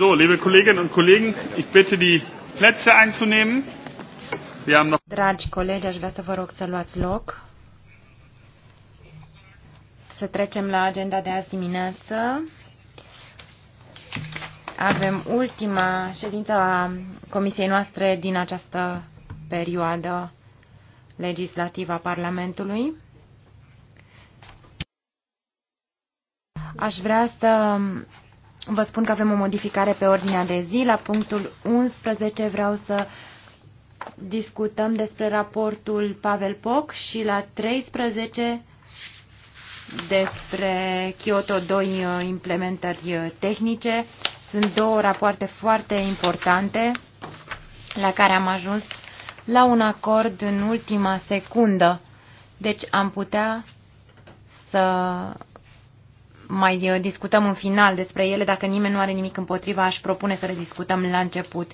So, liebe Kolleginnen und Kollegen, ich bitte die Plätze einzunehmen. Wir haben noch Dragi colegi, aș vrea să vă rog să luați loc. Să trecem la agenda de azi dimineață. Avem ultima ședință a comisiei noastre din această perioadă legislativă a Parlamentului. Aș vrea să Vă spun că avem o modificare pe ordinea de zi. La punctul 11 vreau să discutăm despre raportul Pavel Poc și la 13 despre Kyoto 2 uh, implementări uh, tehnice. Sunt două rapoarte foarte importante la care am ajuns la un acord în ultima secundă. Deci am putea să mai uh, discutăm în final despre ele. Dacă nimeni nu are nimic împotriva, aș propune să le discutăm la început.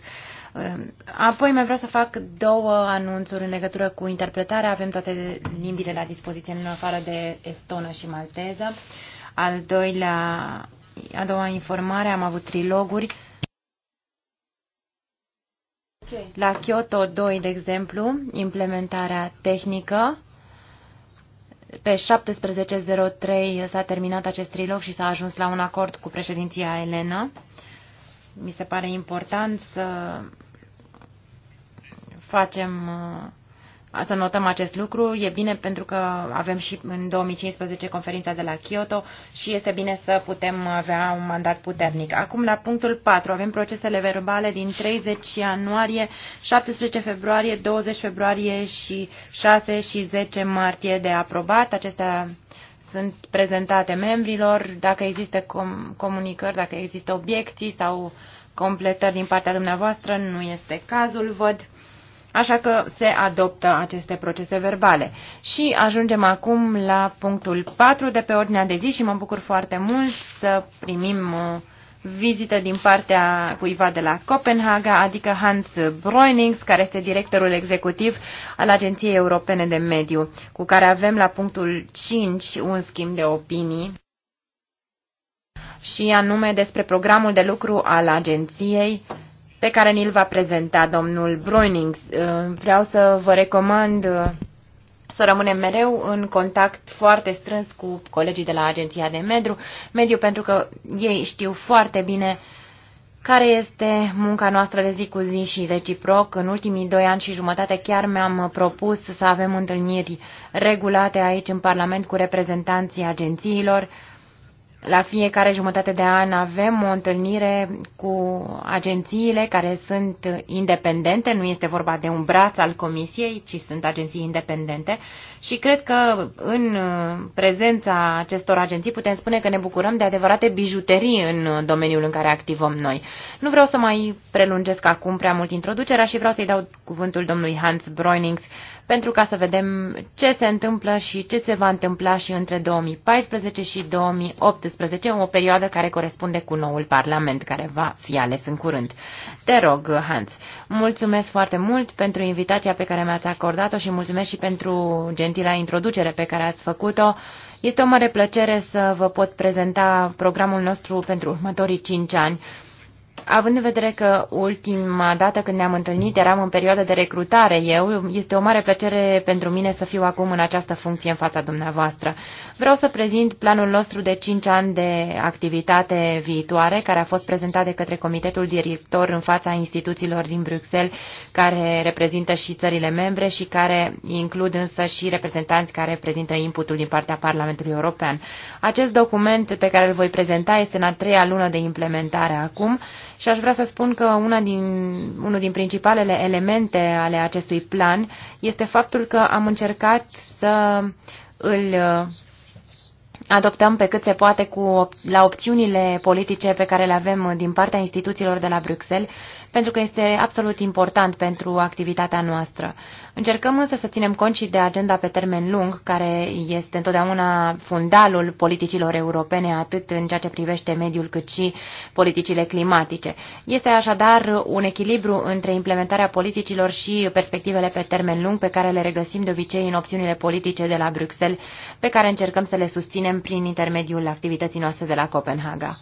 Uh, apoi mai vreau să fac două anunțuri în legătură cu interpretarea. Avem toate limbile la dispoziție, în afară de estonă și malteză. Al doilea, a doua informare, am avut triloguri. La Kyoto 2, de exemplu, implementarea tehnică pe 17.03 s-a terminat acest trilog și s-a ajuns la un acord cu președinția Elena. Mi se pare important să facem uh, să notăm acest lucru. E bine pentru că avem și în 2015 conferința de la Kyoto și este bine să putem avea un mandat puternic. Acum la punctul 4 avem procesele verbale din 30 ianuarie, 17 februarie, 20 februarie și 6 și 10 martie de aprobat. Acestea sunt prezentate membrilor, dacă există com- comunicări, dacă există obiecții sau completări din partea dumneavoastră, nu este cazul, văd. Așa că se adoptă aceste procese verbale. Și ajungem acum la punctul 4 de pe ordinea de zi și mă bucur foarte mult să primim o vizită din partea cuiva de la Copenhaga, adică Hans Breunings, care este directorul executiv al Agenției Europene de Mediu, cu care avem la punctul 5 un schimb de opinii și anume despre programul de lucru al agenției pe care ni-l va prezenta domnul Brunings. Uh, vreau să vă recomand uh, să rămânem mereu în contact foarte strâns cu colegii de la Agenția de Mediu, mediu pentru că ei știu foarte bine care este munca noastră de zi cu zi și reciproc. În ultimii doi ani și jumătate chiar mi-am propus să avem întâlniri regulate aici în Parlament cu reprezentanții agențiilor, la fiecare jumătate de an avem o întâlnire cu agențiile care sunt independente, nu este vorba de un braț al comisiei, ci sunt agenții independente și cred că în prezența acestor agenții putem spune că ne bucurăm de adevărate bijuterii în domeniul în care activăm noi. Nu vreau să mai prelungesc acum prea mult introducerea și vreau să-i dau cuvântul domnului Hans Breunings pentru ca să vedem ce se întâmplă și ce se va întâmpla și între 2014 și 2018, o perioadă care corespunde cu noul Parlament care va fi ales în curând. Te rog, Hans, mulțumesc foarte mult pentru invitația pe care mi-ați acordat-o și mulțumesc și pentru gentila introducere pe care ați făcut-o. Este o mare plăcere să vă pot prezenta programul nostru pentru următorii 5 ani. Având în vedere că ultima dată când ne-am întâlnit eram în perioadă de recrutare eu, este o mare plăcere pentru mine să fiu acum în această funcție în fața dumneavoastră. Vreau să prezint planul nostru de 5 ani de activitate viitoare, care a fost prezentat de către Comitetul Director în fața instituțiilor din Bruxelles, care reprezintă și țările membre și care includ însă și reprezentanți care reprezintă inputul din partea Parlamentului European. Acest document pe care îl voi prezenta este în a treia lună de implementare acum, și aș vrea să spun că una din, unul din principalele elemente ale acestui plan este faptul că am încercat să îl adoptăm pe cât se poate cu, la opțiunile politice pe care le avem uh, din partea instituțiilor de la Bruxelles, pentru că este absolut important pentru activitatea noastră. Încercăm însă să ținem cont și de agenda pe termen lung, care este întotdeauna fundalul politicilor europene, atât în ceea ce privește mediul, cât și politicile climatice. Este așadar un echilibru între implementarea politicilor și perspectivele pe termen lung, pe care le regăsim de obicei în opțiunile politice de la Bruxelles, pe care încercăm să le susținem facem prin intermediul activității noastre de la Copenhaga.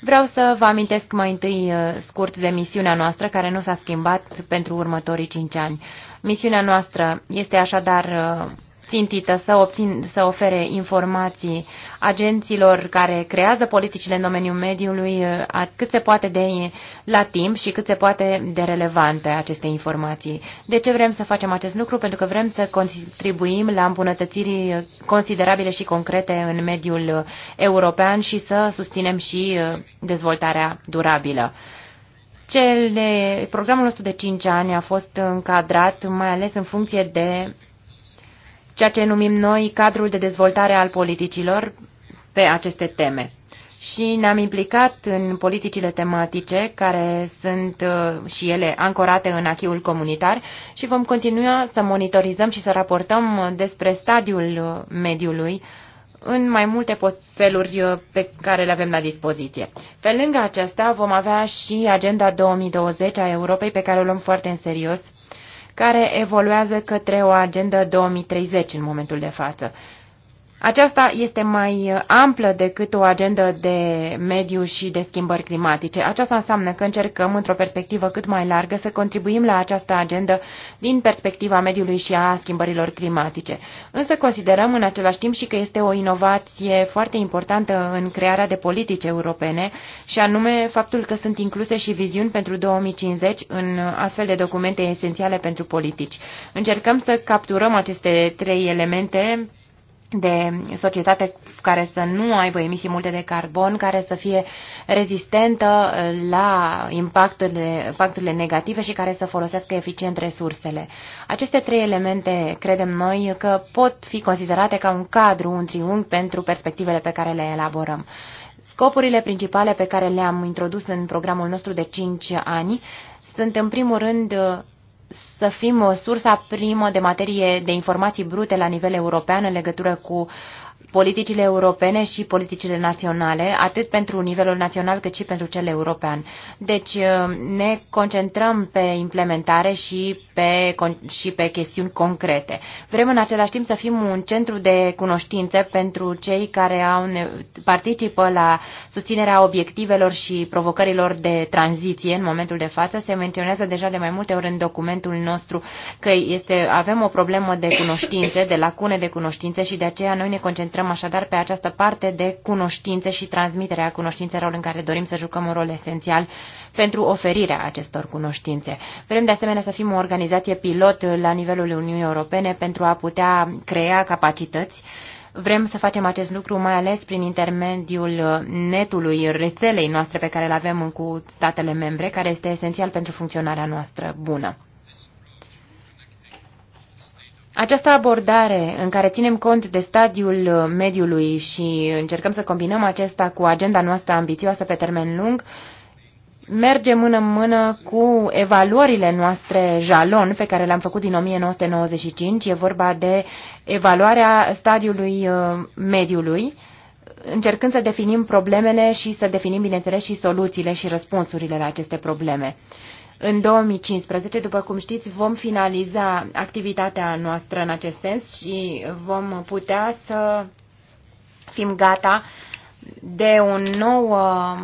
Vreau să vă amintesc mai întâi uh, scurt de misiunea noastră, care nu s-a schimbat pentru următorii cinci ani. Misiunea noastră este așadar uh, țintită să, obțin, să ofere informații agenților care creează politicile în domeniul mediului uh, cât se poate de la timp și cât se poate de relevante aceste informații. De ce vrem să facem acest lucru? Pentru că vrem să contribuim la îmbunătățiri considerabile și concrete în mediul uh, european și să susținem și uh, dezvoltarea durabilă. Cele, programul nostru de 5 ani a fost încadrat mai ales în funcție de ceea ce numim noi cadrul de dezvoltare al politicilor pe aceste teme. Și ne-am implicat în politicile tematice, care sunt uh, și ele ancorate în achiul comunitar și vom continua să monitorizăm și să raportăm despre stadiul uh, mediului în mai multe feluri uh, pe care le avem la dispoziție. Pe lângă aceasta vom avea și agenda 2020 a Europei pe care o luăm foarte în serios care evoluează către o agendă 2030 în momentul de față. Aceasta este mai uh, amplă decât o agendă de mediu și de schimbări climatice. Aceasta înseamnă că încercăm, într-o perspectivă cât mai largă, să contribuim la această agendă din perspectiva mediului și a schimbărilor climatice. Însă considerăm în același timp și că este o inovație foarte importantă în crearea de politici europene și anume faptul că sunt incluse și viziuni pentru 2050 în astfel de documente esențiale pentru politici. Încercăm să capturăm aceste trei elemente de societate care să nu aibă emisii multe de carbon, care să fie rezistentă la impacturile, impacturile negative și care să folosească eficient resursele. Aceste trei elemente credem noi că pot fi considerate ca un cadru, un triunghi pentru perspectivele pe care le elaborăm. Scopurile principale pe care le-am introdus în programul nostru de 5 ani sunt în primul rând să fim uh, sursa primă de materie de informații brute la nivel european în legătură cu politicile europene și politicile naționale, atât pentru nivelul național cât și pentru cel european. Deci uh, ne concentrăm pe implementare și pe, și pe chestiuni concrete. Vrem în același timp să fim un centru de cunoștință pentru cei care au, participă la susținerea obiectivelor și provocărilor de tranziție în momentul de față. Se menționează deja de mai multe ori în documentul nostru că este, avem o problemă de cunoștințe, de lacune de cunoștințe și de aceea noi ne concentrăm concentrăm așadar pe această parte de cunoștințe și transmiterea cunoștințelor în care dorim să jucăm un rol esențial pentru oferirea acestor cunoștințe. Vrem de asemenea să fim o organizație pilot la nivelul Uniunii Europene pentru a putea crea capacități Vrem să facem acest lucru mai ales prin intermediul netului, rețelei noastre pe care le avem cu statele membre, care este esențial pentru funcționarea noastră bună. Această abordare în care ținem cont de stadiul mediului și încercăm să combinăm acesta cu agenda noastră ambițioasă pe termen lung, merge mână-mână cu evaluările noastre jalon pe care le-am făcut din 1995. E vorba de evaluarea stadiului uh, mediului, încercând să definim problemele și să definim, bineînțeles, și soluțiile și răspunsurile la aceste probleme. În 2015, după cum știți, vom finaliza activitatea noastră în acest sens și vom putea să fim gata de o nouă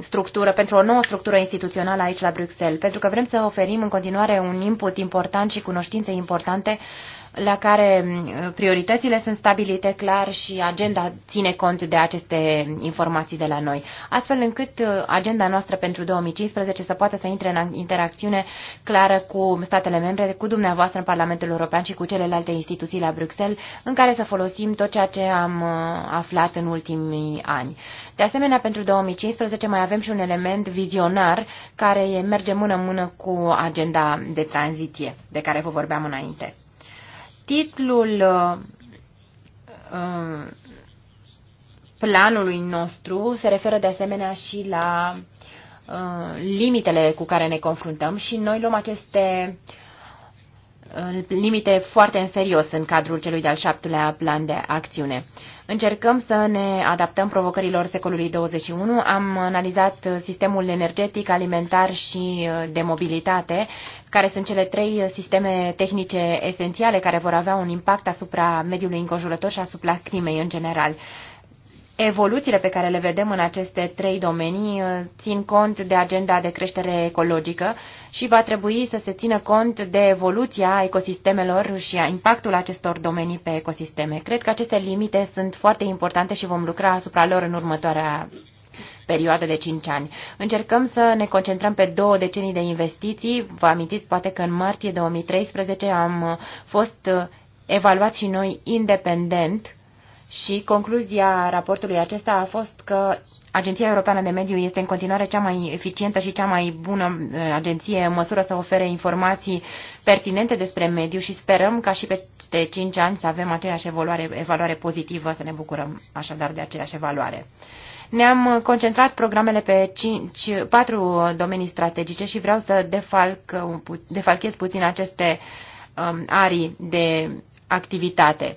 structură, pentru o nouă structură instituțională aici la Bruxelles, pentru că vrem să oferim în continuare un input important și cunoștințe importante uh, la care uh, prioritățile sunt stabilite clar și agenda ține cont de aceste informații de la noi, astfel încât uh, agenda noastră pentru 2015 să poată să intre în interacțiune clară cu statele membre, cu dumneavoastră în Parlamentul European și cu celelalte instituții la Bruxelles, în care să folosim tot ceea ce am uh, aflat în ultimii ani. De asemenea, pentru 2015 mai avem și un element vizionar care merge mână-mână cu agenda de tranziție de care vă vorbeam înainte titlul uh, uh, planului nostru se referă de asemenea și la uh, limitele cu care ne confruntăm și noi luăm aceste limite foarte în serios în cadrul celui de-al șaptelea plan de acțiune. Încercăm să ne adaptăm provocărilor secolului 21. Am analizat sistemul energetic, alimentar și uh, de mobilitate, care sunt cele trei sisteme tehnice esențiale care vor avea un impact asupra mediului înconjurător și asupra climei în general evoluțiile pe care le vedem în aceste trei domenii uh, țin cont de agenda de creștere ecologică și va trebui să se țină cont de evoluția ecosistemelor și a impactul acestor domenii pe ecosisteme. Cred că aceste limite sunt foarte importante și vom lucra asupra lor în următoarea perioadă de 5 ani. Încercăm să ne concentrăm pe două decenii de investiții. Vă amintiți poate că în martie 2013 am uh, fost uh, evaluați și noi independent și concluzia raportului acesta a fost că Agenția Europeană de Mediu este în continuare cea mai eficientă și cea mai bună eh, agenție în măsură să ofere informații pertinente despre mediu și sperăm ca și peste 5 ani să avem aceeași evaluare, evaluare pozitivă, să ne bucurăm așadar de aceeași evaluare. Ne-am concentrat programele pe 5, 4 domenii strategice și vreau să defalc, defalchez puțin aceste um, arii de activitate.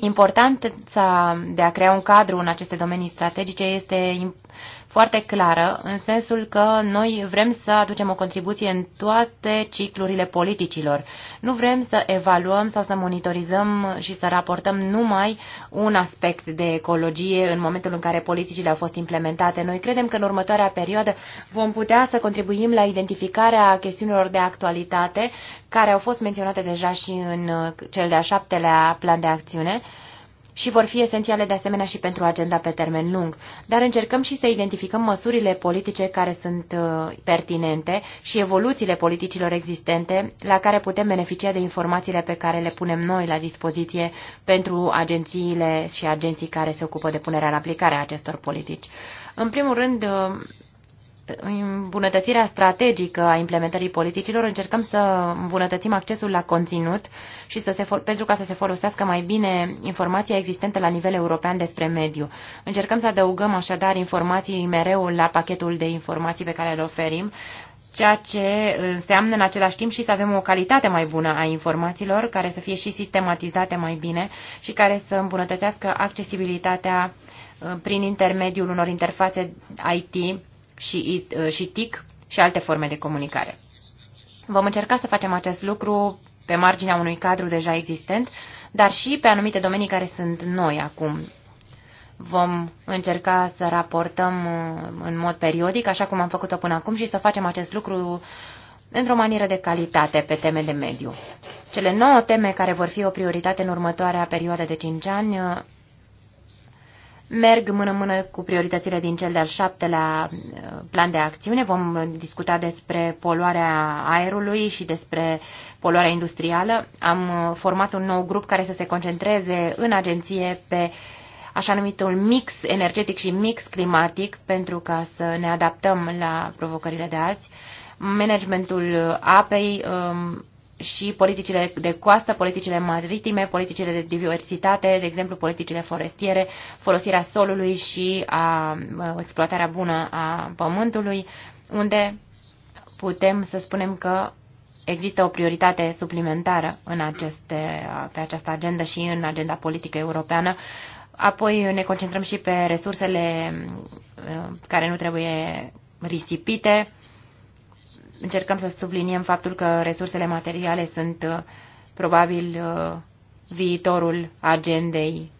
Importanța de a crea un cadru în aceste domenii strategice este foarte clară, în sensul că noi vrem să aducem o contribuție în toate ciclurile politicilor. Nu vrem să evaluăm sau să monitorizăm și să raportăm numai un aspect de ecologie în momentul în care politicile au fost implementate. Noi credem că în următoarea perioadă vom putea să contribuim la identificarea chestiunilor de actualitate care au fost menționate deja și în cel de-a șaptelea plan de acțiune și vor fi esențiale de asemenea și pentru agenda pe termen lung, dar încercăm și să identificăm măsurile politice care sunt uh, pertinente și evoluțiile politicilor existente la care putem beneficia de informațiile pe care le punem noi la dispoziție pentru agențiile și agenții care se ocupă de punerea în aplicare a acestor politici. În primul rând, uh, îmbunătățirea strategică a implementării politicilor, încercăm să îmbunătățim accesul la conținut și să se pentru ca să se folosească mai bine informația existentă la nivel european despre mediu. Încercăm să adăugăm așadar informații mereu la pachetul de informații pe care le oferim, ceea ce înseamnă în același timp și să avem o calitate mai bună a informațiilor, care să fie și sistematizate mai bine și care să îmbunătățească accesibilitatea uh, prin intermediul unor interfațe IT și, uh, și TIC și alte forme de comunicare. Vom încerca să facem acest lucru pe marginea unui cadru deja existent, dar și pe anumite domenii care sunt noi acum. Vom încerca să raportăm uh, în mod periodic, așa cum am făcut-o până acum, și să facem acest lucru într-o manieră de calitate pe teme de mediu. Cele nouă teme care vor fi o prioritate în următoarea perioadă de 5 ani uh, merg mână-mână cu prioritățile din cel de-al șaptelea uh, plan de acțiune. Vom discuta despre poluarea aerului și despre poluarea industrială. Am uh, format un nou grup care să se concentreze în agenție pe așa numitul mix energetic și mix climatic pentru ca să ne adaptăm la provocările de azi. Managementul apei, um, și politicile de coastă, politicile maritime, politicile de diversitate, de exemplu politicile forestiere, folosirea solului și a, exploatarea bună a pământului, unde putem să spunem că există o prioritate suplimentară în aceste, pe această agendă și în agenda politică europeană. Apoi ne concentrăm și pe resursele uh, care nu trebuie risipite, încercăm să subliniem faptul că resursele materiale sunt uh, probabil uh, viitorul agendei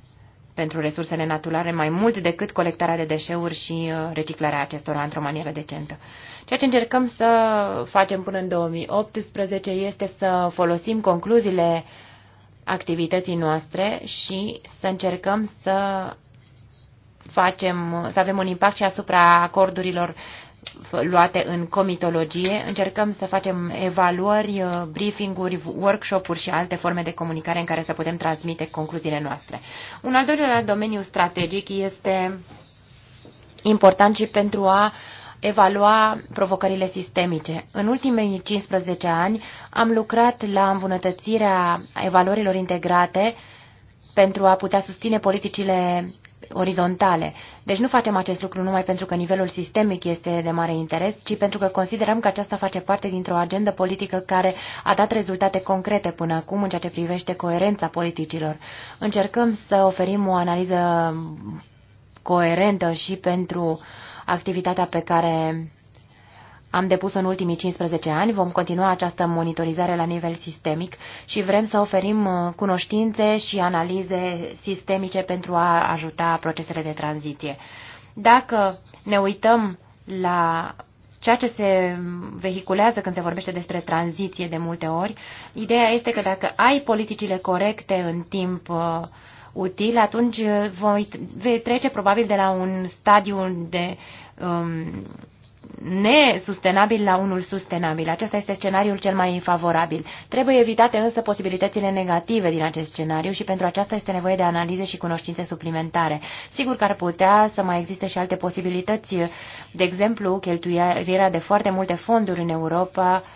pentru resursele naturale mai mult decât colectarea de deșeuri și uh, reciclarea acestora într-o manieră decentă. Ceea ce încercăm să facem până în 2018 este să folosim concluziile activității noastre și să încercăm să facem, să avem un impact și asupra acordurilor luate în comitologie. Încercăm să facem evaluări, uh, briefing-uri, workshop-uri și alte forme de comunicare în care să putem transmite concluziile noastre. Un al doilea domeniu strategic este important și pentru a evalua provocările sistemice. În ultimii 15 ani am lucrat la îmbunătățirea evaluărilor integrate pentru a putea susține politicile orizontale. Deci nu facem acest lucru numai pentru că nivelul sistemic este de mare interes, ci pentru că considerăm că aceasta face parte dintr-o agendă politică care a dat rezultate concrete până acum în ceea ce privește coerența politicilor. Încercăm să oferim o analiză coerentă și pentru activitatea pe care am depus în ultimii 15 ani, vom continua această monitorizare la nivel sistemic și vrem să oferim uh, cunoștințe și analize sistemice pentru a ajuta procesele de tranziție. Dacă ne uităm la ceea ce se vehiculează când se vorbește despre tranziție de multe ori, ideea este că dacă ai politicile corecte în timp uh, util, atunci uh, voi, vei trece probabil de la un stadiu de um, nesustenabil la unul sustenabil. Acesta este scenariul cel mai favorabil. Trebuie evitate însă posibilitățile negative din acest scenariu și pentru aceasta este nevoie de analize și cunoștințe suplimentare. Sigur că ar putea să mai existe și alte posibilități, de exemplu, cheltuirea de foarte multe fonduri în Europa, uh,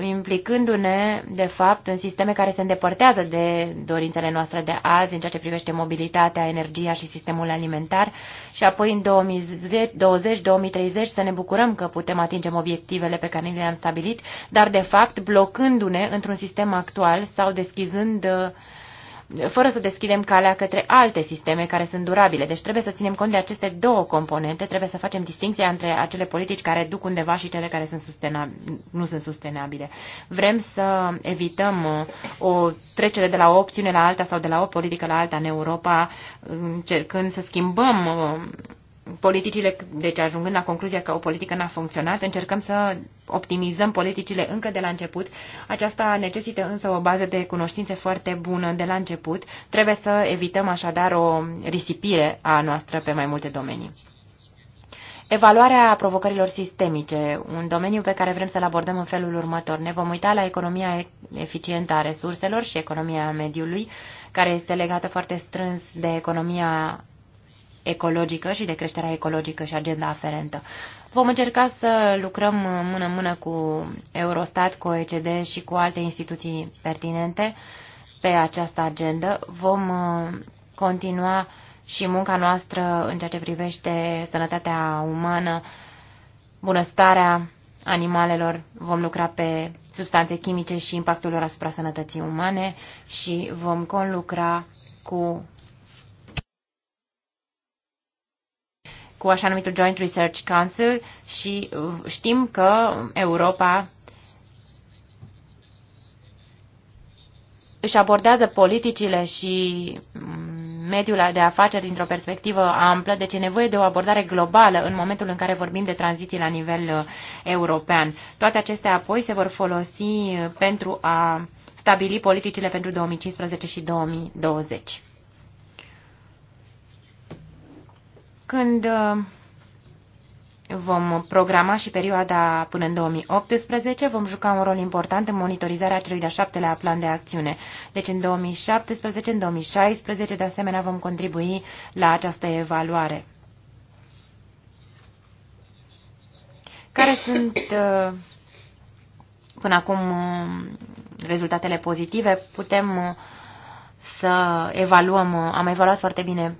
implicându-ne, de fapt, în sisteme care se îndepărtează de dorințele noastre de azi în ceea ce privește mobilitatea, energia și sistemul alimentar și apoi în 2020-2030 să ne bucurăm că putem atingem obiectivele pe care le-am stabilit, dar, de fapt, blocându-ne într-un sistem actual sau deschizând uh, fără să deschidem calea către alte sisteme care sunt durabile. Deci trebuie să ținem cont de aceste două componente, trebuie să facem distinția între acele politici care duc undeva și cele care sunt nu sunt sustenabile. Vrem să evităm uh, o trecere de la o opțiune la alta sau de la o politică la alta în Europa, uh, încercând să schimbăm uh, politicile, deci ajungând la concluzia că o politică n-a funcționat, încercăm să optimizăm politicile încă de la început. Aceasta necesită însă o bază de cunoștințe foarte bună de la început. Trebuie să evităm așadar o risipire a noastră pe mai multe domenii. Evaluarea provocărilor sistemice, un domeniu pe care vrem să-l abordăm în felul următor. Ne vom uita la economia eficientă a resurselor și economia mediului, care este legată foarte strâns de economia ecologică și de creșterea ecologică și agenda aferentă. Vom încerca să lucrăm mână-mână cu Eurostat, cu OECD și cu alte instituții pertinente pe această agendă. Vom uh, continua și munca noastră în ceea ce privește sănătatea umană, bunăstarea animalelor, vom lucra pe substanțe chimice și impactul lor asupra sănătății umane și vom conlucra cu cu așa numitul Joint Research Council și uh, știm că Europa își abordează politicile și mm, mediul de afaceri dintr-o perspectivă amplă, deci e nevoie de o abordare globală în momentul în care vorbim de tranziții la nivel uh, european. Toate acestea apoi se vor folosi uh, pentru a stabili politicile pentru 2015 și 2020. Când uh, vom programa și perioada până în 2018, vom juca un rol important în monitorizarea celui de-a șaptelea plan de acțiune. Deci în 2017, în 2016, de asemenea, vom contribui la această evaluare. Care sunt uh, până acum uh, rezultatele pozitive? Putem să evaluăm, am evaluat foarte bine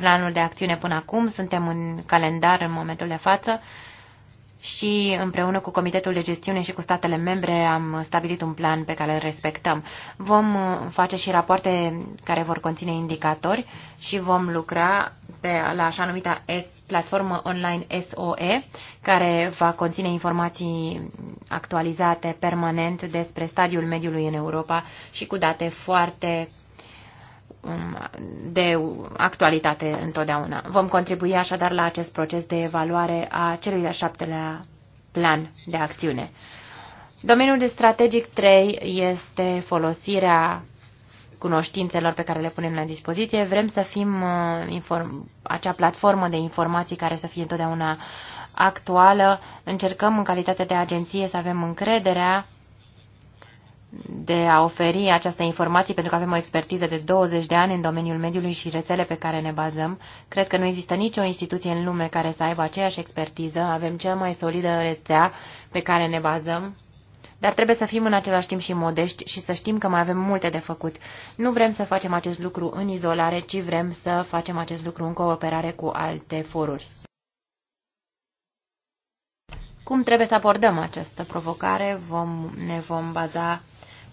planul de acțiune până acum, suntem în calendar în momentul de față și împreună cu Comitetul de Gestiune și cu statele membre am stabilit un plan pe care îl respectăm. Vom uh, face și rapoarte care vor conține indicatori și vom lucra pe, la așa numita S, platformă online SOE, care va conține informații actualizate permanent despre stadiul mediului în Europa și cu date foarte Um, de actualitate întotdeauna. Vom contribui așadar la acest proces de evaluare a celui de-al șaptelea plan de acțiune. Domeniul de strategic 3 este folosirea cunoștințelor pe care le punem la dispoziție. Vrem să fim uh, inform, acea platformă de informații care să fie întotdeauna actuală. Încercăm în calitate de agenție să avem încrederea de a oferi această informație, pentru că avem o expertiză de 20 de ani în domeniul mediului și rețele pe care ne bazăm. Cred că nu există nicio instituție în lume care să aibă aceeași expertiză. Avem cea mai solidă rețea pe care ne bazăm. Dar trebuie să fim în același timp și modești și să știm că mai avem multe de făcut. Nu vrem să facem acest lucru în izolare, ci vrem să facem acest lucru în cooperare cu alte foruri. Cum trebuie să abordăm această provocare? Vom, ne vom baza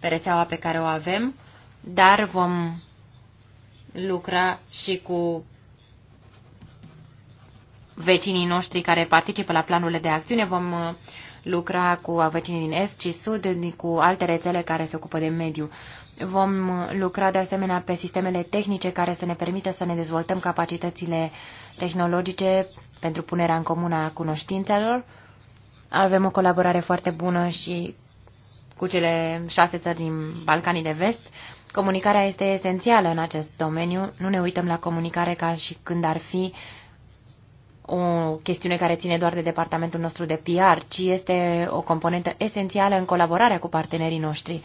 pe rețeaua pe care o avem, dar vom lucra și cu vecinii noștri care participă la planurile de acțiune. Vom uh, lucra cu vecinii din Est și Sud, cu alte rețele care se ocupă de mediu. Vom uh, lucra de asemenea pe sistemele tehnice care să ne permită să ne dezvoltăm capacitățile tehnologice pentru punerea în comună a cunoștințelor. Avem o colaborare foarte bună și cu cele șase țări din Balcanii de Vest. Comunicarea este esențială în acest domeniu. Nu ne uităm la comunicare ca și când ar fi o chestiune care ține doar de departamentul nostru de PR, ci este o componentă esențială în colaborarea cu partenerii noștri.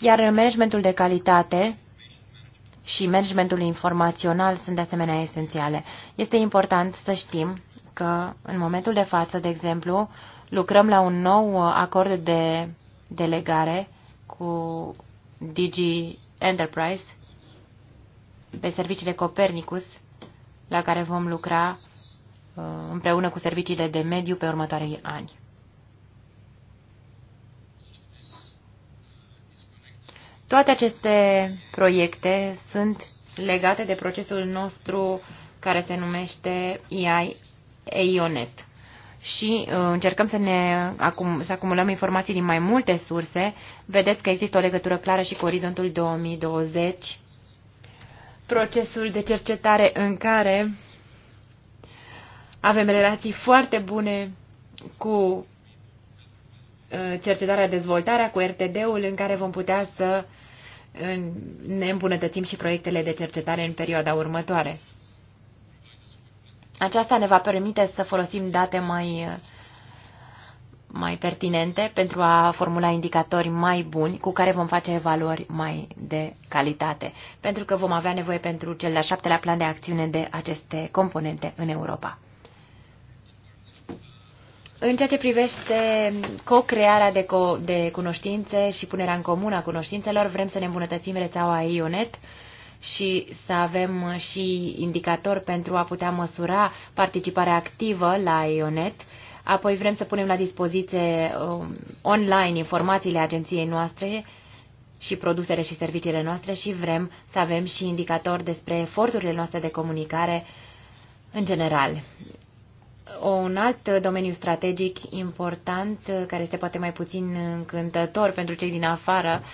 Iar managementul de calitate și managementul informațional sunt de asemenea esențiale. Este important să știm că în momentul de față, de exemplu, lucrăm la un nou acord de delegare cu Digi Enterprise pe serviciile Copernicus, la care vom lucra uh, împreună cu serviciile de mediu pe următoarei ani. Toate aceste proiecte sunt legate de procesul nostru care se numește EI EIONET și uh, încercăm să ne acum, să acumulăm informații din mai multe surse. Vedeți că există o legătură clară și cu orizontul 2020, procesul de cercetare în care avem relații foarte bune cu uh, cercetarea, dezvoltarea, cu RTD-ul, în care vom putea să uh, ne îmbunătățim și proiectele de cercetare în perioada următoare. Aceasta ne va permite să folosim date mai, mai pertinente pentru a formula indicatori mai buni cu care vom face evaluări mai de calitate, pentru că vom avea nevoie pentru cel de-al șaptelea plan de acțiune de aceste componente în Europa. În ceea ce privește co-crearea de, co- de cunoștințe și punerea în comun a cunoștințelor, vrem să ne îmbunătățim rețeaua IONET, și să avem uh, și indicatori pentru a putea măsura participarea activă la IONET. Apoi vrem să punem la dispoziție um, online informațiile agenției noastre și produsele și serviciile noastre și vrem să avem și indicatori despre eforturile noastre de comunicare în general. Un alt domeniu strategic important, uh, care este poate mai puțin încântător pentru cei din afară, uh,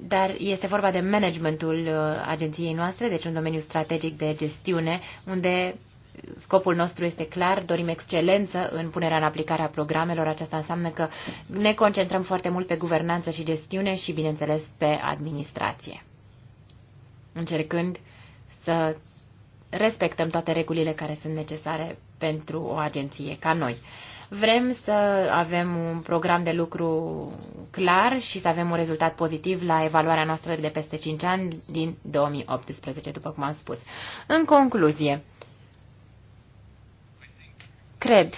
dar este vorba de managementul uh, agenției noastre, deci un domeniu strategic de gestiune, unde scopul nostru este clar, dorim excelență în punerea în aplicare a programelor. Aceasta înseamnă că ne concentrăm foarte mult pe guvernanță și gestiune și, bineînțeles, pe administrație. Încercând să respectăm toate regulile care sunt necesare pentru o agenție ca noi. Vrem să avem un program de lucru clar și să avem un rezultat pozitiv la evaluarea noastră de peste 5 ani din 2018, după cum am spus. În concluzie, cred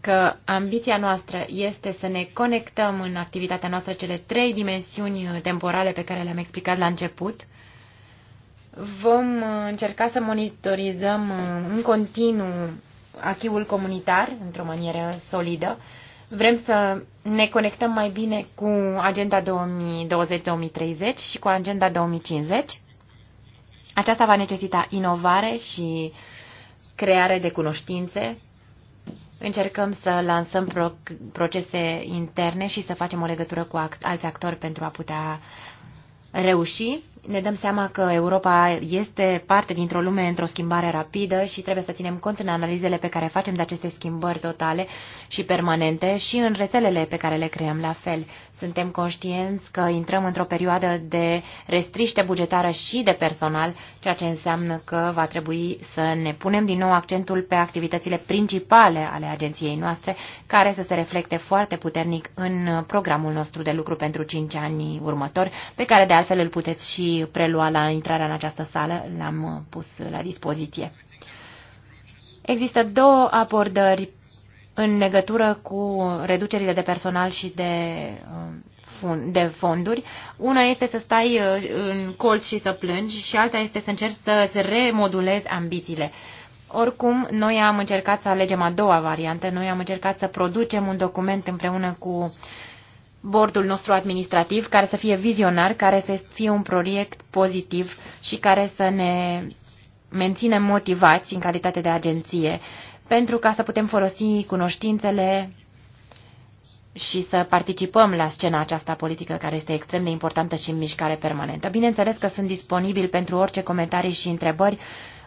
că ambiția noastră este să ne conectăm în activitatea noastră cele trei dimensiuni temporale pe care le-am explicat la început. Vom încerca să monitorizăm în continuu achiul comunitar într-o manieră solidă. Vrem să ne conectăm mai bine cu agenda 2020-2030 și cu agenda 2050. Aceasta va necesita inovare și creare de cunoștințe. Încercăm să lansăm procese interne și să facem o legătură cu alți actori pentru a putea reuși ne dăm seama că Europa este parte dintr-o lume într-o schimbare rapidă și trebuie să ținem cont în analizele pe care facem de aceste schimbări totale și permanente și în rețelele pe care le creăm la fel. Suntem conștienți că intrăm într-o perioadă de restriște bugetară și de personal, ceea ce înseamnă că va trebui să ne punem din nou accentul pe activitățile principale ale agenției noastre, care să se reflecte foarte puternic în programul nostru de lucru pentru 5 ani următori, pe care de altfel îl puteți și prelua la intrarea în această sală, l-am pus la dispoziție. Există două abordări în legătură cu reducerile de personal și de, um, de fonduri. Una este să stai uh, în colț și să plângi și alta este să încerci să îți remodulezi ambițiile. Oricum, noi am încercat să alegem a doua variantă, noi am încercat să producem un document împreună cu uh, bordul nostru administrativ, care să fie vizionar, care să fie un proiect pozitiv și care să ne menținem motivați în calitate de agenție, pentru ca să putem folosi cunoștințele și să participăm la scena aceasta politică care este extrem de importantă și în mișcare permanentă. Bineînțeles că sunt disponibil pentru orice comentarii și întrebări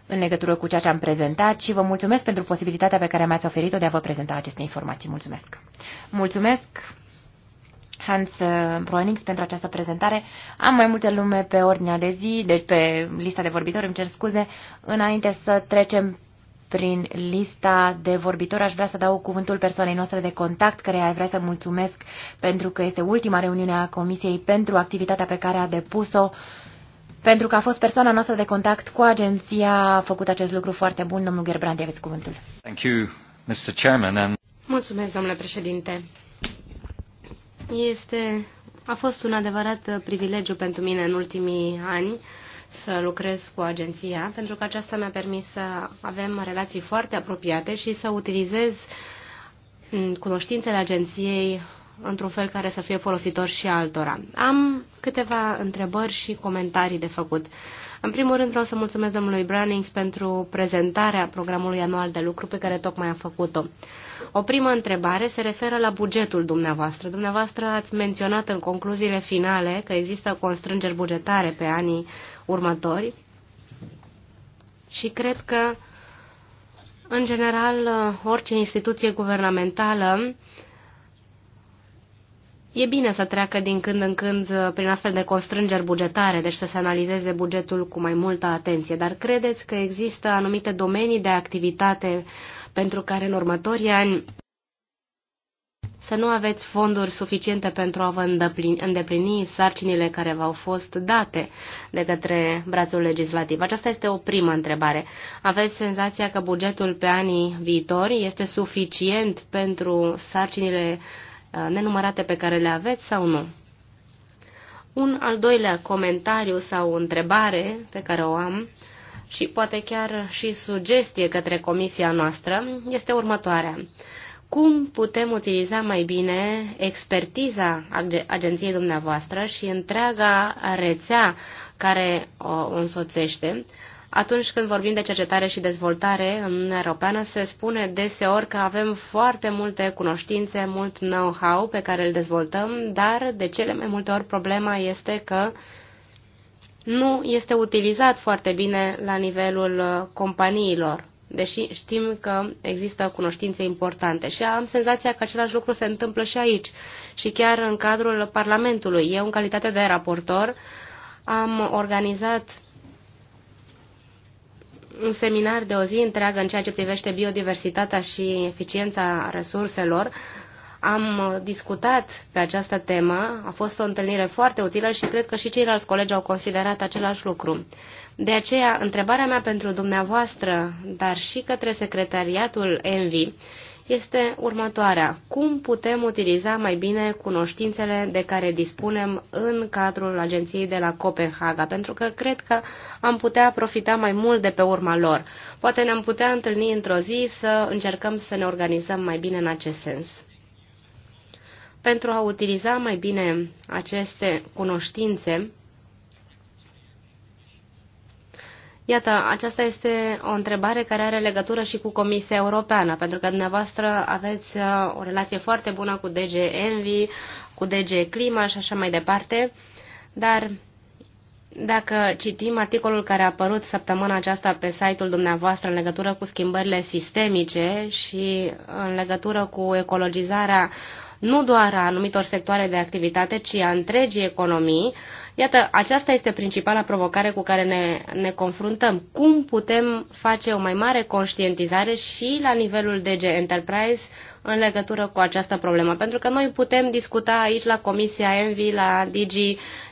în legătură cu ceea ce am prezentat și vă mulțumesc pentru posibilitatea pe care mi-ați oferit-o de a vă prezenta aceste informații. Mulțumesc! Mulțumesc! Hans uh, Broenings pentru această prezentare. Am mai multe lume pe ordinea de zi, deci pe lista de vorbitori, îmi cer scuze. Înainte să trecem prin lista de vorbitori, aș vrea să dau cuvântul persoanei noastre de contact, care ai vrea să mulțumesc pentru că este ultima reuniune a Comisiei pentru activitatea pe care a depus-o pentru că a fost persoana noastră de contact cu agenția, a făcut acest lucru foarte bun. Domnul Gerbrand, aveți cuvântul. Thank you, Mr. Chairman, and... Mulțumesc, domnule președinte. Este, a fost un adevărat privilegiu pentru mine în ultimii ani să lucrez cu agenția, pentru că aceasta mi-a permis să avem relații foarte apropiate și să utilizez mm, cunoștințele agenției într-un fel care să fie folositor și altora. Am câteva întrebări și comentarii de făcut. În primul rând vreau să mulțumesc domnului Brownings pentru prezentarea programului anual de lucru pe care tocmai a făcut-o. O primă întrebare se referă la bugetul dumneavoastră. Dumneavoastră ați menționat în concluziile finale că există constrângeri bugetare pe anii următori și cred că, în general, orice instituție guvernamentală E bine să treacă din când în când uh, prin astfel de constrângeri bugetare, deci să se analizeze bugetul cu mai multă atenție, dar credeți că există anumite domenii de activitate pentru care în următorii ani să nu aveți fonduri suficiente pentru a vă îndeplini, îndeplini sarcinile care v-au fost date de către brațul legislativ? Aceasta este o primă întrebare. Aveți senzația că bugetul pe anii viitori este suficient pentru sarcinile uh, Uh, nenumărate pe care le aveți sau nu. Un al doilea comentariu sau întrebare pe care o am și poate chiar și sugestie către comisia noastră este următoarea. Cum putem utiliza mai bine expertiza agenției dumneavoastră și întreaga rețea care o însoțește atunci când vorbim de cercetare și dezvoltare în Uniunea Europeană, se spune deseori că avem foarte multe cunoștințe, mult know-how pe care îl dezvoltăm, dar de cele mai multe ori problema este că nu este utilizat foarte bine la nivelul uh, companiilor, deși știm că există cunoștințe importante. Și am senzația că același lucru se întâmplă și aici, și chiar în cadrul Parlamentului. Eu, în calitate de raportor, am organizat un seminar de o zi întreagă în ceea ce privește biodiversitatea și eficiența resurselor. Am discutat pe această temă, a fost o întâlnire foarte utilă și cred că și ceilalți colegi au considerat același lucru. De aceea, întrebarea mea pentru dumneavoastră, dar și către secretariatul ENVI, este următoarea. Cum putem utiliza mai bine cunoștințele de care dispunem în cadrul agenției de la Copenhaga? Pentru că cred că am putea profita mai mult de pe urma lor. Poate ne-am putea întâlni într-o zi să încercăm să ne organizăm mai bine în acest sens. Pentru a utiliza mai bine aceste cunoștințe, Iată, aceasta este o întrebare care are legătură și cu Comisia Europeană, pentru că dumneavoastră aveți uh, o relație foarte bună cu DG Envy, cu DG Clima și așa mai departe, dar dacă citim articolul care a apărut săptămâna aceasta pe site-ul dumneavoastră în legătură cu schimbările sistemice și în legătură cu ecologizarea nu doar a anumitor sectoare de activitate, ci a întregii economii, Iată, aceasta este principala provocare cu care ne, ne confruntăm. Cum putem face o mai mare conștientizare și la nivelul DG Enterprise în legătură cu această problemă. Pentru că noi putem discuta aici la Comisia Envi, la DG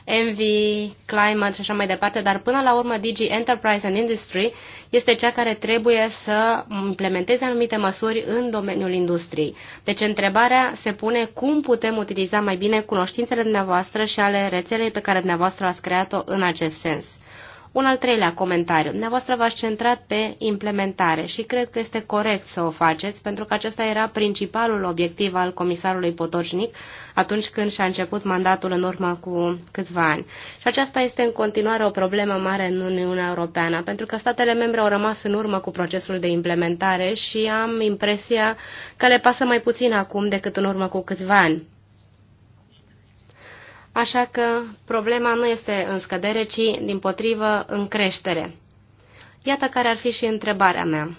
Envi, Climate și așa mai departe, dar până la urmă DG Enterprise and Industry este cea care trebuie să implementeze anumite măsuri în domeniul industriei. Deci întrebarea se pune cum putem utiliza mai bine cunoștințele dumneavoastră și ale rețelei pe care dumneavoastră ați creat-o în acest sens. Un al treilea comentariu. Dumneavoastră v-ați centrat pe implementare și cred că este corect să o faceți, pentru că acesta era principalul obiectiv al comisarului Potoșnic atunci când și-a început mandatul în urmă cu câțiva ani. Și aceasta este în continuare o problemă mare în Uniunea Europeană, pentru că statele membre au rămas în urmă cu procesul de implementare și am impresia că le pasă mai puțin acum decât în urmă cu câțiva ani. Așa că problema nu este în scădere, ci din potrivă în creștere. Iată care ar fi și întrebarea mea.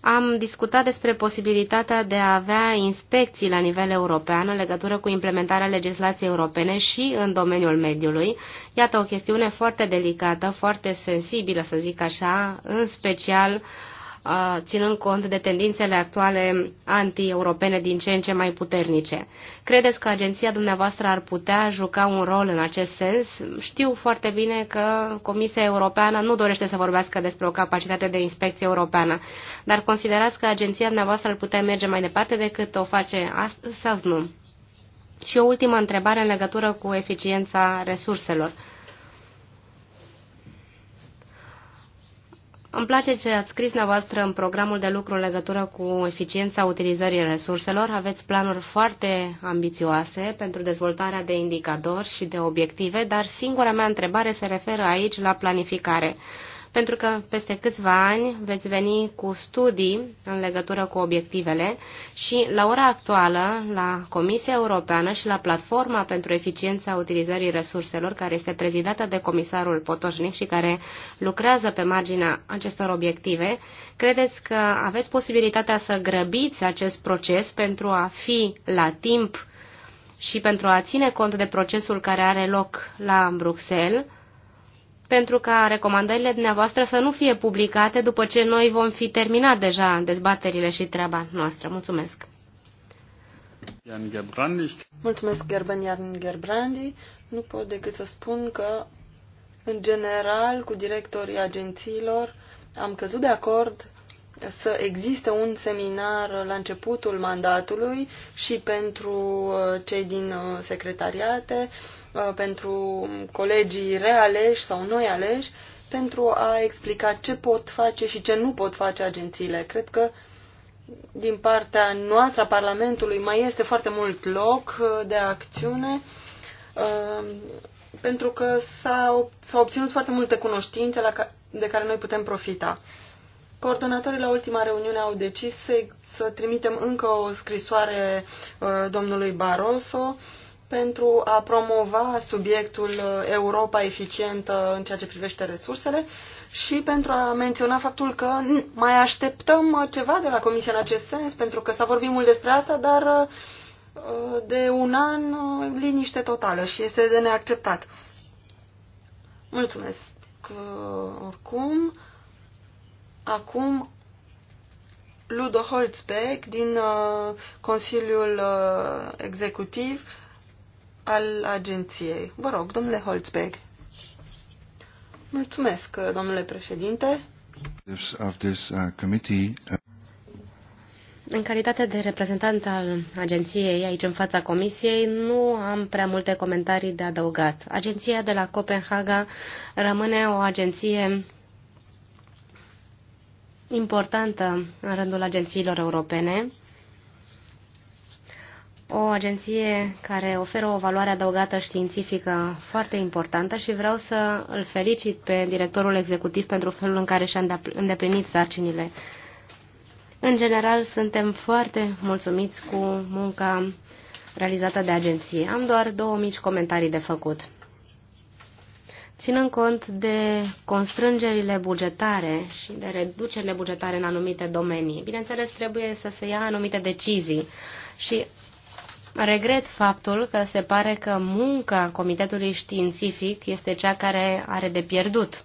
Am discutat despre posibilitatea de a avea inspecții la nivel european în legătură cu implementarea legislației europene și în domeniul mediului. Iată o chestiune foarte delicată, foarte sensibilă, să zic așa, în special uh, ținând cont de tendințele actuale anti-europene din ce în ce mai puternice. Credeți că agenția dumneavoastră ar putea juca un rol în acest sens? Știu foarte bine că Comisia Europeană nu dorește să vorbească despre o capacitate de inspecție europeană, dar considerați că agenția dumneavoastră ar putea merge mai departe decât o face astăzi sau nu? Și o ultimă întrebare în legătură cu eficiența resurselor. Îmi place ce ați scris dumneavoastră în programul de lucru în legătură cu eficiența utilizării resurselor. Aveți planuri foarte ambițioase pentru dezvoltarea de indicatori și de obiective, dar singura mea întrebare se referă aici la planificare pentru că peste câțiva ani veți veni cu studii în legătură cu obiectivele și la ora actuală, la Comisia Europeană și la Platforma pentru Eficiența Utilizării Resurselor, care este prezidată de comisarul Potoșnic și care lucrează pe marginea acestor obiective, credeți că aveți posibilitatea să grăbiți acest proces pentru a fi la timp și pentru a ține cont de procesul care are loc la Bruxelles, pentru ca recomandările dumneavoastră să nu fie publicate după ce noi vom fi terminat deja dezbaterile și treaba noastră. Mulțumesc! Mulțumesc, Gerben Jan Gerbrandi. Nu pot decât să spun că, în general, cu directorii agențiilor am căzut de acord să existe un seminar la începutul mandatului și pentru uh, cei din uh, secretariate Uh, pentru colegii realeși sau noi aleși pentru a explica ce pot face și ce nu pot face agențiile. Cred că din partea noastră a Parlamentului mai este foarte mult loc uh, de acțiune uh, pentru că s-au obținut foarte multe cunoștințe la ca, de care noi putem profita. Coordonatorii la ultima reuniune au decis să, să trimitem încă o scrisoare uh, domnului Barroso uh, pentru a promova subiectul uh, Europa eficientă în ceea ce privește resursele și pentru a menționa faptul că mai așteptăm uh, ceva de la Comisie în acest sens, pentru că s-a vorbit mult despre asta, dar uh, de un an liniște totală și este de neacceptat. Mulțumesc oricum. Acum Ludo Holzbeck din Consiliul Executiv al agenției. Vă rog, domnule Holzberg. Mulțumesc, domnule președinte. Uh, uh, în calitate de reprezentant al agenției aici în fața comisiei, nu am prea multe comentarii de adăugat. Agenția de la Copenhaga rămâne o agenție importantă în rândul agențiilor europene o agenție care oferă o valoare adăugată științifică foarte importantă și vreau să îl felicit pe directorul executiv pentru felul în care și-a îndeplinit sarcinile. În general, suntem foarte mulțumiți cu munca realizată de agenție. Am doar două mici comentarii de făcut. Ținând cont de constrângerile bugetare și de reducerile bugetare în anumite domenii, bineînțeles, trebuie să se ia anumite decizii și Regret faptul că se pare că munca Comitetului Științific este cea care are de pierdut.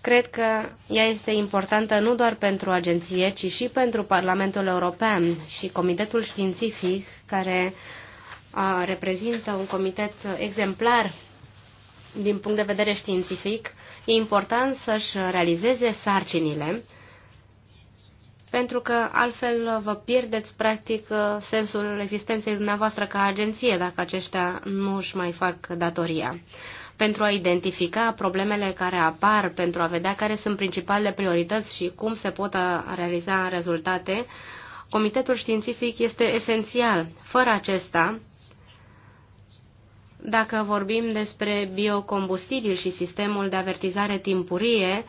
Cred că ea este importantă nu doar pentru agenție, ci și pentru Parlamentul European și Comitetul Științific, care a, reprezintă un comitet exemplar din punct de vedere științific, e important să-și realizeze sarcinile pentru că altfel vă pierdeți practic sensul existenței dumneavoastră ca agenție dacă aceștia nu își mai fac datoria. Pentru a identifica problemele care apar, pentru a vedea care sunt principalele priorități și cum se pot realiza rezultate, comitetul științific este esențial. Fără acesta, dacă vorbim despre biocombustibili și sistemul de avertizare timpurie,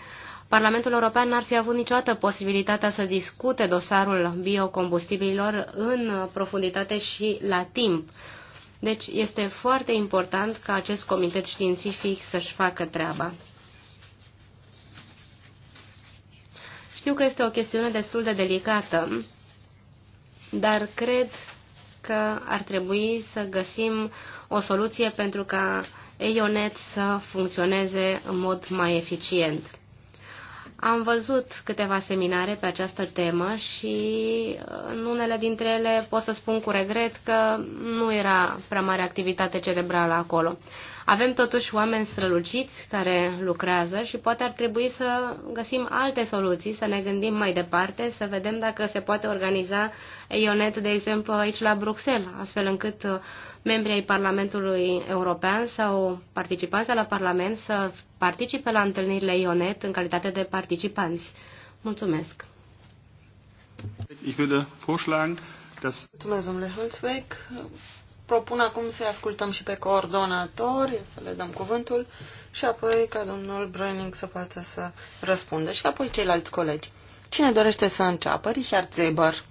Parlamentul European n-ar fi avut niciodată posibilitatea să discute dosarul biocombustibililor în profunditate și la timp. Deci este foarte important ca acest comitet științific să-și facă treaba. Știu că este o chestiune destul de delicată, dar cred că ar trebui să găsim o soluție pentru ca EONET să funcționeze în mod mai eficient. Am văzut câteva seminare pe această temă și în unele dintre ele pot să spun cu regret că nu era prea mare activitate cerebrală acolo. Avem totuși oameni străluciți care lucrează și poate ar trebui să găsim alte soluții, să ne gândim mai departe, să vedem dacă se poate organiza Ionet, de exemplu, aici la Bruxelles, astfel încât uh, membrii ai Parlamentului European sau participanți la Parlament să participe la întâlnirile Ionet în calitate de participanți. Mulțumesc! Ich würde vorschlagen, dass... Mulțumesc, domnule Holzweg propun acum să ascultăm și pe coordonatori, să le dăm cuvântul și apoi ca domnul Browning să poată să răspundă și apoi ceilalți colegi. Cine dorește să înceapă? Richard Zeber.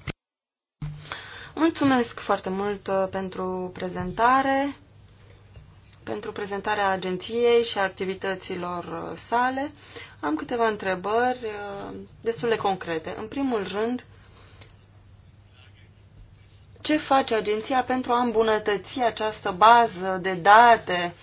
Mulțumesc foarte mult uh, pentru prezentare, pentru prezentarea agenției și a activităților uh, sale. Am câteva întrebări uh, destul de concrete. În primul rând, ce face agenția pentru a îmbunătăți această bază de date?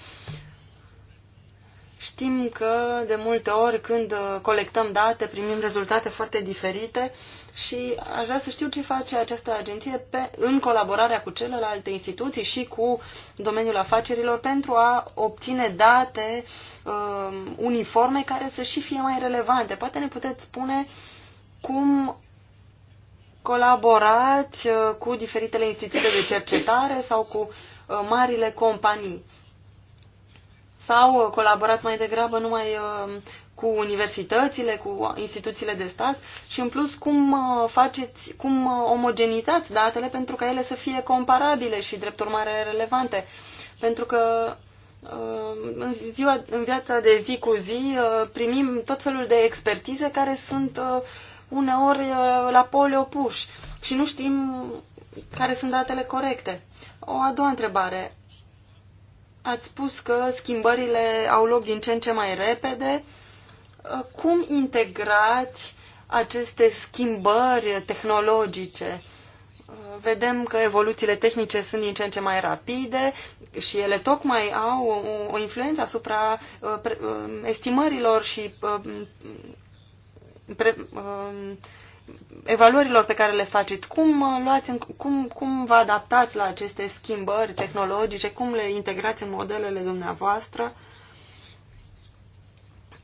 Știm că de multe ori când colectăm date primim rezultate foarte diferite și aș vrea să știu ce face această agenție pe, în colaborarea cu celelalte instituții și cu domeniul afacerilor pentru a obține date uh, uniforme care să și fie mai relevante. Poate ne puteți spune cum colaborați uh, cu diferitele institute de cercetare sau cu uh, marile companii? Sau uh, colaborați mai degrabă numai cu universitățile, cu instituțiile de stat și în plus cum faceți, cum omogenizați datele pentru ca ele să fie comparabile și drept urmare relevante. Pentru că în, ziua, în viața de zi cu zi primim tot felul de expertize care sunt uh, uneori uh, la poli opuși și nu știm care sunt datele corecte. O a doua întrebare. Ați spus că schimbările au loc din ce în ce mai repede. Uh, cum integrați aceste schimbări tehnologice? Uh, vedem că evoluțiile tehnice sunt din ce în ce mai rapide și ele tocmai au o influență asupra estimărilor și pre, uh, evaluărilor pe care le faceți, cum, uh, luați în, cum, cum vă adaptați la aceste schimbări tehnologice, cum le integrați în modelele dumneavoastră.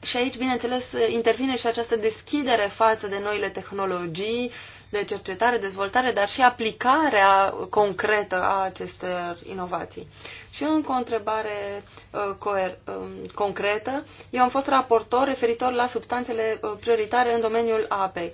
Și aici, bineînțeles, intervine și această deschidere față de noile tehnologii, uh, de cercetare, dezvoltare, dar și aplicarea concretă a acestor inovații. Și încă o întrebare uh, um, concretă. Eu am fost raportor referitor la substanțele uh, prioritare în domeniul apei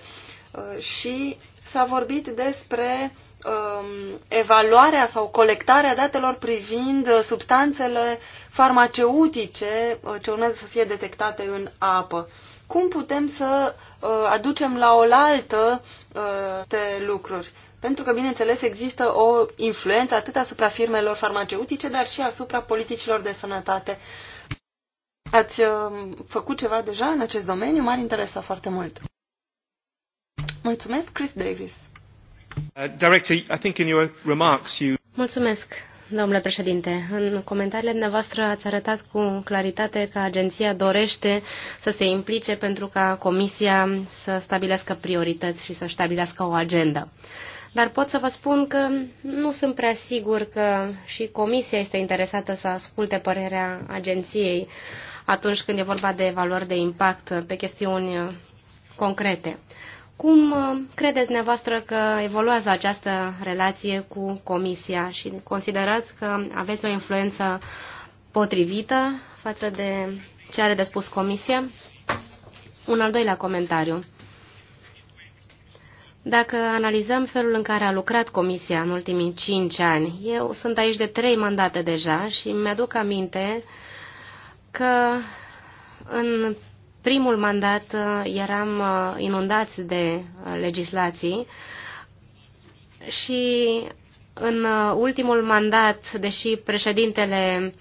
uh, și s-a vorbit despre um, evaluarea sau colectarea datelor privind substanțele farmaceutice ce urmează să fie detectate în apă cum putem să uh, aducem la oaltă uh, aceste lucruri. Pentru că, bineînțeles, există o influență atât asupra firmelor farmaceutice, dar și asupra politicilor de sănătate. Ați uh, făcut ceva deja în acest domeniu? M-ar interesa foarte mult. Mulțumesc, Chris Davis. Uh, Director, I think in your remarks you... Mulțumesc, domnule președinte. În comentariile dumneavoastră ați arătat cu claritate că agenția dorește să se implice pentru ca Comisia să stabilească priorități și să stabilească o agendă. Dar pot să vă spun că nu sunt prea sigur că și Comisia este interesată să asculte părerea agenției atunci când e vorba de valori de impact pe chestiuni concrete. Cum uh, credeți dumneavoastră că evoluează această relație cu Comisia și considerați că aveți o influență potrivită față de ce are de spus Comisia? Un al doilea comentariu. Dacă analizăm felul în care a lucrat Comisia în ultimii cinci ani, eu sunt aici de trei mandate deja și mi-aduc aminte că în primul mandat uh, eram uh, inundați de uh, legislații și în ultimul mandat, deși președintele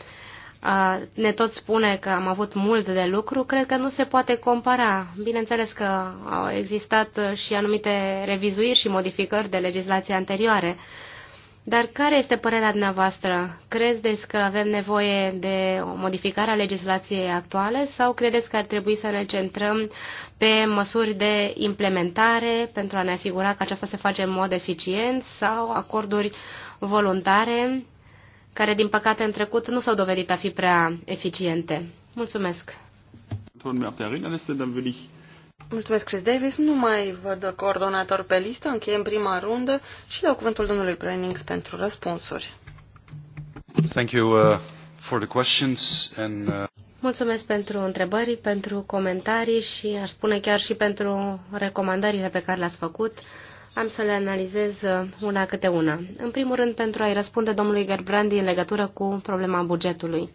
ne tot spune că am avut mult de lucru, cred că nu se poate compara. Bineînțeles că au existat și anumite revizuiri și modificări de legislație anterioare, dar care este părerea dumneavoastră? Credeți că avem nevoie de o modificare a legislației actuale sau credeți că ar trebui să ne centrăm pe măsuri de implementare pentru a ne asigura că aceasta se face în mod eficient sau acorduri voluntare care, din păcate, în trecut nu s-au dovedit a fi prea eficiente? Mulțumesc! Mulțumesc, Chris Davis. Nu mai văd coordonator pe listă. Încheiem prima rundă și dau cuvântul domnului Brennings pentru răspunsuri. Thank you, uh, for the questions and, uh... Mulțumesc pentru întrebări, pentru comentarii și aș spune chiar și pentru recomandările pe care le-ați făcut. Am să le analizez uh, una câte una. În primul rând, pentru a-i răspunde domnului Gerbrandi în legătură cu problema bugetului.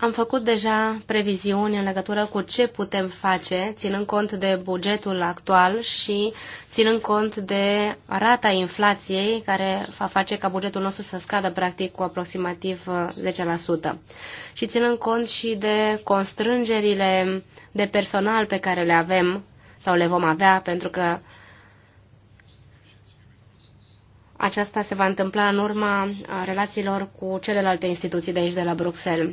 Am făcut deja previziuni în legătură cu ce putem face, ținând cont de bugetul actual și ținând cont de rata inflației, care va face ca bugetul nostru să scadă practic cu aproximativ 10%. Uh, și ținând cont și de constrângerile de personal pe care le avem sau le vom avea, pentru că aceasta se va întâmpla în urma uh, relațiilor cu celelalte instituții de aici, de la Bruxelles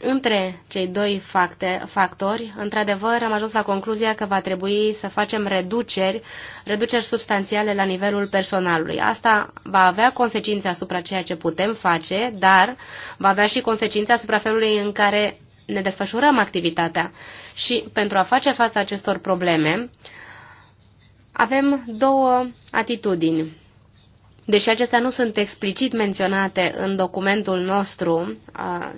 între cei doi facte, factori, într-adevăr, am ajuns la concluzia că va trebui să facem reduceri, reduceri substanțiale la nivelul personalului. Asta va avea consecințe asupra ceea ce putem face, dar va avea și consecințe asupra felului în care ne desfășurăm activitatea. Și pentru a face față acestor probleme, avem două atitudini Deși acestea nu sunt explicit menționate în documentul nostru,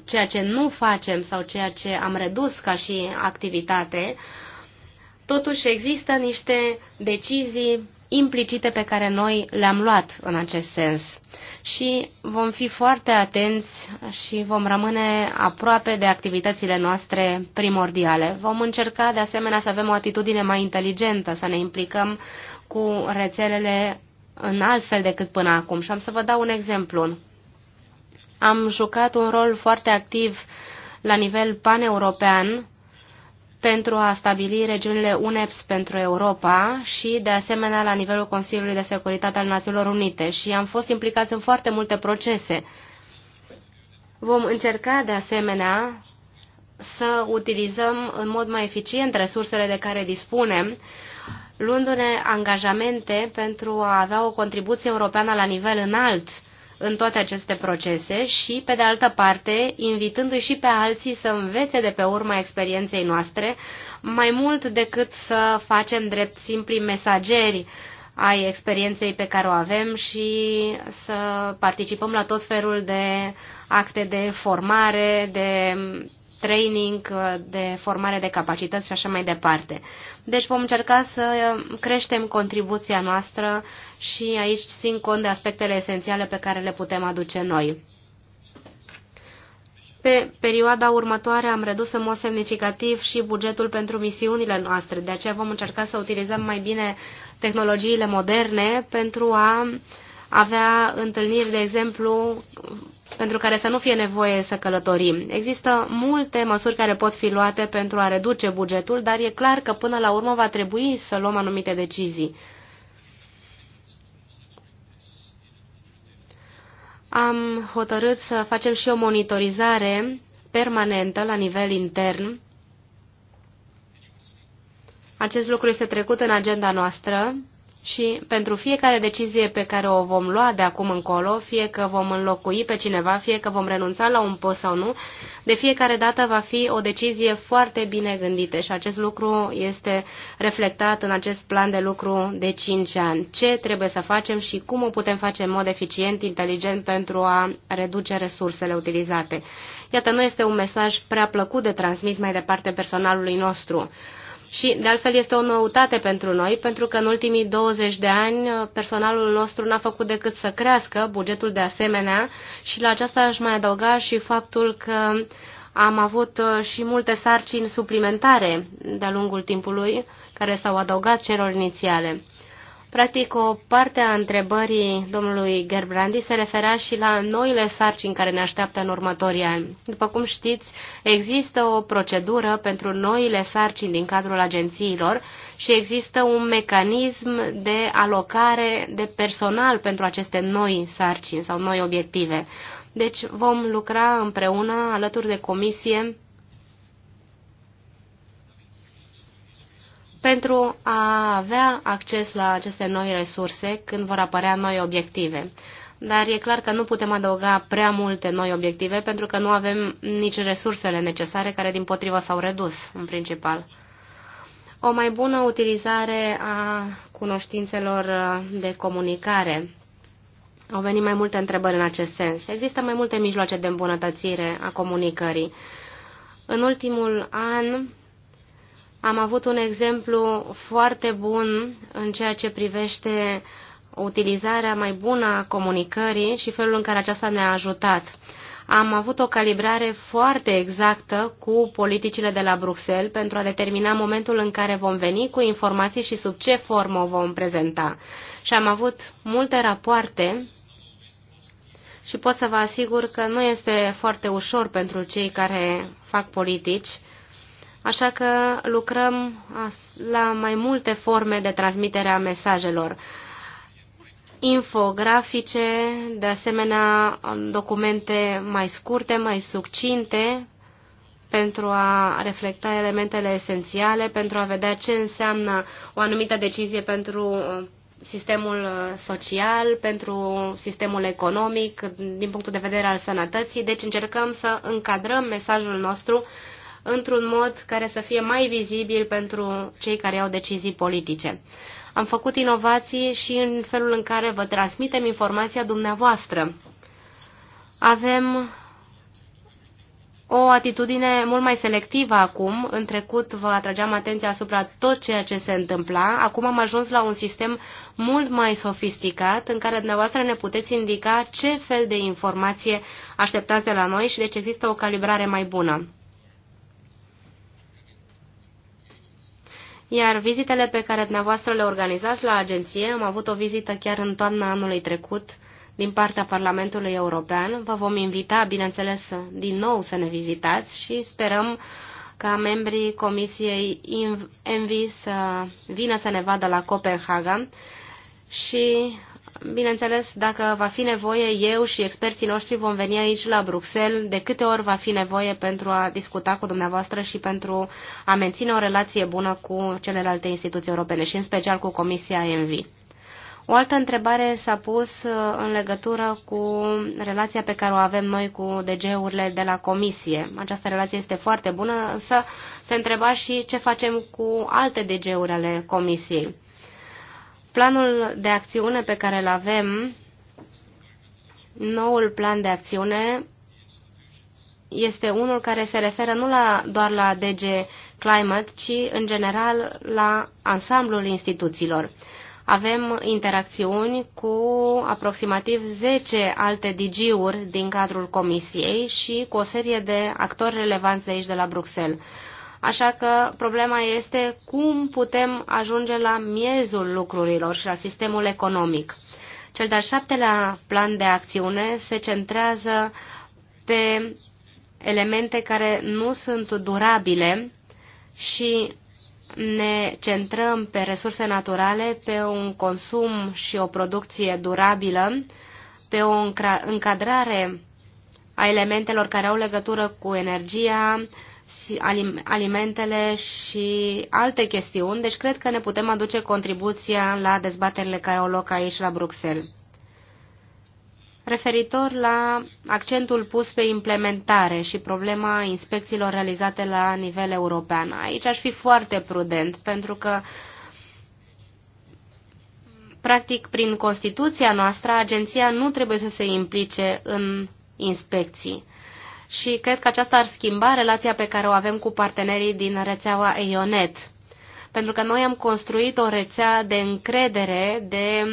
ceea ce nu facem sau ceea ce am redus ca și activitate, totuși există niște decizii implicite pe care noi le-am luat în acest sens. Și vom fi foarte atenți și vom rămâne aproape de activitățile noastre primordiale. Vom încerca de asemenea să avem o atitudine mai inteligentă, să ne implicăm cu rețelele în alt fel decât până acum. Și am să vă dau un exemplu. Am jucat un rol foarte activ la nivel paneuropean pentru a stabili regiunile UNEPS pentru Europa și, de asemenea, la nivelul Consiliului de Securitate al Națiunilor Unite și am fost implicați în foarte multe procese. Vom încerca, de asemenea, să utilizăm în mod mai eficient resursele de care dispunem luându-ne angajamente pentru a avea o contribuție europeană la nivel înalt în toate aceste procese și, pe de altă parte, invitându-i și pe alții să învețe de pe urma experienței noastre, mai mult decât să facem drept simpli mesageri ai experienței pe care o avem și să participăm la tot felul de acte de formare, de training, uh, de formare de capacități și așa mai departe. Deci vom încerca să uh, creștem contribuția noastră și aici țin cont de aspectele esențiale pe care le putem aduce noi. Pe perioada următoare am redus în mod semnificativ și bugetul pentru misiunile noastre, de aceea vom încerca să utilizăm mai bine tehnologiile moderne pentru a avea întâlniri, de exemplu, pentru care să nu fie nevoie să călătorim. Există multe măsuri care pot fi luate pentru a reduce bugetul, dar e clar că până la urmă va trebui să luăm anumite decizii. Am hotărât să facem și o monitorizare permanentă la nivel intern. Acest lucru este trecut în agenda noastră și pentru fiecare decizie pe care o vom lua de acum încolo, fie că vom înlocui pe cineva, fie că vom renunța la un post sau nu, de fiecare dată va fi o decizie foarte bine gândită și acest lucru este reflectat în acest plan de lucru de 5 ani. Ce trebuie să facem și cum o putem face în mod eficient, inteligent pentru a reduce resursele utilizate. Iată, nu este un mesaj prea plăcut de transmis mai departe personalului nostru și, de altfel, este o noutate pentru noi, pentru că în ultimii 20 de ani personalul nostru n-a făcut decât să crească, bugetul de asemenea, și la aceasta aș mai adăuga și faptul că am avut uh, și multe sarcini suplimentare de-a lungul timpului, care s-au adăugat celor inițiale. Practic, o parte a întrebării domnului Gerbrandi se refera și la noile sarcini care ne așteaptă în următorii ani. După cum știți, există o procedură pentru noile sarcini din cadrul agențiilor și există un mecanism de alocare de personal pentru aceste noi sarcini sau noi obiective. Deci vom lucra împreună alături de comisie pentru a avea acces la aceste noi resurse când vor apărea noi obiective. Dar e clar că nu putem adăuga prea multe noi obiective pentru că nu avem nici resursele necesare care din potrivă s-au redus în principal. O mai bună utilizare a cunoștințelor de comunicare. Au venit mai multe întrebări în acest sens. Există mai multe mijloace de îmbunătățire a comunicării. În ultimul an, am avut un exemplu foarte bun în ceea ce privește utilizarea mai bună a comunicării și felul în care aceasta ne-a ajutat. Am avut o calibrare foarte exactă cu politicile de la Bruxelles pentru a determina momentul în care vom veni cu informații și sub ce formă o vom prezenta. Și am avut multe rapoarte și pot să vă asigur că nu este foarte ușor pentru cei care fac politici Așa că lucrăm la mai multe forme de transmitere a mesajelor. Infografice, de asemenea documente mai scurte, mai succinte, pentru a reflecta elementele esențiale, pentru a vedea ce înseamnă o anumită decizie pentru uh, sistemul uh, social, pentru sistemul economic, din punctul de vedere al sănătății. Deci încercăm să încadrăm mesajul nostru într-un mod care să fie mai vizibil pentru cei care au decizii politice. Am făcut inovații și în felul în care vă transmitem informația dumneavoastră. Avem o atitudine mult mai selectivă acum. În trecut vă atrageam atenția asupra tot ceea ce se întâmpla. Acum am ajuns la un sistem mult mai sofisticat în care dumneavoastră ne puteți indica ce fel de informație așteptați de la noi și deci există o calibrare mai bună. Iar vizitele pe care dumneavoastră le organizați la agenție, am avut o vizită chiar în toamna anului trecut din partea Parlamentului European. Vă vom invita, bineînțeles, din nou să ne vizitați și sperăm ca membrii Comisiei Envi să vină să ne vadă la Copenhaga și Bineînțeles, dacă va fi nevoie, eu și experții noștri vom veni aici la Bruxelles de câte ori va fi nevoie pentru a discuta cu dumneavoastră și pentru a menține o relație bună cu celelalte instituții europene și în special cu Comisia ENVI. O altă întrebare s-a pus uh, în legătură cu relația pe care o avem noi cu DG-urile de la Comisie. Această relație este foarte bună, însă se întreba și ce facem cu alte DG-uri ale Comisiei. Planul de acțiune pe care îl avem, noul plan de acțiune, este unul care se referă nu la, doar la DG Climate, ci în general la ansamblul instituțiilor. Avem interacțiuni cu aproximativ 10 alte DG-uri din cadrul Comisiei și cu o serie de actori relevanți de aici de la Bruxelles. Așa că problema este cum putem ajunge la miezul lucrurilor și la sistemul economic. Cel de-al șaptelea plan de acțiune se centrează pe elemente care nu sunt durabile și ne centrăm pe resurse naturale, pe un consum și o producție durabilă, pe o încadrare a elementelor care au legătură cu energia, alimentele și alte chestiuni, deci cred că ne putem aduce contribuția la dezbaterile care au loc aici la Bruxelles. Referitor la accentul pus pe implementare și problema inspecțiilor realizate la nivel european, aici aș fi foarte prudent pentru că practic prin Constituția noastră agenția nu trebuie să se implice în inspecții și cred că aceasta ar schimba relația pe care o avem cu partenerii din rețeaua EONET. Pentru că noi am construit o rețea de încredere, de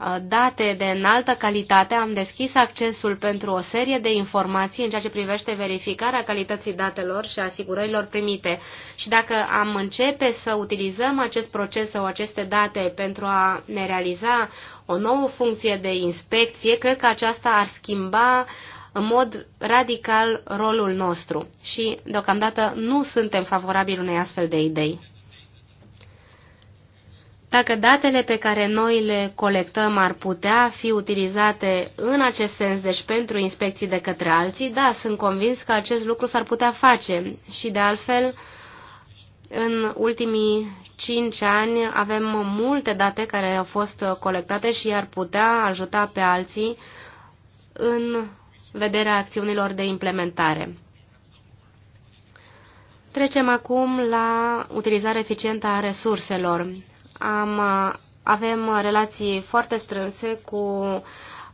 uh, date de înaltă calitate, am deschis accesul pentru o serie de informații în ceea ce privește verificarea calității datelor și asigurărilor primite. Și dacă am începe să utilizăm acest proces sau aceste date pentru a ne realiza o nouă funcție de inspecție, cred că aceasta ar schimba uh, în mod radical rolul nostru și deocamdată nu suntem favorabili unei astfel de idei. Dacă datele pe care noi le colectăm ar putea fi utilizate în acest sens, deci pentru inspecții de către alții, da, sunt convins că acest lucru s-ar putea face și de altfel în ultimii cinci ani avem multe date care au fost colectate și ar putea ajuta pe alții în vederea acțiunilor de implementare. Trecem acum la utilizarea eficientă a resurselor. Am, avem relații foarte strânse cu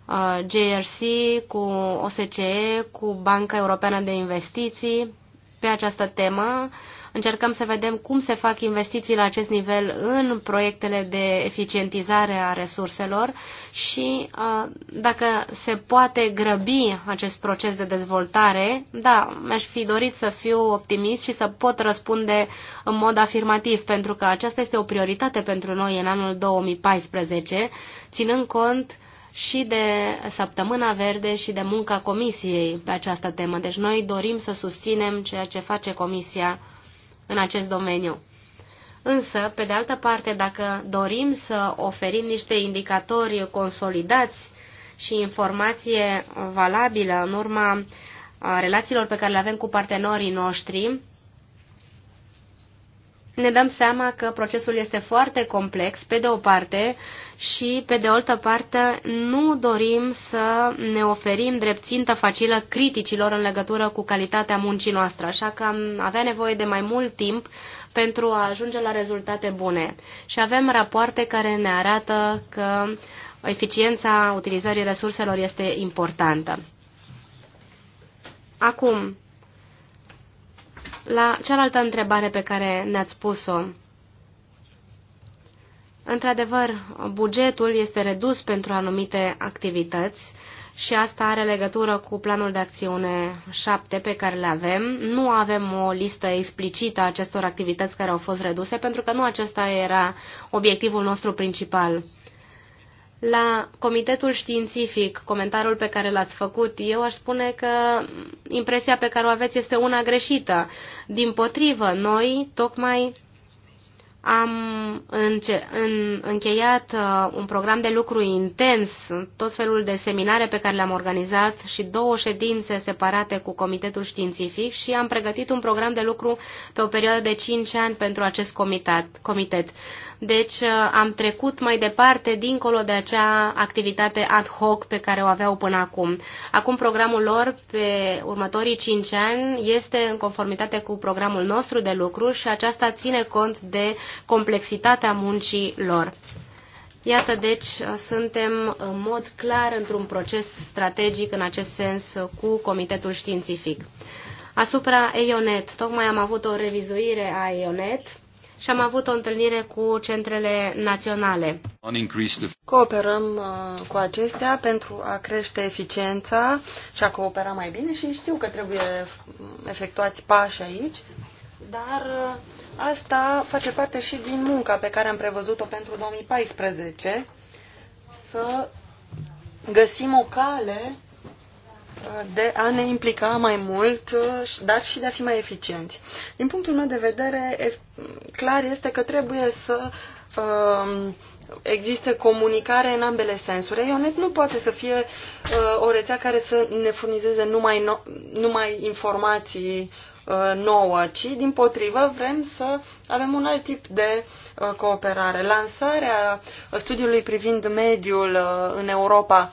uh, JRC, cu OSCE, cu Banca Europeană de Investiții pe această temă. Uh, Încercăm să vedem cum se fac investiții la acest nivel în proiectele de eficientizare a resurselor și dacă se poate grăbi acest proces de dezvoltare, da, mi-aș fi dorit să fiu optimist și să pot răspunde în mod afirmativ, pentru că aceasta este o prioritate pentru noi în anul 2014, ținând cont și de Săptămâna Verde și de munca Comisiei pe această temă. Deci noi dorim să susținem ceea ce face Comisia în acest domeniu. Însă, pe de altă parte, dacă dorim să oferim niște indicatori consolidați și informație valabilă în urma relațiilor pe care le avem cu partenerii noștri, ne dăm seama că procesul este foarte complex, pe de o parte, și pe de altă parte nu dorim să ne oferim dreptțintă facilă criticilor în legătură cu calitatea muncii noastre, așa că am avea nevoie de mai mult timp pentru a ajunge la rezultate bune. Și avem rapoarte care ne arată că eficiența utilizării resurselor este importantă. Acum, la cealaltă întrebare pe care ne-ați pus-o. Într-adevăr, bugetul este redus pentru anumite activități și asta are legătură cu planul de acțiune 7 pe care le avem. Nu avem o listă explicită a acestor activități care au fost reduse, pentru că nu acesta era obiectivul nostru principal. La comitetul științific, comentariul pe care l-ați făcut, eu aș spune că impresia pe care o aveți este una greșită. Din potrivă, noi tocmai am înce- în, încheiat uh, un program de lucru intens, tot felul de seminare pe care le-am organizat și două ședințe separate cu Comitetul Științific și am pregătit un program de lucru pe o perioadă de 5 ani pentru acest comitat, comitet. Deci uh, am trecut mai departe dincolo de acea activitate ad hoc pe care o aveau până acum. Acum programul lor pe următorii 5 ani este în conformitate cu programul nostru de lucru și aceasta ține cont de complexitatea muncii lor. Iată, deci, uh, suntem în mod clar într-un proces strategic în acest sens cu Comitetul Științific. Asupra EONET, tocmai am avut o revizuire a EONET și am avut o întâlnire cu centrele naționale. Cooperăm uh, cu acestea pentru a crește eficiența și a coopera mai bine și știu că trebuie mm, efectuați pași aici, dar uh, asta face parte și din munca pe care am prevăzut-o pentru 2014 să găsim o cale de a ne implica mai mult, dar și de a fi mai eficienți. Din punctul meu de vedere, clar este că trebuie să um, existe comunicare în ambele sensuri. Ionet nu poate să fie uh, o rețea care să ne furnizeze numai, numai informații nouă, ci din potrivă vrem să avem un alt tip de uh, cooperare. Lansarea studiului privind mediul uh, în Europa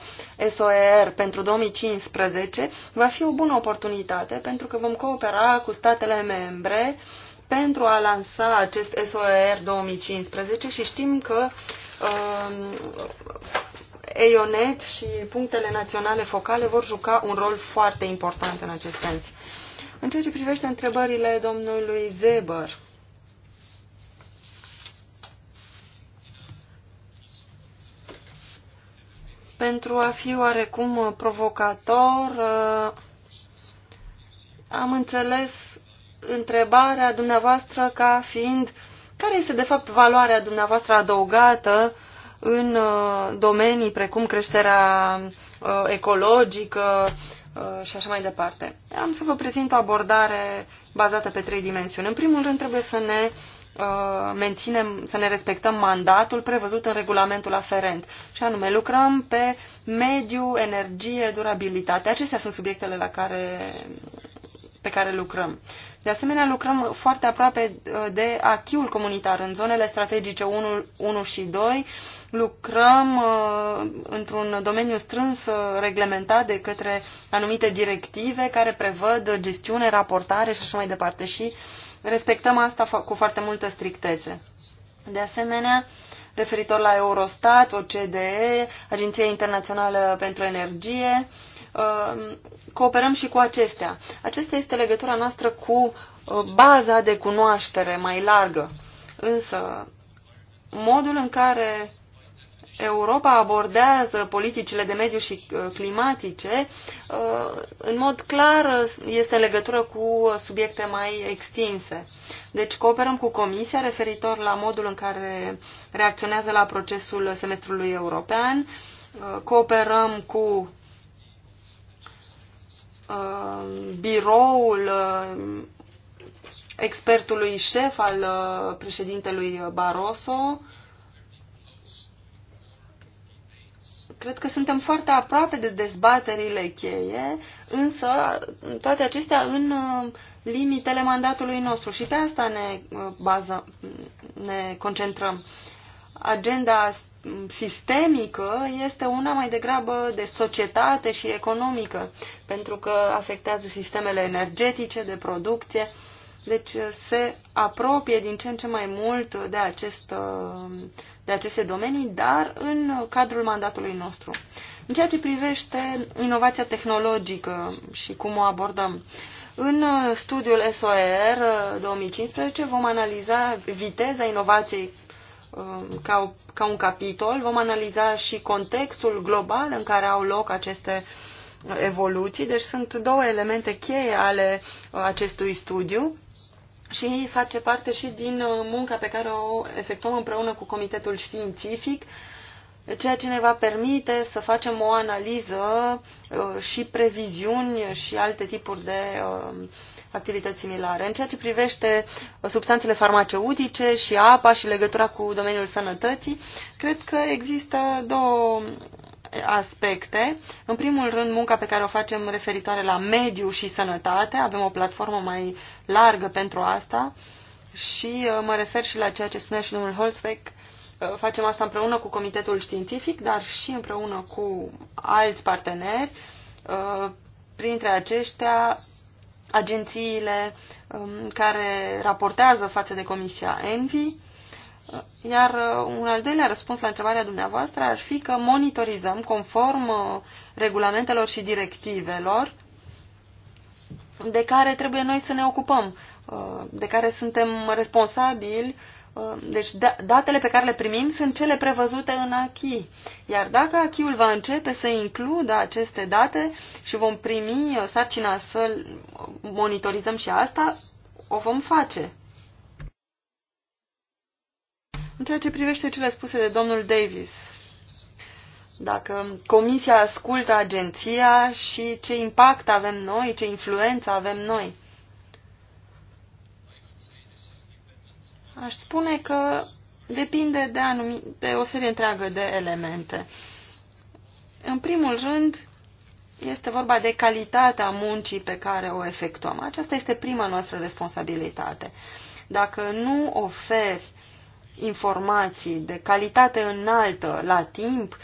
SOER pentru 2015 va fi o bună oportunitate pentru că vom coopera cu statele membre pentru a lansa acest SOER 2015 și știm că um, EONET și punctele naționale focale vor juca un rol foarte important în acest sens. În ceea ce privește întrebările domnului Zeber, pentru a fi oarecum provocator, uh, am înțeles întrebarea dumneavoastră ca fiind care este de fapt valoarea dumneavoastră adăugată în uh, domenii precum creșterea uh, ecologică, Uh, și așa mai departe. Am să vă prezint o abordare bazată pe trei dimensiuni. În primul rând trebuie să ne uh, menținem, să ne respectăm mandatul prevăzut în regulamentul aferent. Și anume, lucrăm pe mediu, energie, durabilitate. Acestea sunt subiectele la care, pe care lucrăm. De asemenea, lucrăm foarte aproape uh, de achiul comunitar în zonele strategice 1, 1 și 2. Lucrăm uh, într-un domeniu strâns uh, reglementat de către anumite directive care prevăd gestiune, raportare și așa mai departe și respectăm asta cu foarte multă strictețe. De asemenea, referitor la Eurostat, OCDE, Agenția Internațională pentru Energie, uh, Um, cooperăm și cu acestea. Acesta este legătura noastră cu uh, baza de cunoaștere mai largă. Însă, modul în care Europa abordează politicile de mediu și uh, climatice, uh, în mod clar este în legătură cu subiecte mai extinse. Deci cooperăm cu Comisia referitor la modul în care reacționează la procesul semestrului european, cooperăm cu Um, biroul uh, expertului șef al uh, președintelui Barroso. Cred că suntem foarte aproape de dezbaterile cheie, însă toate acestea în uh, limitele mandatului nostru și pe asta ne, bază, ne concentrăm agenda sistemică este una mai degrabă de societate și economică, pentru că afectează sistemele energetice, de producție, deci uh, se apropie din ce în ce mai mult de, acest, uh, de aceste domenii, dar în cadrul mandatului nostru. În ceea ce privește inovația tehnologică și cum o abordăm, în uh, studiul SOR 2015 vom analiza viteza inovației Um, ca, ca un capitol. Vom analiza și contextul global în care au loc aceste uh, evoluții. Deci sunt două elemente cheie ale uh, acestui studiu și face parte și din uh, munca pe care o efectuăm împreună cu Comitetul Științific, ceea ce ne va permite să facem o analiză și previziuni și alte tipuri de activități similare. În ceea ce privește uh, substanțele farmaceutice și apa și legătura cu domeniul sănătății, cred că există două uh, aspecte. În primul rând, munca pe care o facem referitoare la mediu și sănătate. Avem o platformă mai largă pentru asta și uh, mă refer și la ceea ce spunea și domnul Holzbeck. Facem asta împreună cu Comitetul Științific, dar și împreună cu alți parteneri, printre aceștia agențiile um, care raportează față de Comisia ENVI. Iar uh, un al doilea răspuns la întrebarea dumneavoastră ar fi că monitorizăm conform uh, regulamentelor și directivelor de care trebuie noi să ne ocupăm, uh, de care suntem responsabili Uh, deci da, datele pe care le primim sunt cele prevăzute în achi. Iar dacă achiul va începe să includă aceste date și vom primi uh, sarcina să monitorizăm și asta, o vom face. În ceea ce privește cele spuse de domnul Davis, dacă comisia ascultă agenția și ce impact avem noi, ce influență avem noi. Aș spune că depinde de, anumi, de o serie întreagă de elemente. În primul rând, este vorba de calitatea muncii pe care o efectuăm. Aceasta este prima noastră responsabilitate. Dacă nu oferi informații de calitate înaltă la timp,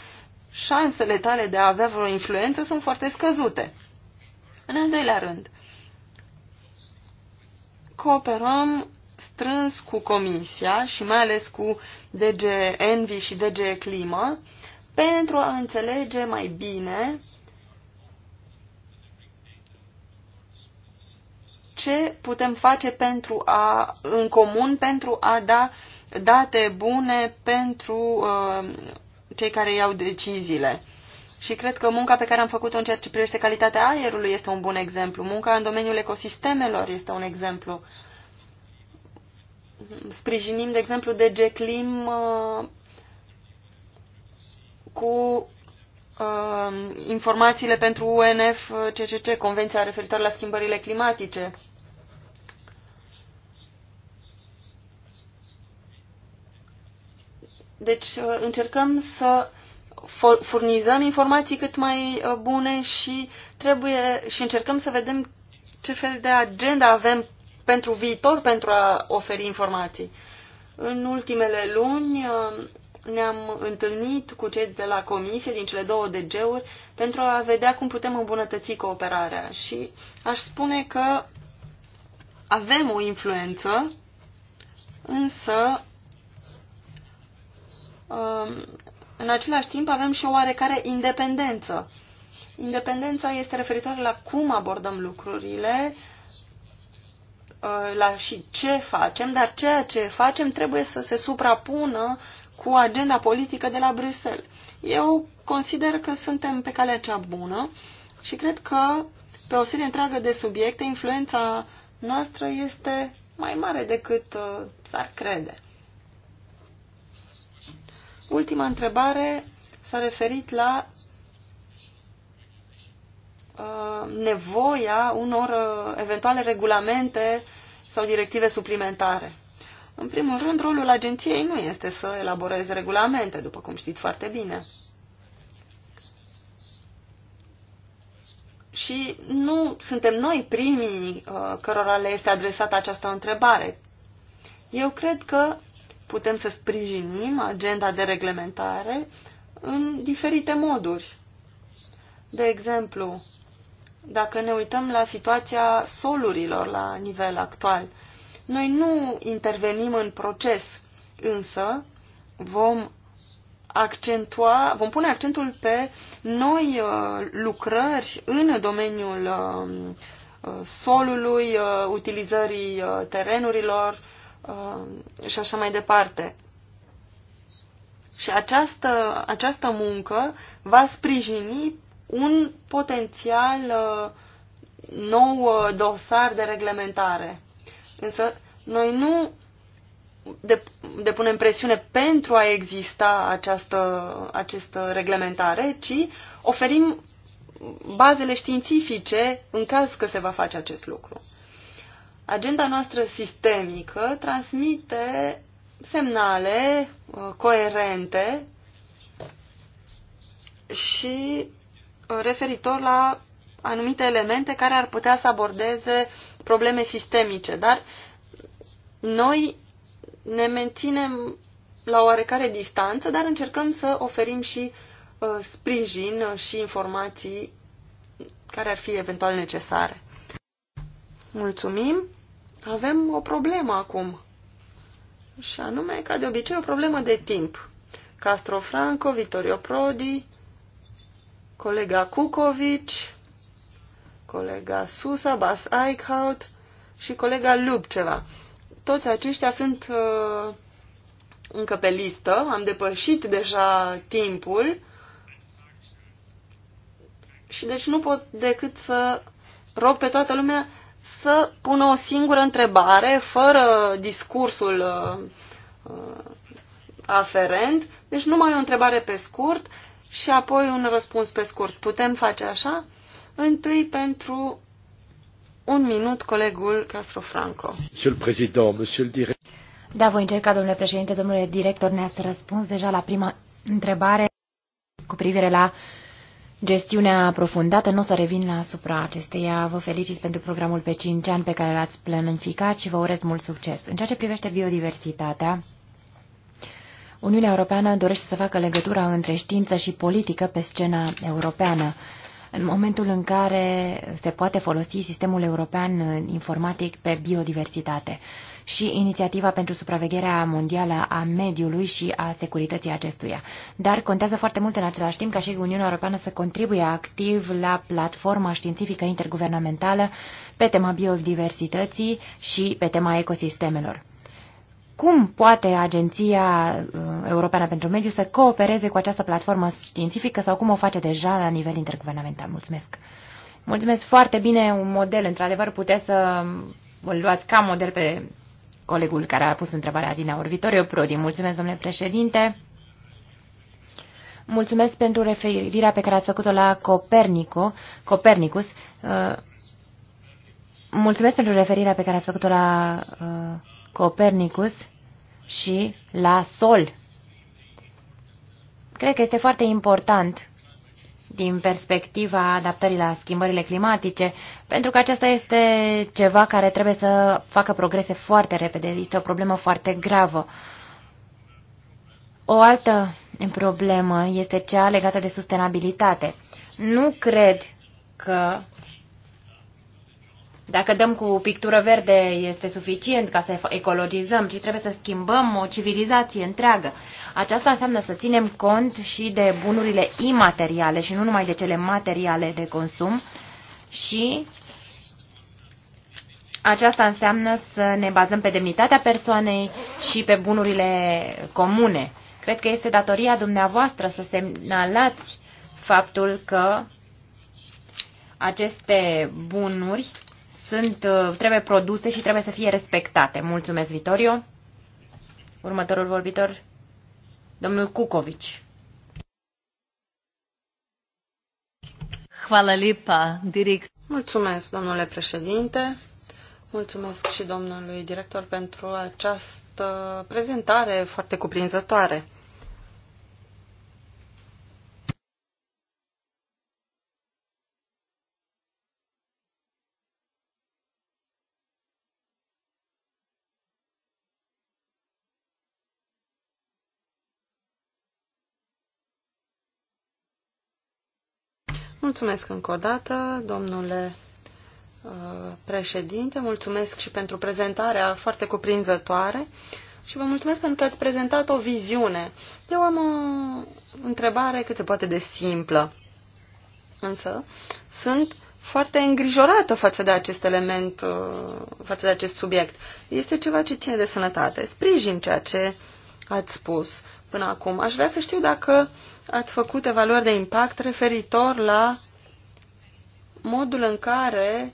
șansele tale de a avea vreo influență sunt foarte scăzute. În al doilea rând, cooperăm strâns cu Comisia și mai ales cu DG Envy și DG Clima pentru a înțelege mai bine ce putem face pentru a, în comun pentru a da date bune pentru uh, cei care iau deciziile. Și cred că munca pe care am făcut-o în ceea ce privește calitatea aerului este un bun exemplu. Munca în domeniul ecosistemelor este un exemplu. Uh, Sprijinim, de exemplu, de Geclim uh, cu uh, informațiile pentru UNFCCC, uh, Convenția referitoare la schimbările climatice. Deci încercăm să furnizăm informații cât mai bune și trebuie și încercăm să vedem ce fel de agenda avem pentru viitor pentru a oferi informații. În ultimele luni uh, ne-am întâlnit cu cei de la comisie din cele două DG-uri pentru a vedea cum putem îmbunătăți cooperarea și aș spune că avem o influență, însă um, în același timp avem și o oarecare independență. Independența este referitoare la cum abordăm lucrurile, Uh, la și ce facem, dar ceea ce facem trebuie să se suprapună cu agenda politică de la Bruxelles. Eu consider că suntem pe calea cea bună și cred că pe o serie întreagă de subiecte influența noastră este mai mare decât uh, s-ar crede. Ultima întrebare s-a referit la Uh, nevoia unor uh, eventuale regulamente sau directive suplimentare. În primul rând, rolul agenției nu este să elaboreze regulamente, după cum știți foarte bine. Și nu suntem noi primii uh, cărora le este adresată această întrebare. Eu cred că putem să sprijinim agenda de reglementare în diferite moduri. De exemplu, dacă ne uităm la situația solurilor la nivel actual, noi nu intervenim în proces, însă vom accentua, vom pune accentul pe noi uh, lucrări în domeniul um, uh, solului, uh, utilizării terenurilor um, și așa mai departe. Și această, această muncă va sprijini un potențial uh, nou uh, dosar de reglementare. Însă noi nu depunem presiune pentru a exista această, această reglementare, ci oferim bazele științifice în caz că se va face acest lucru. Agenda noastră sistemică transmite semnale uh, coerente și referitor la anumite elemente care ar putea să abordeze probleme sistemice, dar noi ne menținem la oarecare distanță, dar încercăm să oferim și uh, sprijin și informații care ar fi eventual necesare. Mulțumim! Avem o problemă acum. Și anume, ca de obicei, o problemă de timp. Castro Franco, Vittorio Prodi, colega Kukovici, colega Susa, Bas Eichhout și colega Lubceva. Toți aceștia sunt uh, încă pe listă, am depășit deja timpul și deci nu pot decât să rog pe toată lumea să pună o singură întrebare, fără discursul uh, uh, aferent, deci numai o întrebare pe scurt și apoi un răspuns pe scurt. Putem face așa? Întâi pentru un minut, colegul Castro Franco. Monsieur le Président, Monsieur le Direct. Da, voi încerca, domnule președinte, domnule director, ne-ați răspuns deja la prima întrebare cu privire la gestiunea aprofundată. Nu o să revin la asupra acesteia. Vă felicit pentru programul pe 5 ani pe care l-ați planificat și vă urez mult succes. În ceea ce privește biodiversitatea, Uniunea Europeană dorește să facă legătura între știință și politică pe scena europeană. În momentul în care se poate folosi sistemul european uh, informatic pe biodiversitate și inițiativa pentru supravegherea mondială a mediului și a securității acestuia. Dar contează foarte mult în același timp ca și Uniunea Europeană să contribuie activ la platforma științifică interguvernamentală pe tema biodiversității și pe tema ecosistemelor. Cum poate Agenția uh, Europeană pentru Mediu să coopereze cu această platformă științifică sau cum o face deja la nivel interguvernamental? Mulțumesc! Mulțumesc foarte bine, un model, într-adevăr, puteți să îl luați ca model pe colegul care a pus întrebarea din aur. Vitorio Prodi, mulțumesc, domnule președinte. Mulțumesc pentru referirea pe care ați făcut-o la Copernico, Copernicus. Uh, mulțumesc pentru referirea pe care ați făcut-o la uh, Copernicus și la Sol. Cred că este foarte important din perspectiva adaptării la schimbările climatice, pentru că aceasta este ceva care trebuie să facă progrese foarte repede. Este o problemă foarte gravă. O altă problemă este cea legată de sustenabilitate. Nu cred că dacă dăm cu pictură verde este suficient ca să ecologizăm, ci trebuie să schimbăm o civilizație întreagă. Aceasta înseamnă să ținem cont și de bunurile imateriale și nu numai de cele materiale de consum și aceasta înseamnă să ne bazăm pe demnitatea persoanei și pe bunurile comune. Cred că este datoria dumneavoastră să semnalați faptul că aceste bunuri sunt, uh, trebuie produse și trebuie să fie respectate. Mulțumesc, Vitorio. Următorul vorbitor, domnul Cucovici. Hvala lipa, direct. Mulțumesc, domnule președinte. Mulțumesc și domnului director pentru această prezentare foarte cuprinzătoare. Mulțumesc încă o dată, domnule uh, președinte, mulțumesc și pentru prezentarea foarte cuprinzătoare și vă mulțumesc pentru că ați prezentat o viziune. Eu am o întrebare cât se poate de simplă, însă sunt foarte îngrijorată față de acest element, uh, față de acest subiect. Este ceva ce ține de sănătate. Sprijin ceea ce ați spus până acum. Aș vrea să știu dacă ați făcut evaluări de impact referitor la modul în care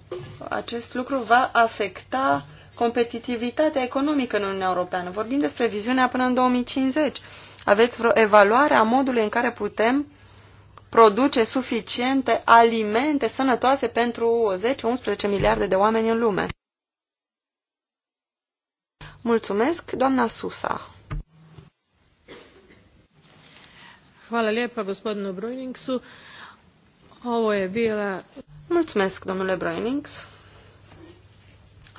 acest lucru va afecta competitivitatea economică în Uniunea Europeană. Vorbim despre viziunea până în 2050. Aveți vreo evaluare a modului în care putem produce suficiente alimente sănătoase pentru 10-11 miliarde de oameni în lume. Mulțumesc, doamna Susa. bila... domnule Brojnings.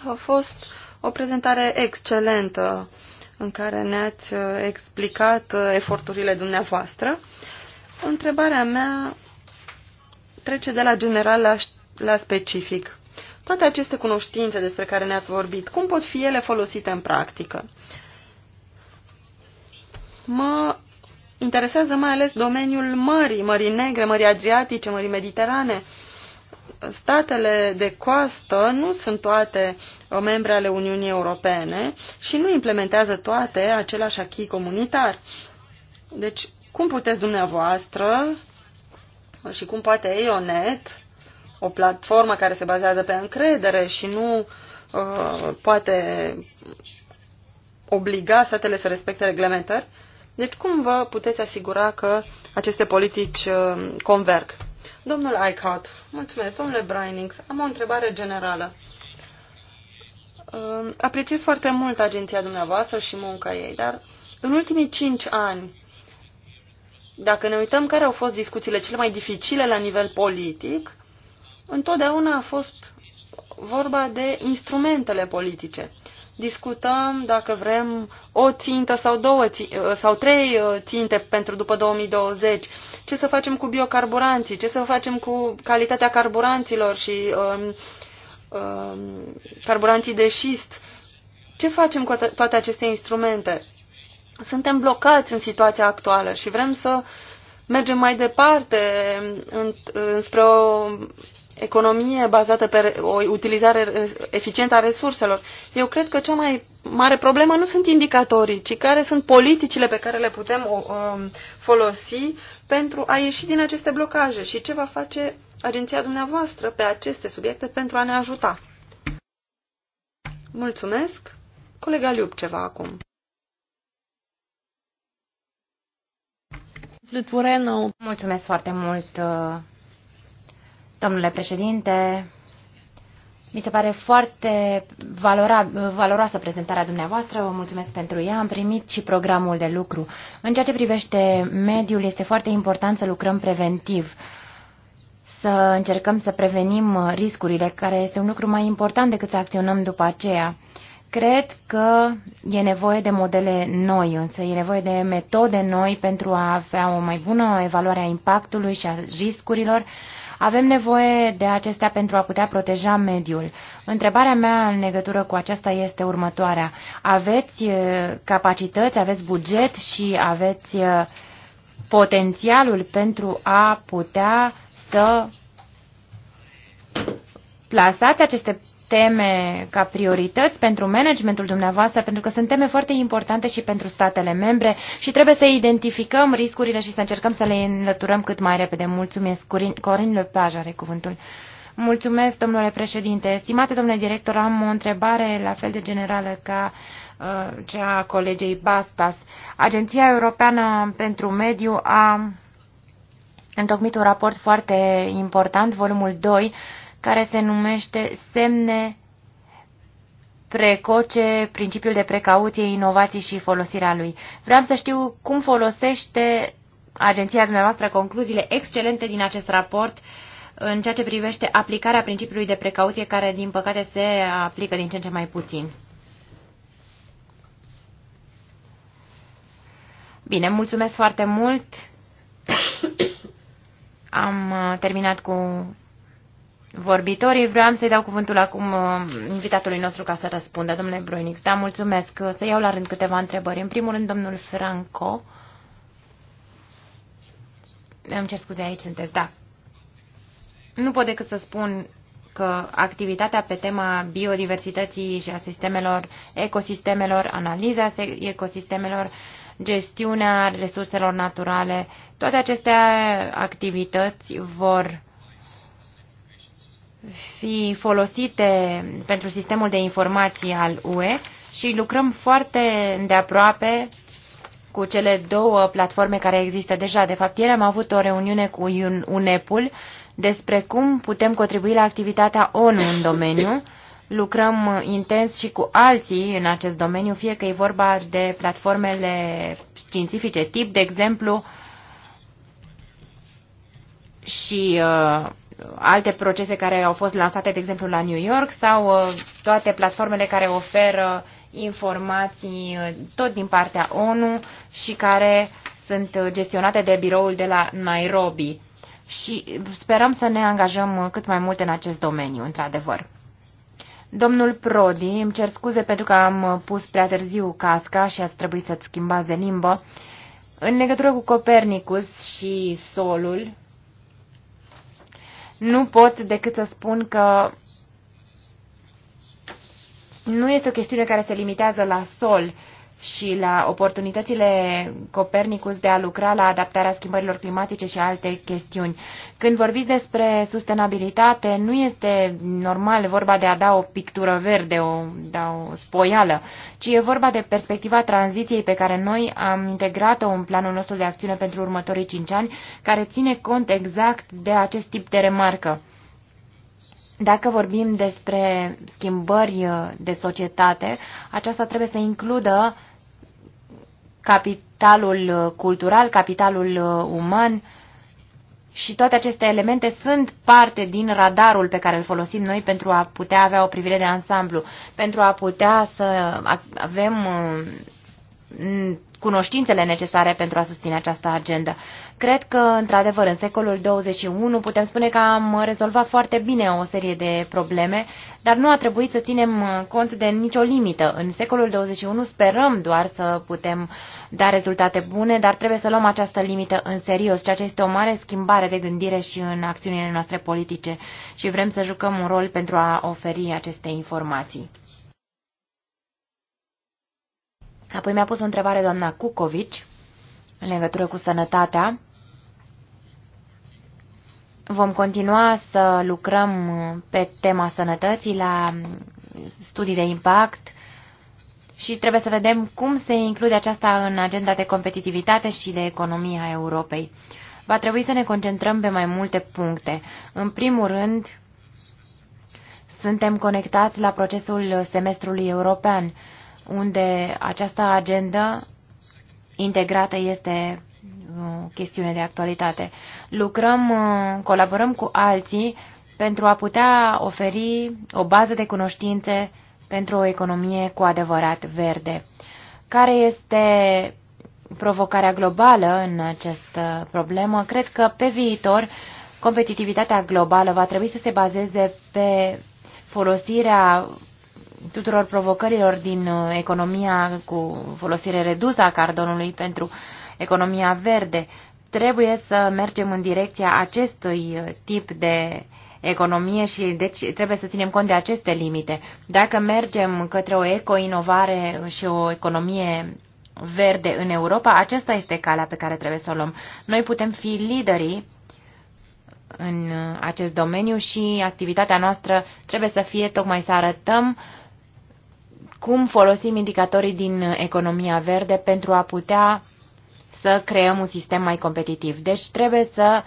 A fost o prezentare excelentă în care ne-ați uh, explicat uh, eforturile dumneavoastră. Întrebarea mea trece de la general la, la specific. Toate aceste cunoștințe despre care ne-ați vorbit, cum pot fi ele folosite în practică? Mă interesează mai ales domeniul mării, Mării Negre, Mării Adriatice, Mării Mediterane. Statele de coastă nu sunt toate uh, membre ale Uniunii Europene și nu implementează toate același achii comunitar. Deci, cum puteți dumneavoastră și cum poate EONET, o platformă care se bazează pe încredere și nu uh, poate obliga statele să respecte reglementări, deci cum vă puteți asigura că aceste politici uh, converg? Domnul Eichhardt, mulțumesc. Domnule Brainings, am o întrebare generală. Uh, apreciez foarte mult agenția dumneavoastră și munca ei, dar în ultimii cinci ani, dacă ne uităm care au fost discuțiile cele mai dificile la nivel politic, întotdeauna a fost vorba de instrumentele politice discutăm dacă vrem o țintă sau, două uh, sau trei uh, ținte pentru după 2020, ce să facem cu biocarburanții, ce să facem cu calitatea carburanților și um, um, carburanții de șist, ce facem cu toate aceste instrumente. Suntem blocați în situația actuală și vrem să mergem mai departe în, înspre o economie bazată pe o utilizare eficientă a resurselor. Eu cred că cea mai mare problemă nu sunt indicatorii, ci care sunt politicile pe care le putem um, folosi pentru a ieși din aceste blocaje și ce va face agenția dumneavoastră pe aceste subiecte pentru a ne ajuta. Mulțumesc. Colega Liub ceva acum. Mulțumesc foarte mult uh, Domnule președinte, mi se pare foarte valora, valoroasă prezentarea dumneavoastră, vă mulțumesc pentru ea, am primit și programul de lucru. În ceea ce privește mediul, este foarte important să lucrăm preventiv, să încercăm să prevenim riscurile, care este un lucru mai important decât să acționăm după aceea. Cred că e nevoie de modele noi, însă e nevoie de metode noi pentru a avea o mai bună evaluare a impactului și a riscurilor, avem nevoie de acestea pentru a putea proteja mediul. Întrebarea mea în legătură cu aceasta este următoarea. Aveți uh, capacități, aveți buget și aveți uh, potențialul pentru a putea să plasați aceste teme ca priorități pentru managementul dumneavoastră, pentru că sunt teme foarte importante și pentru statele membre și trebuie să identificăm riscurile și să încercăm să le înlăturăm cât mai repede. Mulțumesc. Corin Lepage are cuvântul. Mulțumesc, domnule președinte. Stimate domnule director, am o întrebare la fel de generală ca uh, cea a colegei Bastas. Agenția Europeană pentru Mediu a întocmit un raport foarte important, volumul 2, care se numește Semne precoce, principiul de precauție, inovații și folosirea lui. Vreau să știu cum folosește agenția dumneavoastră concluziile excelente din acest raport în ceea ce privește aplicarea principiului de precauție, care, din păcate, se aplică din ce în ce mai puțin. Bine, mulțumesc foarte mult. Am uh, terminat cu vorbitorii. Vreau să-i dau cuvântul acum uh, invitatului nostru ca să răspundă. Domnule Broinix, da, mulțumesc. Să iau la rând câteva întrebări. În primul rând, domnul Franco. Îmi cer scuze, aici sunteți, da. Nu pot decât să spun că activitatea pe tema biodiversității și a sistemelor, ecosistemelor, analiza ecosistemelor, gestiunea resurselor naturale, toate aceste activități vor fi folosite pentru sistemul de informații al UE și lucrăm foarte de aproape cu cele două platforme care există deja. De fapt, ieri am avut o reuniune cu UNEP-ul despre cum putem contribui la activitatea ONU în domeniu. Lucrăm intens și cu alții în acest domeniu, fie că e vorba de platformele științifice tip, de exemplu, și uh, alte procese care au fost lansate, de exemplu, la New York sau uh, toate platformele care oferă informații uh, tot din partea ONU și care sunt uh, gestionate de biroul de la Nairobi. Și sperăm să ne angajăm cât mai mult în acest domeniu, într-adevăr. Domnul Prodi, îmi cer scuze pentru că am pus prea târziu casca și ați trebuit să-ți schimbați de limbă. În legătură cu Copernicus și solul, nu pot decât să spun că nu este o chestiune care se limitează la sol, și la oportunitățile Copernicus de a lucra la adaptarea schimbărilor climatice și alte chestiuni. Când vorbiți despre sustenabilitate, nu este normal vorba de a da o pictură verde, o, da o spoială, ci e vorba de perspectiva tranziției pe care noi am integrat-o în planul nostru de acțiune pentru următorii cinci ani, care ține cont exact de acest tip de remarcă. Dacă vorbim despre schimbări de societate, aceasta trebuie să includă capitalul uh, cultural, capitalul uh, uman și toate aceste elemente sunt parte din radarul pe care îl folosim noi pentru a putea avea o privire de ansamblu, pentru a putea să avem uh, cunoștințele necesare pentru a susține această agendă. Cred că, într-adevăr, în secolul 21 putem spune că am rezolvat foarte bine o serie de probleme, dar nu a trebuit să ținem cont de nicio limită. În secolul 21 sperăm doar să putem da rezultate bune, dar trebuie să luăm această limită în serios, ceea ce este o mare schimbare de gândire și în acțiunile noastre politice și vrem să jucăm un rol pentru a oferi aceste informații. Apoi mi-a pus o întrebare doamna Cucovici în legătură cu sănătatea. Vom continua să lucrăm pe tema sănătății la studii de impact și trebuie să vedem cum se include aceasta în agenda de competitivitate și de economie a Europei. Va trebui să ne concentrăm pe mai multe puncte. În primul rând, suntem conectați la procesul semestrului european unde această agendă integrată este o uh, chestiune de actualitate. Lucrăm, uh, colaborăm cu alții pentru a putea oferi o bază de cunoștințe pentru o economie cu adevărat verde. Care este provocarea globală în această problemă? Cred că pe viitor competitivitatea globală va trebui să se bazeze pe folosirea tuturor provocărilor din uh, economia cu folosire redusă a cardonului pentru economia verde. Trebuie să mergem în direcția acestui uh, tip de economie și deci trebuie să ținem cont de aceste limite. Dacă mergem către o eco-inovare și o economie verde în Europa, aceasta este calea pe care trebuie să o luăm. Noi putem fi liderii în uh, acest domeniu și activitatea noastră trebuie să fie tocmai să arătăm uh, cum folosim indicatorii din economia verde pentru a putea să creăm un sistem mai competitiv. Deci trebuie să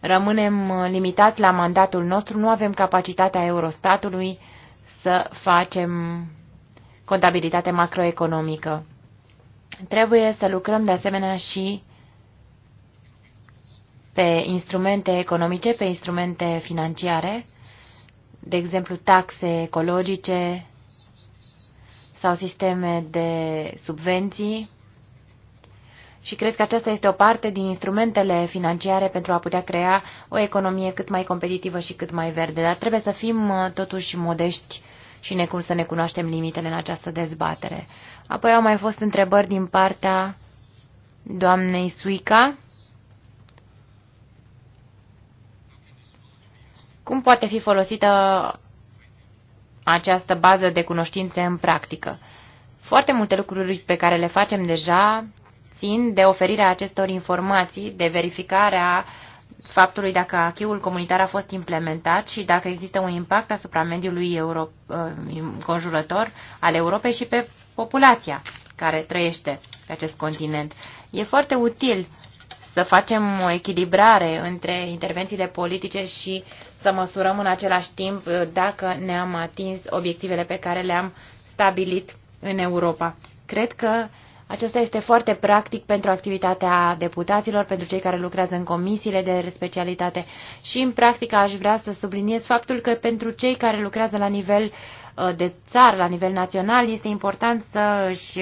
rămânem limitați la mandatul nostru, nu avem capacitatea Eurostatului să facem contabilitate macroeconomică. Trebuie să lucrăm de asemenea și pe instrumente economice, pe instrumente financiare, de exemplu taxe ecologice, sau sisteme de subvenții și cred că aceasta este o parte din instrumentele financiare pentru a putea crea o economie cât mai competitivă și cât mai verde. Dar trebuie să fim uh, totuși modești și ne, să ne cunoaștem limitele în această dezbatere. Apoi au mai fost întrebări din partea doamnei Suica. Cum poate fi folosită această bază de cunoștințe în practică. Foarte multe lucruri pe care le facem deja țin de oferirea acestor informații, de verificarea faptului dacă acheul comunitar a fost implementat și dacă există un impact asupra mediului euro, uh, conjurător al Europei și pe populația care trăiește pe acest continent. E foarte util să facem o echilibrare între intervențiile politice și să măsurăm în același timp uh, dacă ne-am atins obiectivele pe care le-am stabilit în Europa. Cred că acesta este foarte practic pentru activitatea deputaților, pentru cei care lucrează în comisiile de specialitate și, în practică, aș vrea să subliniez faptul că pentru cei care lucrează la nivel uh, de țară, la nivel național, este important să își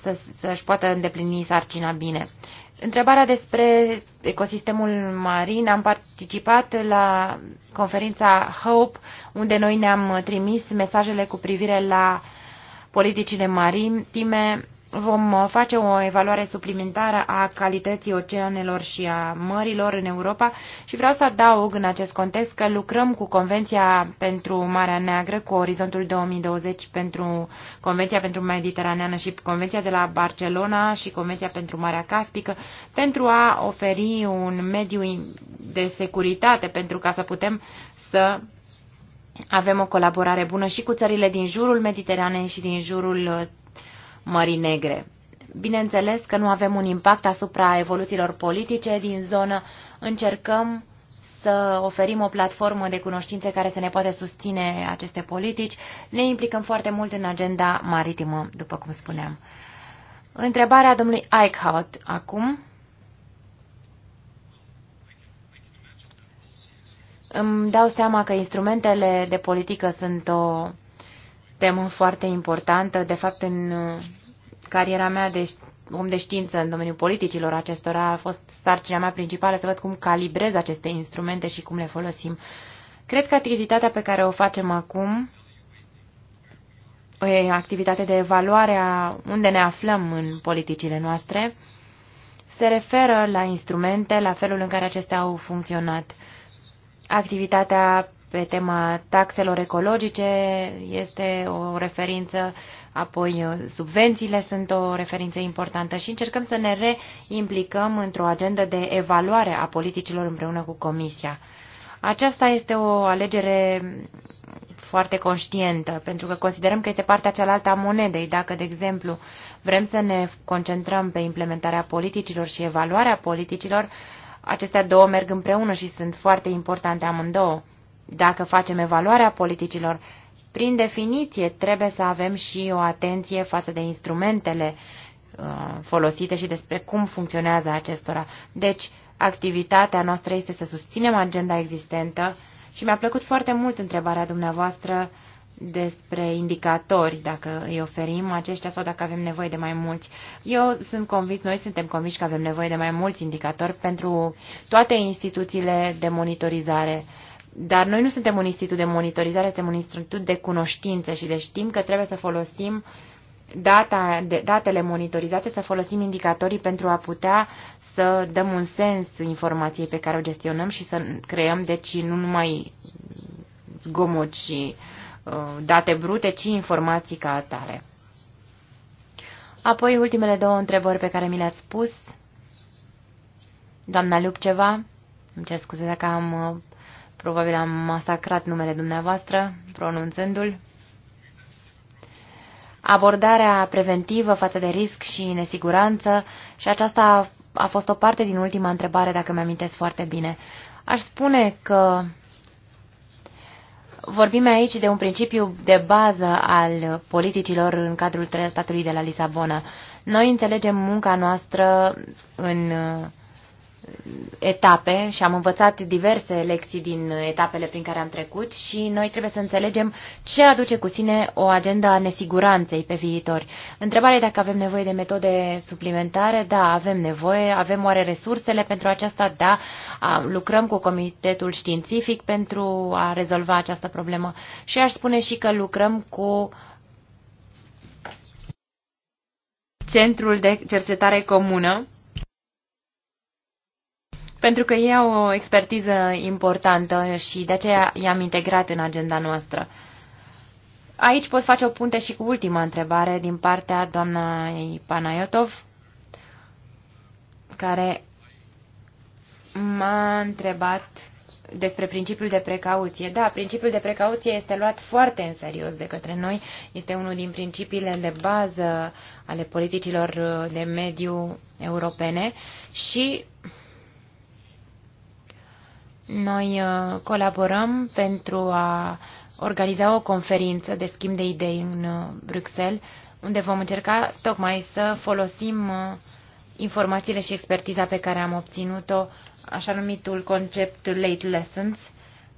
să, uh, să-și poată îndeplini sarcina bine. Întrebarea despre ecosistemul marin. Am participat la conferința HOPE, unde noi ne-am trimis mesajele cu privire la politicile marine. Vom face o evaluare suplimentară a calității oceanelor și a mărilor în Europa și vreau să adaug în acest context că lucrăm cu Convenția pentru Marea Neagră, cu Orizontul 2020 pentru Convenția pentru Mediteraneană și Convenția de la Barcelona și Convenția pentru Marea Caspică pentru a oferi un mediu de securitate pentru ca să putem să avem o colaborare bună și cu țările din jurul Mediteranei și din jurul Mării Negre. Bineînțeles că nu avem un impact asupra evoluțiilor politice din zonă. Încercăm să oferim o platformă de cunoștințe care să ne poate susține aceste politici. Ne implicăm foarte mult în agenda maritimă, după cum spuneam. Întrebarea domnului Eichhout acum. Îmi dau seama că instrumentele de politică sunt o temă foarte importantă. De fapt, în uh, cariera mea de om de știință în domeniul politicilor acestora a fost sarcina mea principală să văd cum calibrez aceste instrumente și cum le folosim. Cred că activitatea pe care o facem acum, o activitate de evaluare a unde ne aflăm în politicile noastre, se referă la instrumente, la felul în care acestea au funcționat. Activitatea pe tema taxelor ecologice este o referință, apoi uh, subvențiile sunt o referință importantă și încercăm să ne reimplicăm într-o agendă de evaluare a politicilor împreună cu Comisia. Aceasta este o alegere foarte conștientă, pentru că considerăm că este partea cealaltă a monedei. Dacă, de exemplu, vrem să ne concentrăm pe implementarea politicilor și evaluarea politicilor, acestea două merg împreună și sunt foarte importante amândouă. Dacă facem evaluarea politicilor, prin definiție trebuie să avem și o atenție față de instrumentele uh, folosite și despre cum funcționează acestora. Deci, activitatea noastră este să susținem agenda existentă și mi-a plăcut foarte mult întrebarea dumneavoastră despre indicatori, dacă îi oferim aceștia sau dacă avem nevoie de mai mulți. Eu sunt convins, noi suntem convinși că avem nevoie de mai mulți indicatori pentru toate instituțiile de monitorizare dar noi nu suntem un institut de monitorizare, suntem un institut de cunoștință și de știm că trebuie să folosim data, de, datele monitorizate, să folosim indicatorii pentru a putea să dăm un sens informației pe care o gestionăm și să creăm, deci, nu numai zgomot și uh, date brute, ci informații ca atare. Apoi, ultimele două întrebări pe care mi le-ați spus. Doamna Lupceva, Îmi cer scuze dacă am uh, Probabil am masacrat numele dumneavoastră pronunțându-l. Abordarea preventivă față de risc și nesiguranță și aceasta a fost o parte din ultima întrebare, dacă mi-amintesc foarte bine. Aș spune că vorbim aici de un principiu de bază al politicilor în cadrul statului de la Lisabona. Noi înțelegem munca noastră în etape și am învățat diverse lecții din etapele prin care am trecut și noi trebuie să înțelegem ce aduce cu sine o agenda a nesiguranței pe viitor. Întrebarea e dacă avem nevoie de metode suplimentare. Da, avem nevoie. Avem oare resursele pentru aceasta? Da. Lucrăm cu Comitetul Științific pentru a rezolva această problemă. Și aș spune și că lucrăm cu Centrul de Cercetare Comună pentru că ei au o expertiză importantă și de aceea i-am integrat în agenda noastră. Aici pot face o punte și cu ultima întrebare din partea doamnei Panayotov, care m-a întrebat despre principiul de precauție. Da, principiul de precauție este luat foarte în serios de către noi. Este unul din principiile de bază ale politicilor de mediu europene și noi uh, colaborăm pentru a organiza o conferință de schimb de idei în uh, Bruxelles, unde vom încerca tocmai să folosim uh, informațiile și expertiza pe care am obținut-o, așa numitul concept Late Lessons,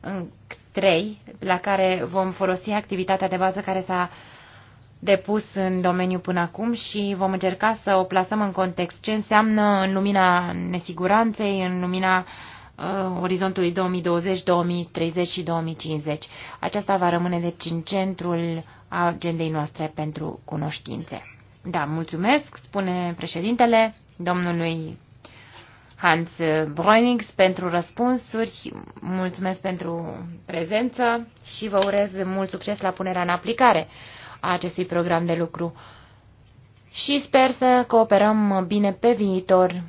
în 3, la care vom folosi activitatea de bază care s-a depus în domeniu până acum și vom încerca să o plasăm în context. Ce înseamnă în lumina nesiguranței, în lumina uh, uh, orizontului 2020, 2030 și 2050. Aceasta va rămâne deci în centrul agendei noastre pentru cunoștințe. Da, mulțumesc, spune președintele domnului Hans Bräunings pentru răspunsuri, mulțumesc pentru prezență și vă urez mult succes la punerea în aplicare a acestui program de lucru. Și sper să cooperăm bine pe viitor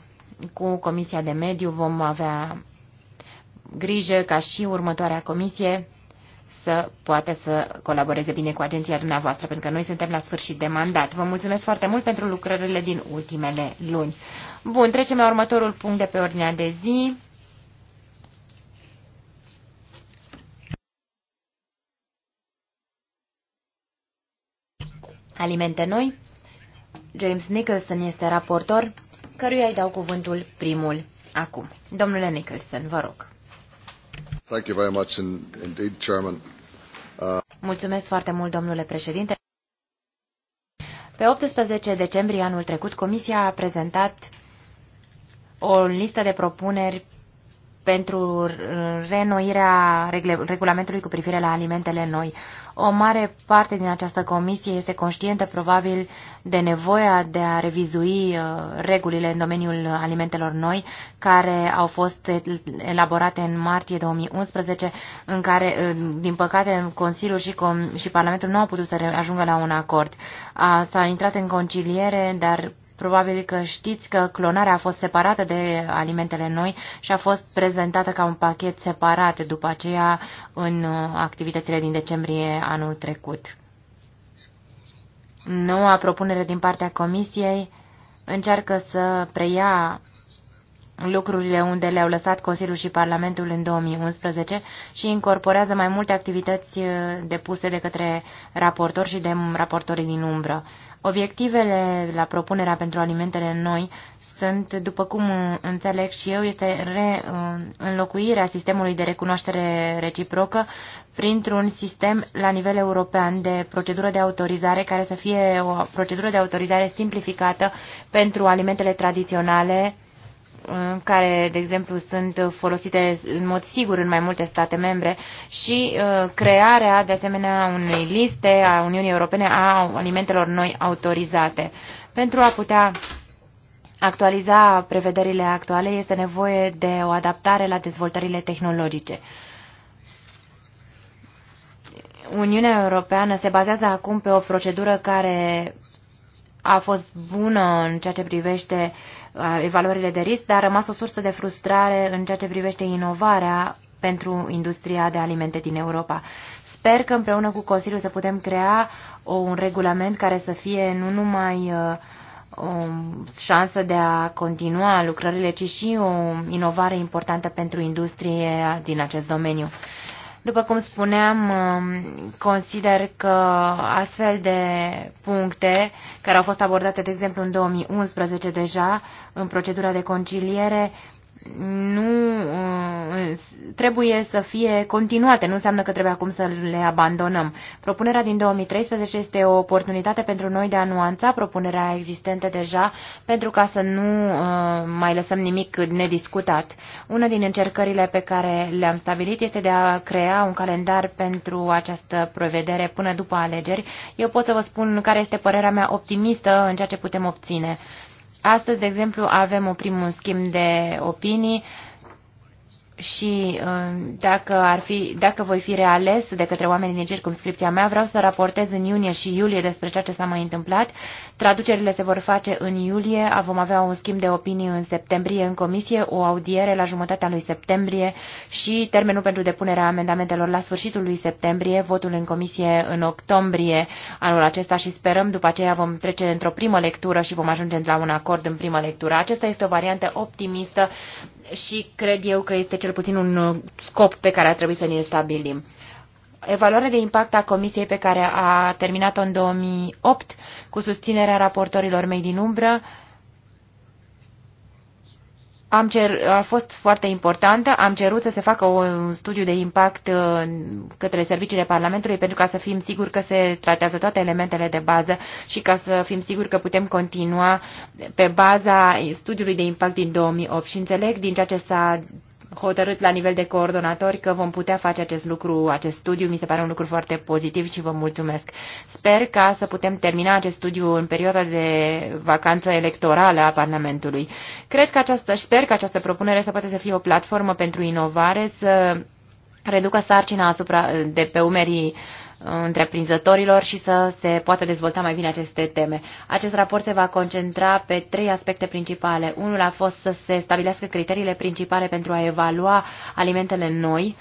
cu Comisia de Mediu, vom avea grijă ca și următoarea comisie să poată să colaboreze bine cu agenția dumneavoastră, pentru că noi suntem la sfârșit de mandat. Vă mulțumesc foarte mult pentru lucrările din ultimele luni. Bun, trecem la următorul punct de pe ordinea de zi. Alimente noi. James Nicholson este raportor, căruia îi dau cuvântul primul acum. Domnule Nicholson, vă rog. Thank you very much indeed, Chairman. Mulțumesc foarte mult, domnule președinte. Pe 18 decembrie anul trecut, Comisia a prezentat o listă de propuneri pentru uh, renoirea regulamentului cu privire la alimentele noi. O mare parte din această comisie este conștientă probabil de nevoia de a revizui uh, regulile în domeniul alimentelor noi, care au fost elaborate în martie 2011, în care, uh, din păcate, Consiliul și, Com și Parlamentul nu au putut să ajungă la un acord. S-a intrat în conciliere, dar Probabil că știți că clonarea a fost separată de alimentele noi și a fost prezentată ca un pachet separat după aceea în uh, activitățile din decembrie anul trecut. Noua propunere din partea Comisiei încearcă să preia lucrurile unde le-au lăsat Consiliul și Parlamentul în 2011 și incorporează mai multe activități uh, depuse de către raportori și de raportorii din umbră. Obiectivele la propunerea pentru alimentele noi sunt, după cum uh, înțeleg și eu, este re, uh, înlocuirea sistemului de recunoaștere reciprocă printr-un sistem la nivel european de procedură de autorizare care să fie o procedură de autorizare simplificată pentru alimentele tradiționale Uh, care, de exemplu, sunt folosite în mod sigur în mai multe state membre și uh, crearea, de asemenea, unei liste a Uniunii Europene a alimentelor noi autorizate. Pentru a putea actualiza prevederile actuale, este nevoie de o adaptare la dezvoltările tehnologice. Uniunea Europeană se bazează acum pe o procedură care a fost bună în ceea ce privește uh, evaluările de risc, dar a rămas o sursă de frustrare în ceea ce privește inovarea pentru industria de alimente din Europa. Sper că împreună cu Consiliul să putem crea o, un regulament care să fie nu numai uh, o șansă de a continua lucrările, ci și o inovare importantă pentru industrie din acest domeniu. După cum spuneam, um, consider că astfel de puncte care au fost abordate, de exemplu, în 2011 deja, în procedura de conciliere, nu uh, trebuie să fie continuate, nu înseamnă că trebuie acum să le abandonăm. Propunerea din 2013 este o oportunitate pentru noi de a nuanța propunerea existentă deja pentru ca să nu uh, mai lăsăm nimic nediscutat. Una din încercările pe care le-am stabilit este de a crea un calendar pentru această prevedere până după alegeri. Eu pot să vă spun care este părerea mea optimistă în ceea ce putem obține. Astăzi, de exemplu, avem o primul schimb de opinii și uh, dacă, ar fi, dacă voi fi reales de către oamenii din circumscripția mea, vreau să raportez în iunie și iulie despre ceea ce s-a mai întâmplat. Traducerile se vor face în iulie, vom avea un schimb de opinii în septembrie în comisie, o audiere la jumătatea lui septembrie și termenul pentru depunerea amendamentelor la sfârșitul lui septembrie, votul în comisie în octombrie anul acesta și sperăm după aceea vom trece într-o primă lectură și vom ajunge la un acord în primă lectură. Acesta este o variantă optimistă și cred eu că este ce cel puțin un uh, scop pe care ar trebui să ne-l stabilim. Evaluarea de impact a comisiei pe care a terminat-o în 2008 cu susținerea raportorilor mei din umbră am cer, a fost foarte importantă. Am cerut să se facă un studiu de impact uh, către serviciile Parlamentului pentru ca să fim siguri că se tratează toate elementele de bază și ca să fim siguri că putem continua pe baza studiului de impact din 2008. Și înțeleg din ceea ce s-a hotărât la nivel de coordonatori că vom putea face acest lucru, acest studiu. Mi se pare un lucru foarte pozitiv și vă mulțumesc. Sper ca să putem termina acest studiu în perioada de vacanță electorală a Parlamentului. Cred că această, sper că această propunere să poate să fie o platformă pentru inovare, să reducă sarcina asupra, de pe umerii uh, întreprinzătorilor și să se poată dezvolta mai bine aceste teme. Acest raport se va concentra pe trei aspecte principale. Unul a fost să se stabilească criteriile principale pentru a evalua alimentele noi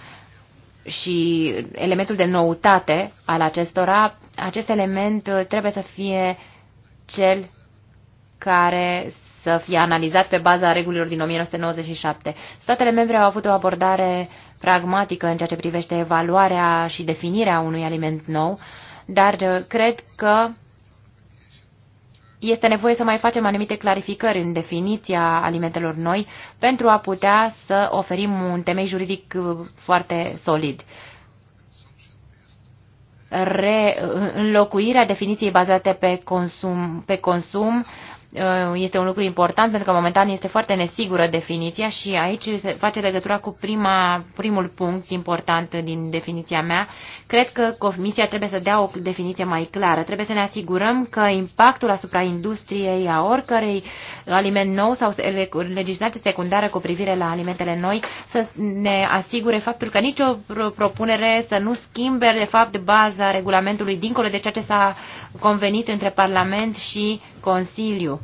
și elementul de noutate al acestora. Acest element uh, trebuie să fie cel care să fie analizat pe baza regulilor din 1997. Statele membre au avut o abordare uh, pragmatică în ceea ce privește evaluarea și definirea unui aliment nou, dar uh, cred că este nevoie să mai facem anumite clarificări în definiția alimentelor noi pentru a putea să oferim un temei juridic uh, foarte solid. Re, uh, înlocuirea definiției bazate pe consum, pe consum Uh, este un lucru important pentru că momentan este foarte nesigură definiția și aici se face legătura cu prima, primul punct important din definiția mea. Cred că comisia trebuie să dea o definiție mai clară. Trebuie să ne asigurăm că impactul asupra industriei a oricărei aliment nou sau legislație secundară cu privire la alimentele noi să ne asigure faptul că nicio propunere să nu schimbe de fapt baza regulamentului dincolo de ceea ce s-a convenit între Parlament și Consiliu.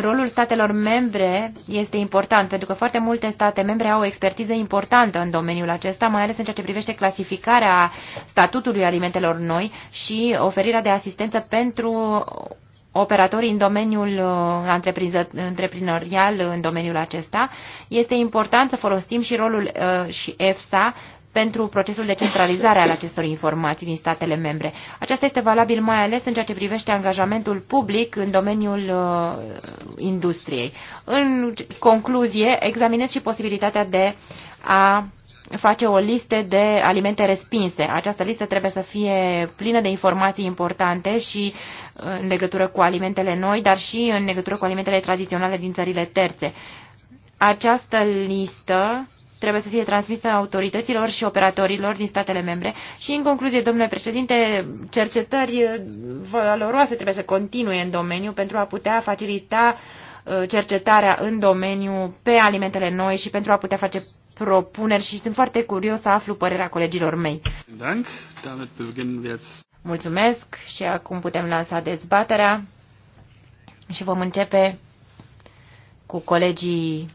Rolul statelor membre este important, pentru că foarte multe state membre au o expertiză importantă în domeniul acesta, mai ales în ceea ce privește clasificarea statutului alimentelor noi și oferirea de asistență pentru operatorii în domeniul întreprinorial uh, în domeniul acesta. Este important să folosim și rolul uh, și EFSA pentru procesul de centralizare al acestor informații din statele membre. Aceasta este valabil mai ales în ceea ce privește angajamentul public în domeniul uh, industriei. În concluzie, examinez și posibilitatea de a face o listă de alimente respinse. Această listă trebuie să fie plină de informații importante și uh, în legătură cu alimentele noi, dar și în legătură cu alimentele tradiționale din țările terțe. Această listă trebuie să fie transmisă autorităților și operatorilor din statele membre. Și în concluzie, domnule președinte, cercetări eh, valoroase trebuie să continue în domeniu pentru a putea facilita eh, cercetarea în domeniu pe alimentele noi și pentru a putea face propuneri și sunt foarte curios să aflu părerea colegilor mei. Mulțumesc și acum putem lansa dezbaterea și vom începe cu colegii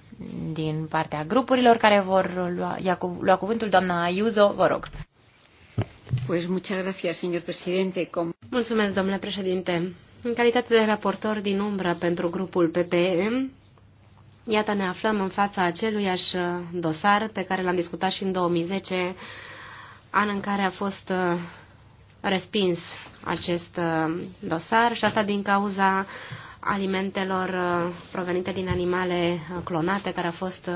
din partea grupurilor care vor lua, ia cu, lua cuvântul. Doamna Ayuso, vă rog. Pues muchas gracias, señor presidente. Mulțumesc, domnule președinte. În calitate de raportor din umbră pentru grupul PPM, iată ne aflăm în fața aceluiași dosar pe care l-am discutat și în 2010, an în care a fost uh, respins acest uh, dosar și asta din cauza alimentelor uh, provenite din animale uh, clonate, care a fost uh,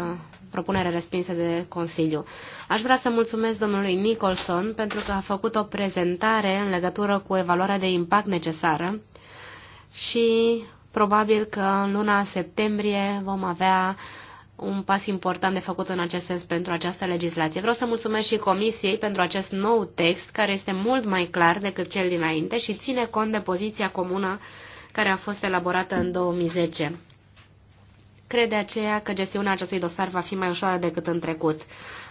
propunere respinsă de Consiliu. Aș vrea să mulțumesc domnului Nicholson pentru că a făcut o prezentare în legătură cu evaluarea de impact necesară și probabil că în luna septembrie vom avea un pas important de făcut în acest sens pentru această legislație. Vreau să mulțumesc și Comisiei pentru acest nou text, care este mult mai clar decât cel dinainte și ține cont de poziția comună care a fost elaborată în 2010. Cred de aceea că gestiunea acestui dosar va fi mai ușoară decât în trecut.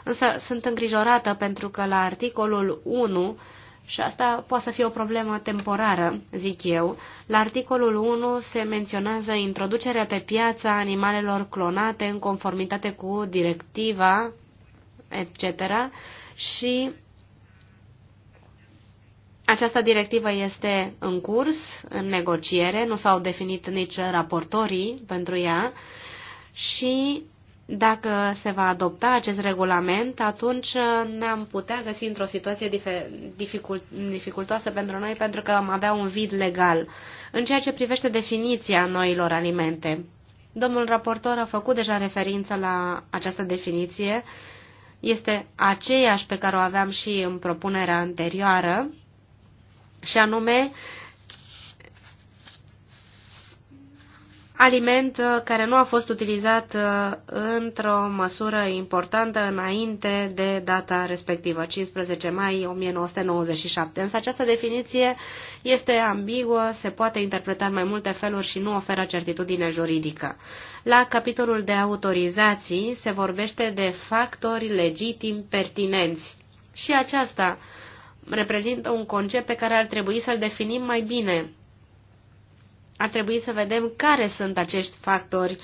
Însă sunt îngrijorată pentru că la articolul 1 și asta poate să fie o problemă temporară, zic eu. La articolul 1 se menționează introducerea pe piața animalelor clonate în conformitate cu directiva, etc. și această directivă este în curs, în negociere, nu s-au definit nici raportorii pentru ea și dacă se va adopta acest regulament, atunci ne-am putea găsi într-o situație dificult, dificultoasă pentru noi, pentru că am avea un vid legal în ceea ce privește definiția noilor alimente. Domnul raportor a făcut deja referință la această definiție, este aceeași pe care o aveam și în propunerea anterioară, și anume aliment uh, care nu a fost utilizat uh, într-o măsură importantă înainte de data respectivă, 15 mai 1997. Însă această definiție este ambiguă, se poate interpreta în mai multe feluri și nu oferă certitudine juridică. La capitolul de autorizații se vorbește de factori legitim pertinenți. Și aceasta reprezintă un concept pe care ar trebui să-l definim mai bine. Ar trebui să vedem care sunt acești factori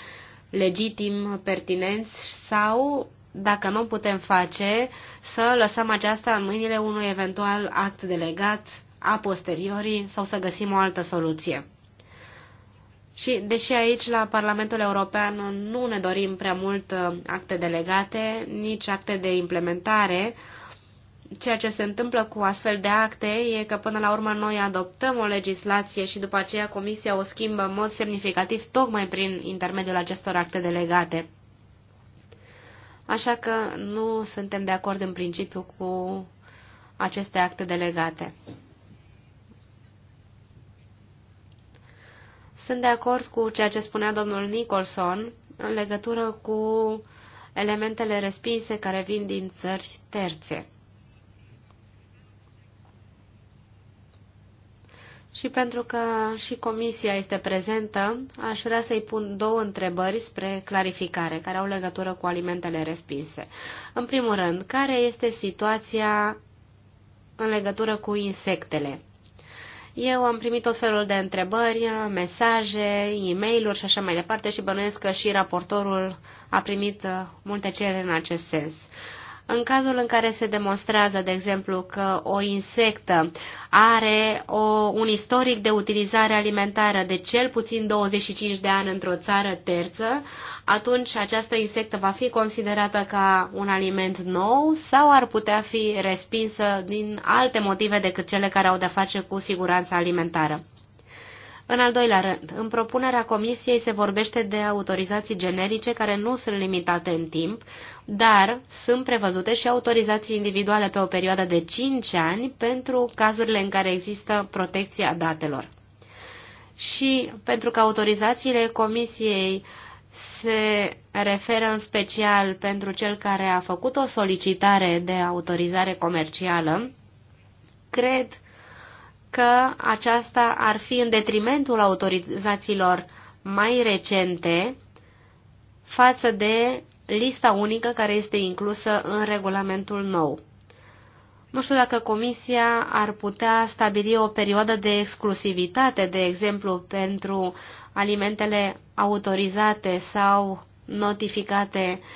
legitim, pertinenți sau, dacă nu putem face, să lăsăm aceasta în mâinile unui eventual act delegat a posteriori sau să găsim o altă soluție. Și deși aici la Parlamentul European nu ne dorim prea mult uh, acte delegate, nici acte de implementare, ceea ce se întâmplă cu astfel de acte e că până la urmă noi adoptăm o legislație și după aceea Comisia o schimbă în mod semnificativ tocmai prin intermediul acestor acte delegate. Așa că nu suntem de acord în principiu cu aceste acte delegate. Sunt de acord cu ceea ce spunea domnul Nicholson în legătură cu elementele respinse care vin din țări terțe. și pentru că și comisia este prezentă, aș vrea să-i pun două întrebări spre clarificare, care au legătură cu alimentele respinse. În primul rând, care este situația în legătură cu insectele? Eu am primit tot felul de întrebări, mesaje, e mail și așa mai departe și bănuiesc că și raportorul a primit uh, multe cereri în acest sens. În cazul în care se demonstrează, de exemplu, că o insectă are o, un istoric de utilizare alimentară de cel puțin 25 de ani într-o țară terță, atunci această insectă va fi considerată ca un aliment nou sau ar putea fi respinsă din alte motive decât cele care au de-a face cu siguranța alimentară. În al doilea rând, în propunerea Comisiei se vorbește de autorizații generice care nu sunt limitate în timp, dar sunt prevăzute și autorizații individuale pe o perioadă de 5 ani pentru cazurile în care există protecția datelor. Și pentru că autorizațiile Comisiei se referă în special pentru cel care a făcut o solicitare de autorizare comercială, cred că că aceasta ar fi în detrimentul autorizațiilor mai recente față de lista unică care este inclusă în regulamentul nou. Nu știu dacă Comisia ar putea stabili o perioadă de exclusivitate, de exemplu, pentru alimentele autorizate sau notificate uh,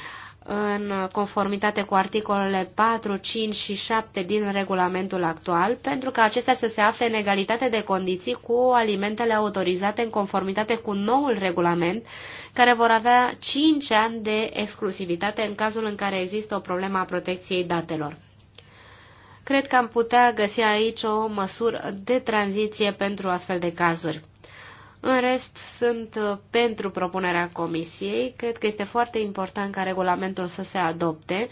în conformitate cu articolele 4, 5 și 7 din regulamentul actual, pentru că acestea să se afle în egalitate de condiții cu alimentele autorizate în conformitate cu noul regulament, care vor avea 5 ani de exclusivitate în cazul în care există o problemă a protecției datelor. Cred că am putea găsi aici o măsură de tranziție pentru astfel de cazuri. În rest, sunt uh, pentru propunerea comisiei. Cred că este foarte important ca regulamentul să se adopte,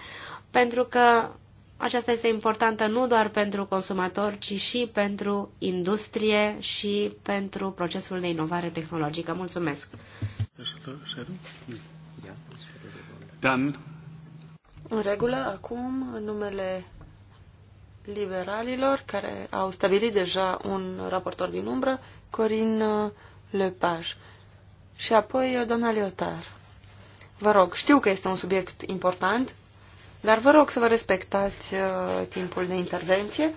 pentru că aceasta este importantă nu doar pentru consumatori, ci și pentru industrie și pentru procesul de inovare tehnologică. Mulțumesc! Dan. În regulă, acum, în numele liberalilor, care au stabilit deja un raportor din umbră, Corin uh, Lepage și apoi doamna Leotar. Vă rog, știu că este un subiect important, dar vă rog să vă respectați uh, timpul de intervenție,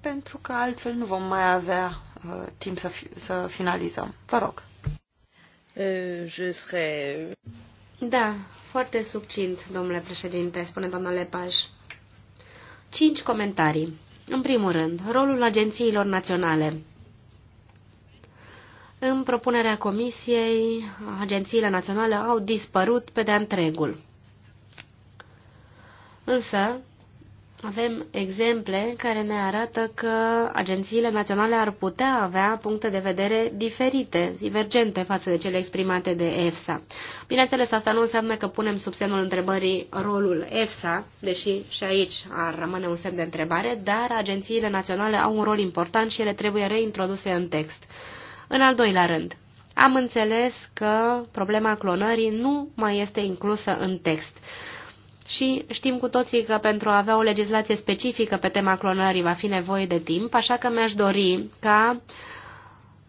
pentru că altfel nu vom mai avea uh, timp să, fi, să finalizăm. Vă rog. Uh, je serai... Da, foarte succint, domnule președinte, spune doamna Lepaj. Cinci comentarii. În primul rând, rolul agențiilor naționale. În propunerea Comisiei, agențiile naționale au dispărut pe de-a întregul. Însă, avem exemple care ne arată că agențiile naționale ar putea avea puncte de vedere diferite, divergente față de cele exprimate de EFSA. Bineînțeles, asta nu înseamnă că punem sub semnul întrebării rolul EFSA, deși și aici ar rămâne un semn de întrebare, dar agențiile naționale au un rol important și ele trebuie reintroduse în text. În al doilea rând, am înțeles că problema clonării nu mai este inclusă în text. Și știm cu toții că pentru a avea o legislație specifică pe tema clonării va fi nevoie de timp, așa că mi-aș dori ca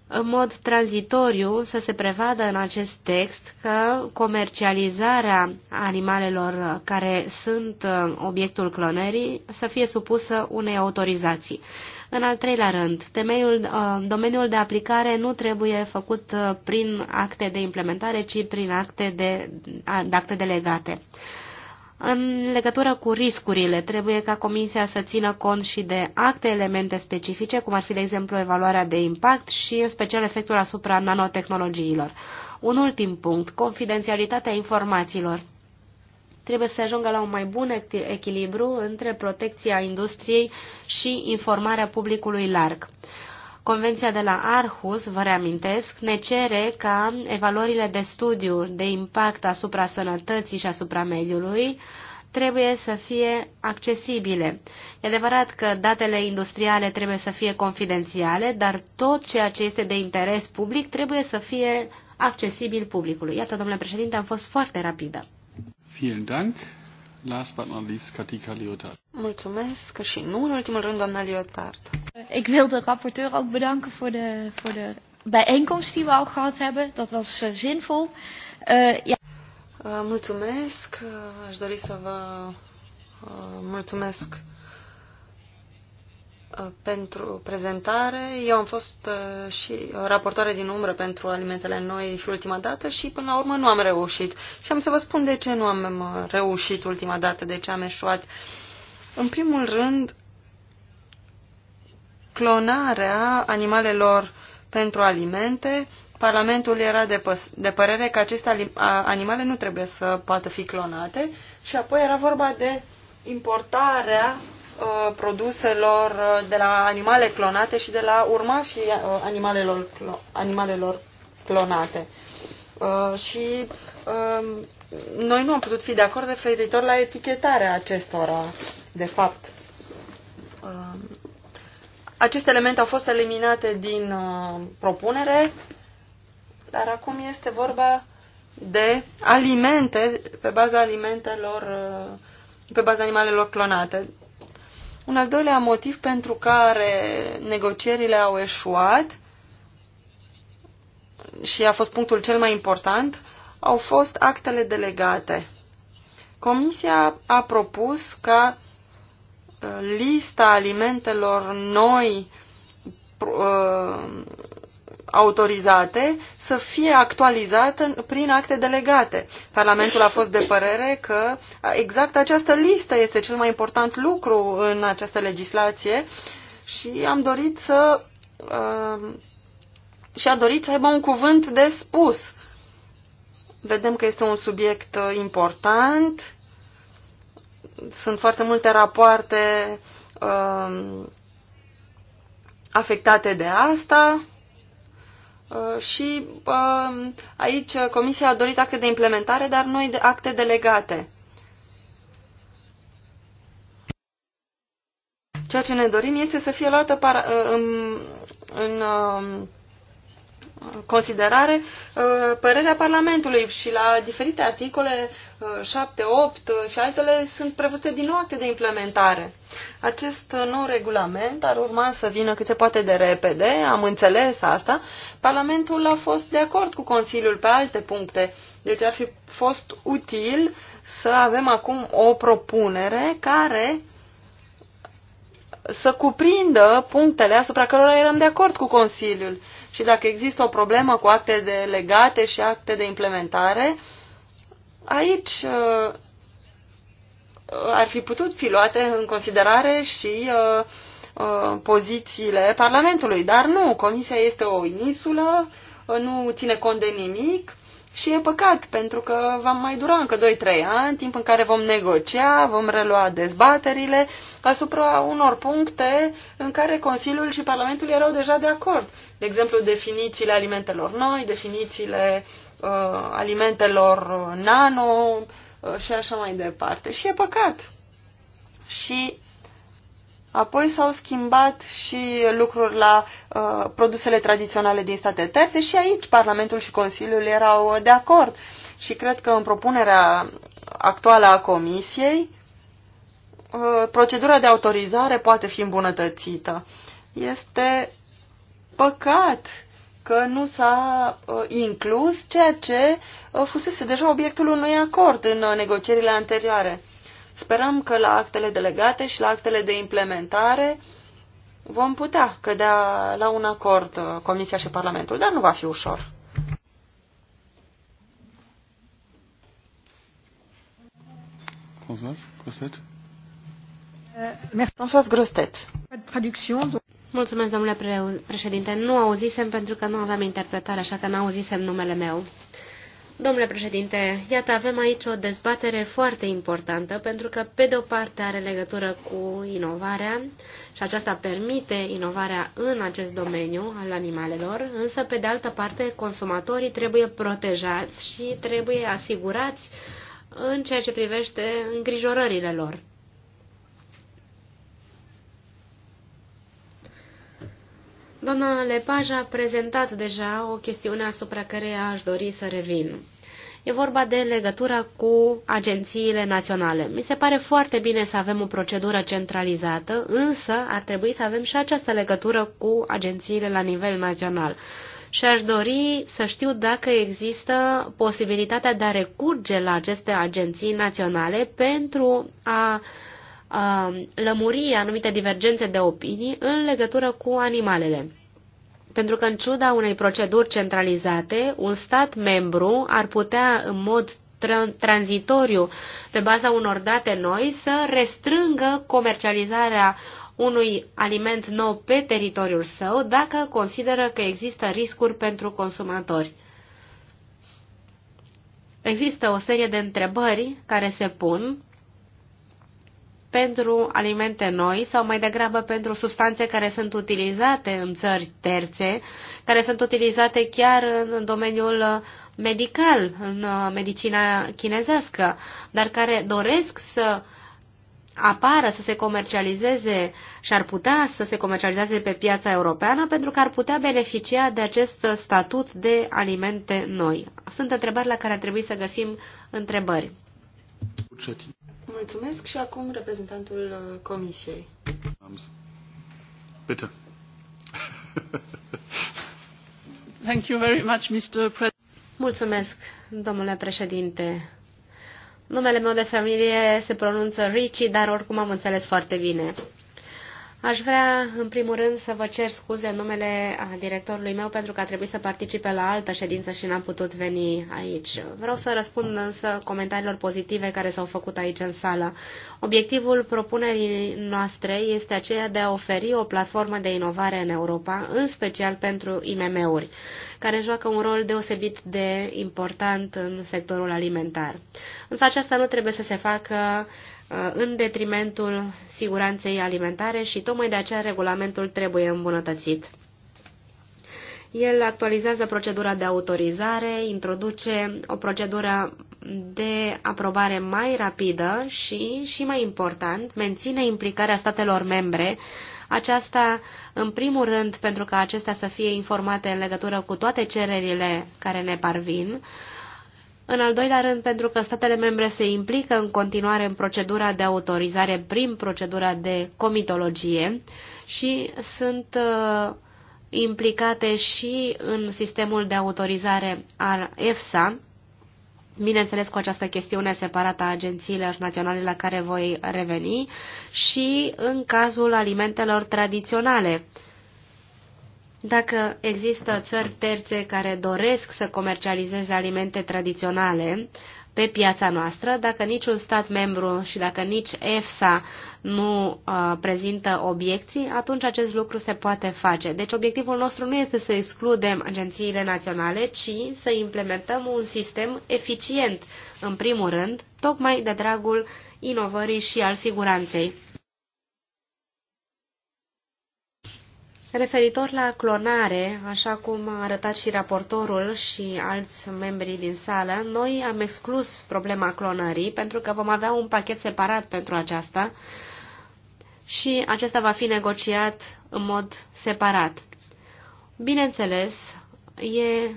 în mod tranzitoriu să se prevadă în acest text că comercializarea animalelor care sunt uh, obiectul clonării să fie supusă unei autorizații. În al treilea rând, temeiul, uh, domeniul de aplicare nu trebuie făcut uh, prin acte de implementare, ci prin acte, de, acte delegate. În legătură cu riscurile, trebuie ca Comisia să țină cont și de acte elemente specifice, cum ar fi, de exemplu, evaluarea de impact și, în special, efectul asupra nanotehnologiilor. Un ultim punct, confidențialitatea informațiilor. Trebuie să ajungă la un mai bun echilibru între protecția industriei și informarea publicului larg. Convenția de la Arhus, vă reamintesc, ne cere ca evaluările de studiu de impact asupra sănătății și asupra mediului trebuie să fie accesibile. E adevărat că datele industriale trebuie să fie confidențiale, dar tot ceea ce este de interes public trebuie să fie accesibil publicului. Iată, domnule președinte, am fost foarte rapidă. Vielen Dank. Last but not least, Katika Leotard. Mulțumesc și nu în ultimul rând, doamna Leotard. Ik wil de rapporteur ook bedanken voor de, voor de bijeenkomst die we al gehad hebben. Dat was uh, zinvol. Uh, ja. uh, Mulțumesc. Aș dori să vă uh, mulțumesc Uh, pentru prezentare. Eu am fost uh, și raportoare din umbră pentru alimentele noi și ultima dată și până la urmă nu am reușit. Și am să vă spun de ce nu am uh, reușit ultima dată, de ce am eșuat. În primul rând, clonarea animalelor pentru alimente, Parlamentul era de, păs- de părere că aceste animale nu trebuie să poată fi clonate și apoi era vorba de importarea Uh, produselor uh, de la animale clonate și de la urmașii uh, animalelor, animalelor clonate. și um, noi nu am putut fi de acord referitor la etichetarea acestora, de fapt. Um, aceste elemente au fost eliminate din propunere, dar acum este vorba de alimente pe baza alimentelor, pe baza animalelor clonate. Un al doilea motiv pentru care negocierile au eșuat și a fost punctul cel mai important, au fost actele delegate. Comisia a propus ca uh, lista alimentelor noi uh, autorizate să fie actualizată prin acte delegate. Parlamentul a fost de părere că exact această listă este cel mai important lucru în această legislație și am dorit să uh, și a dorit să aibă un cuvânt de spus. Vedem că este un subiect uh, important. Sunt foarte multe rapoarte uh, afectate de asta. Uh, și uh, aici Comisia a dorit acte de implementare, dar noi de acte delegate. Ceea ce ne dorim este să fie luată para, uh, în, în considerare părerea Parlamentului și la diferite articole 7, uh, 8 uh, și altele sunt prevăzute din nou acte de implementare. Acest uh, nou regulament ar urma să vină cât se poate de repede, am înțeles asta. Parlamentul a fost de acord cu Consiliul pe alte puncte, deci ar fi fost util să avem acum o propunere care să cuprindă punctele asupra cărora eram de acord cu Consiliul. Și dacă există o problemă cu acte de legate și acte de implementare, Aici uh, uh, ar fi putut fi luate în considerare și uh, pozițiile Parlamentului, dar nu, Comisia este o insulă, nu ține cont de nimic și e păcat, pentru că va mai dura încă 2-3 ani, timp în care vom negocia, vom relua dezbaterile asupra unor puncte în care Consiliul și Parlamentul erau deja de acord. De exemplu, definițiile alimentelor noi, definițiile Uh, alimentelor nano uh, și așa mai departe. Și e păcat. Și apoi s-au schimbat și lucruri la uh, produsele tradiționale din state terțe și aici Parlamentul și Consiliul erau de acord. Și cred că în propunerea actuală a Comisiei, uh, procedura de autorizare poate fi îmbunătățită. Este păcat că nu s-a uh, inclus ceea ce uh, fusese deja obiectul unui acord în uh, negocierile anterioare. Sperăm că la actele delegate și la actele de implementare vom putea cădea la un acord Comisia și Parlamentul, dar nu va fi ușor. François Grostet. François Grostet. Traduction. Mulțumesc, domnule președinte. Nu auzisem pentru că nu aveam interpretare, așa că nu auzisem numele meu. Domnule președinte, iată, avem aici o dezbatere foarte importantă, pentru că, pe de o parte, are legătură cu inovarea și aceasta permite inovarea în acest domeniu al animalelor, însă, pe de altă parte, consumatorii trebuie protejați și trebuie asigurați în ceea ce privește îngrijorările lor. Doamna Lepaj a prezentat deja o chestiune asupra care aș dori să revin. E vorba de legătura cu agențiile naționale. Mi se pare foarte bine să avem o procedură centralizată, însă ar trebui să avem și această legătură cu agențiile la nivel național. Și aș dori să știu dacă există posibilitatea de a recurge la aceste agenții naționale pentru a uh, Um, lămuri anumite divergențe de opinii în legătură cu animalele. Pentru că, în ciuda unei proceduri centralizate, un stat membru ar putea, în mod tranzitoriu, pe baza unor date noi, să restrângă comercializarea unui aliment nou pe teritoriul său dacă consideră că există riscuri pentru consumatori. Există o serie de întrebări care se pun pentru alimente noi sau mai degrabă pentru substanțe care sunt utilizate în țări terțe, care sunt utilizate chiar în domeniul medical, în uh, medicina chinezească, dar care doresc să apară, să se comercializeze și ar putea să se comercializeze pe piața europeană pentru că ar putea beneficia de acest statut de alimente noi. Sunt întrebări la care ar trebui să găsim întrebări. Buceti mulțumesc și acum reprezentantul uh, Comisiei. Bitte. Thank you very much, Mr. Pre mulțumesc, domnule președinte. Numele meu de familie se pronunță Ricci, dar oricum am înțeles foarte bine. Aș vrea, în primul rând, să vă cer scuze în numele directorului meu pentru că a trebuit să participe la altă ședință și n-am putut veni aici. Vreau să răspund însă comentariilor pozitive care s-au făcut aici în sală. Obiectivul propunerii noastre este aceea de a oferi o platformă de inovare în Europa, în special pentru IMM-uri, care joacă un rol deosebit de important în sectorul alimentar. Însă aceasta nu trebuie să se facă Uh, în detrimentul siguranței alimentare și tocmai de aceea regulamentul trebuie îmbunătățit. El actualizează procedura de autorizare, introduce o procedură de aprobare mai rapidă și, și mai important, menține implicarea statelor membre, aceasta în primul rând pentru ca acestea să fie informate în legătură cu toate cererile care ne parvin, în al doilea rând, pentru că statele membre se implică în continuare în procedura de autorizare prin procedura de comitologie și sunt uh, implicate și în sistemul de autorizare al EFSA, bineînțeles cu această chestiune separată a agențiilor naționale la care voi reveni, și în cazul alimentelor tradiționale dacă există țări terțe care doresc să comercializeze alimente tradiționale pe piața noastră, dacă niciun stat membru și dacă nici EFSA nu uh, prezintă obiecții, atunci acest lucru se poate face. Deci obiectivul nostru nu este să excludem agențiile naționale, ci să implementăm un sistem eficient, în primul rând, tocmai de dragul inovării și al siguranței. Referitor la clonare, așa cum a arătat și raportorul și alți membri din sală, noi am exclus problema clonării pentru că vom avea un pachet separat pentru aceasta și acesta va fi negociat în mod separat. Bineînțeles, e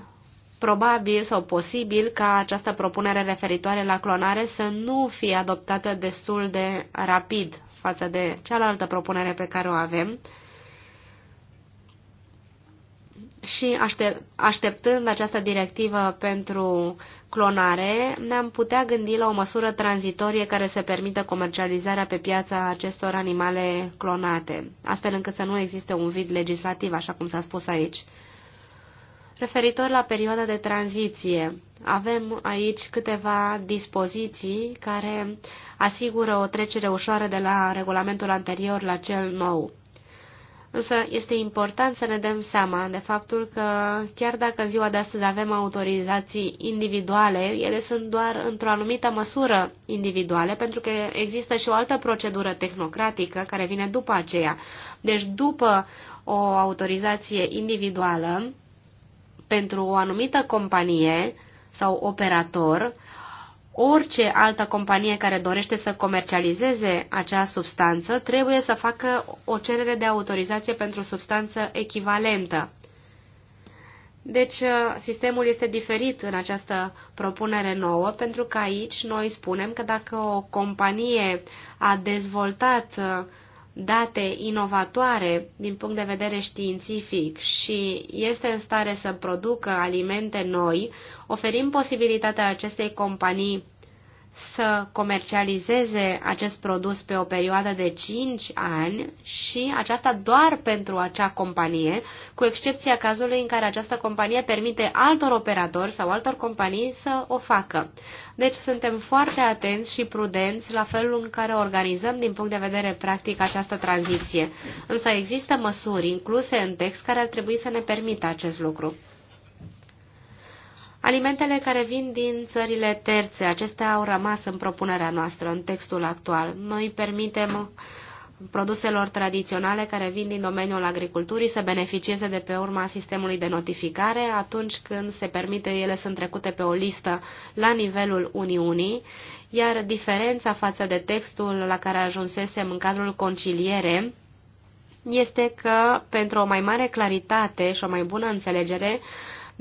probabil sau posibil ca această propunere referitoare la clonare să nu fie adoptată destul de rapid față de cealaltă propunere pe care o avem, și aștept, așteptând această directivă pentru clonare, ne-am putea gândi la o măsură tranzitorie care să permită comercializarea pe piața acestor animale clonate, astfel încât să nu existe un vid legislativ, așa cum s-a spus aici. Referitor la perioada de tranziție, avem aici câteva dispoziții care asigură o trecere ușoară de la regulamentul anterior la cel nou. Însă este important să ne dăm seama de faptul că chiar dacă în ziua de astăzi avem autorizații individuale, ele sunt doar într-o anumită măsură individuale, pentru că există și o altă procedură tehnocratică care vine după aceea. Deci după o autorizație individuală pentru o anumită companie sau operator, orice altă companie care dorește să comercializeze acea substanță trebuie să facă o cerere de autorizație pentru substanță echivalentă. Deci, uh, sistemul este diferit în această propunere nouă, pentru că aici noi spunem că dacă o companie a dezvoltat uh, date inovatoare din punct de vedere științific și este în stare să producă alimente noi, oferim posibilitatea acestei companii să comercializeze acest produs pe o perioadă de 5 ani și aceasta doar pentru acea companie, cu excepția cazului în care această companie permite altor operatori sau altor companii să o facă. Deci suntem foarte atenți și prudenți la felul în care organizăm din punct de vedere practic această tranziție. Însă există măsuri incluse în text care ar trebui să ne permită acest lucru. Alimentele care vin din țările terțe, acestea au rămas în propunerea noastră, în textul actual. Noi permitem produselor tradiționale care vin din domeniul agriculturii să beneficieze de pe urma sistemului de notificare atunci când se permite ele sunt trecute pe o listă la nivelul Uniunii, iar diferența față de textul la care ajunsesem în cadrul conciliere este că pentru o mai mare claritate și o mai bună înțelegere,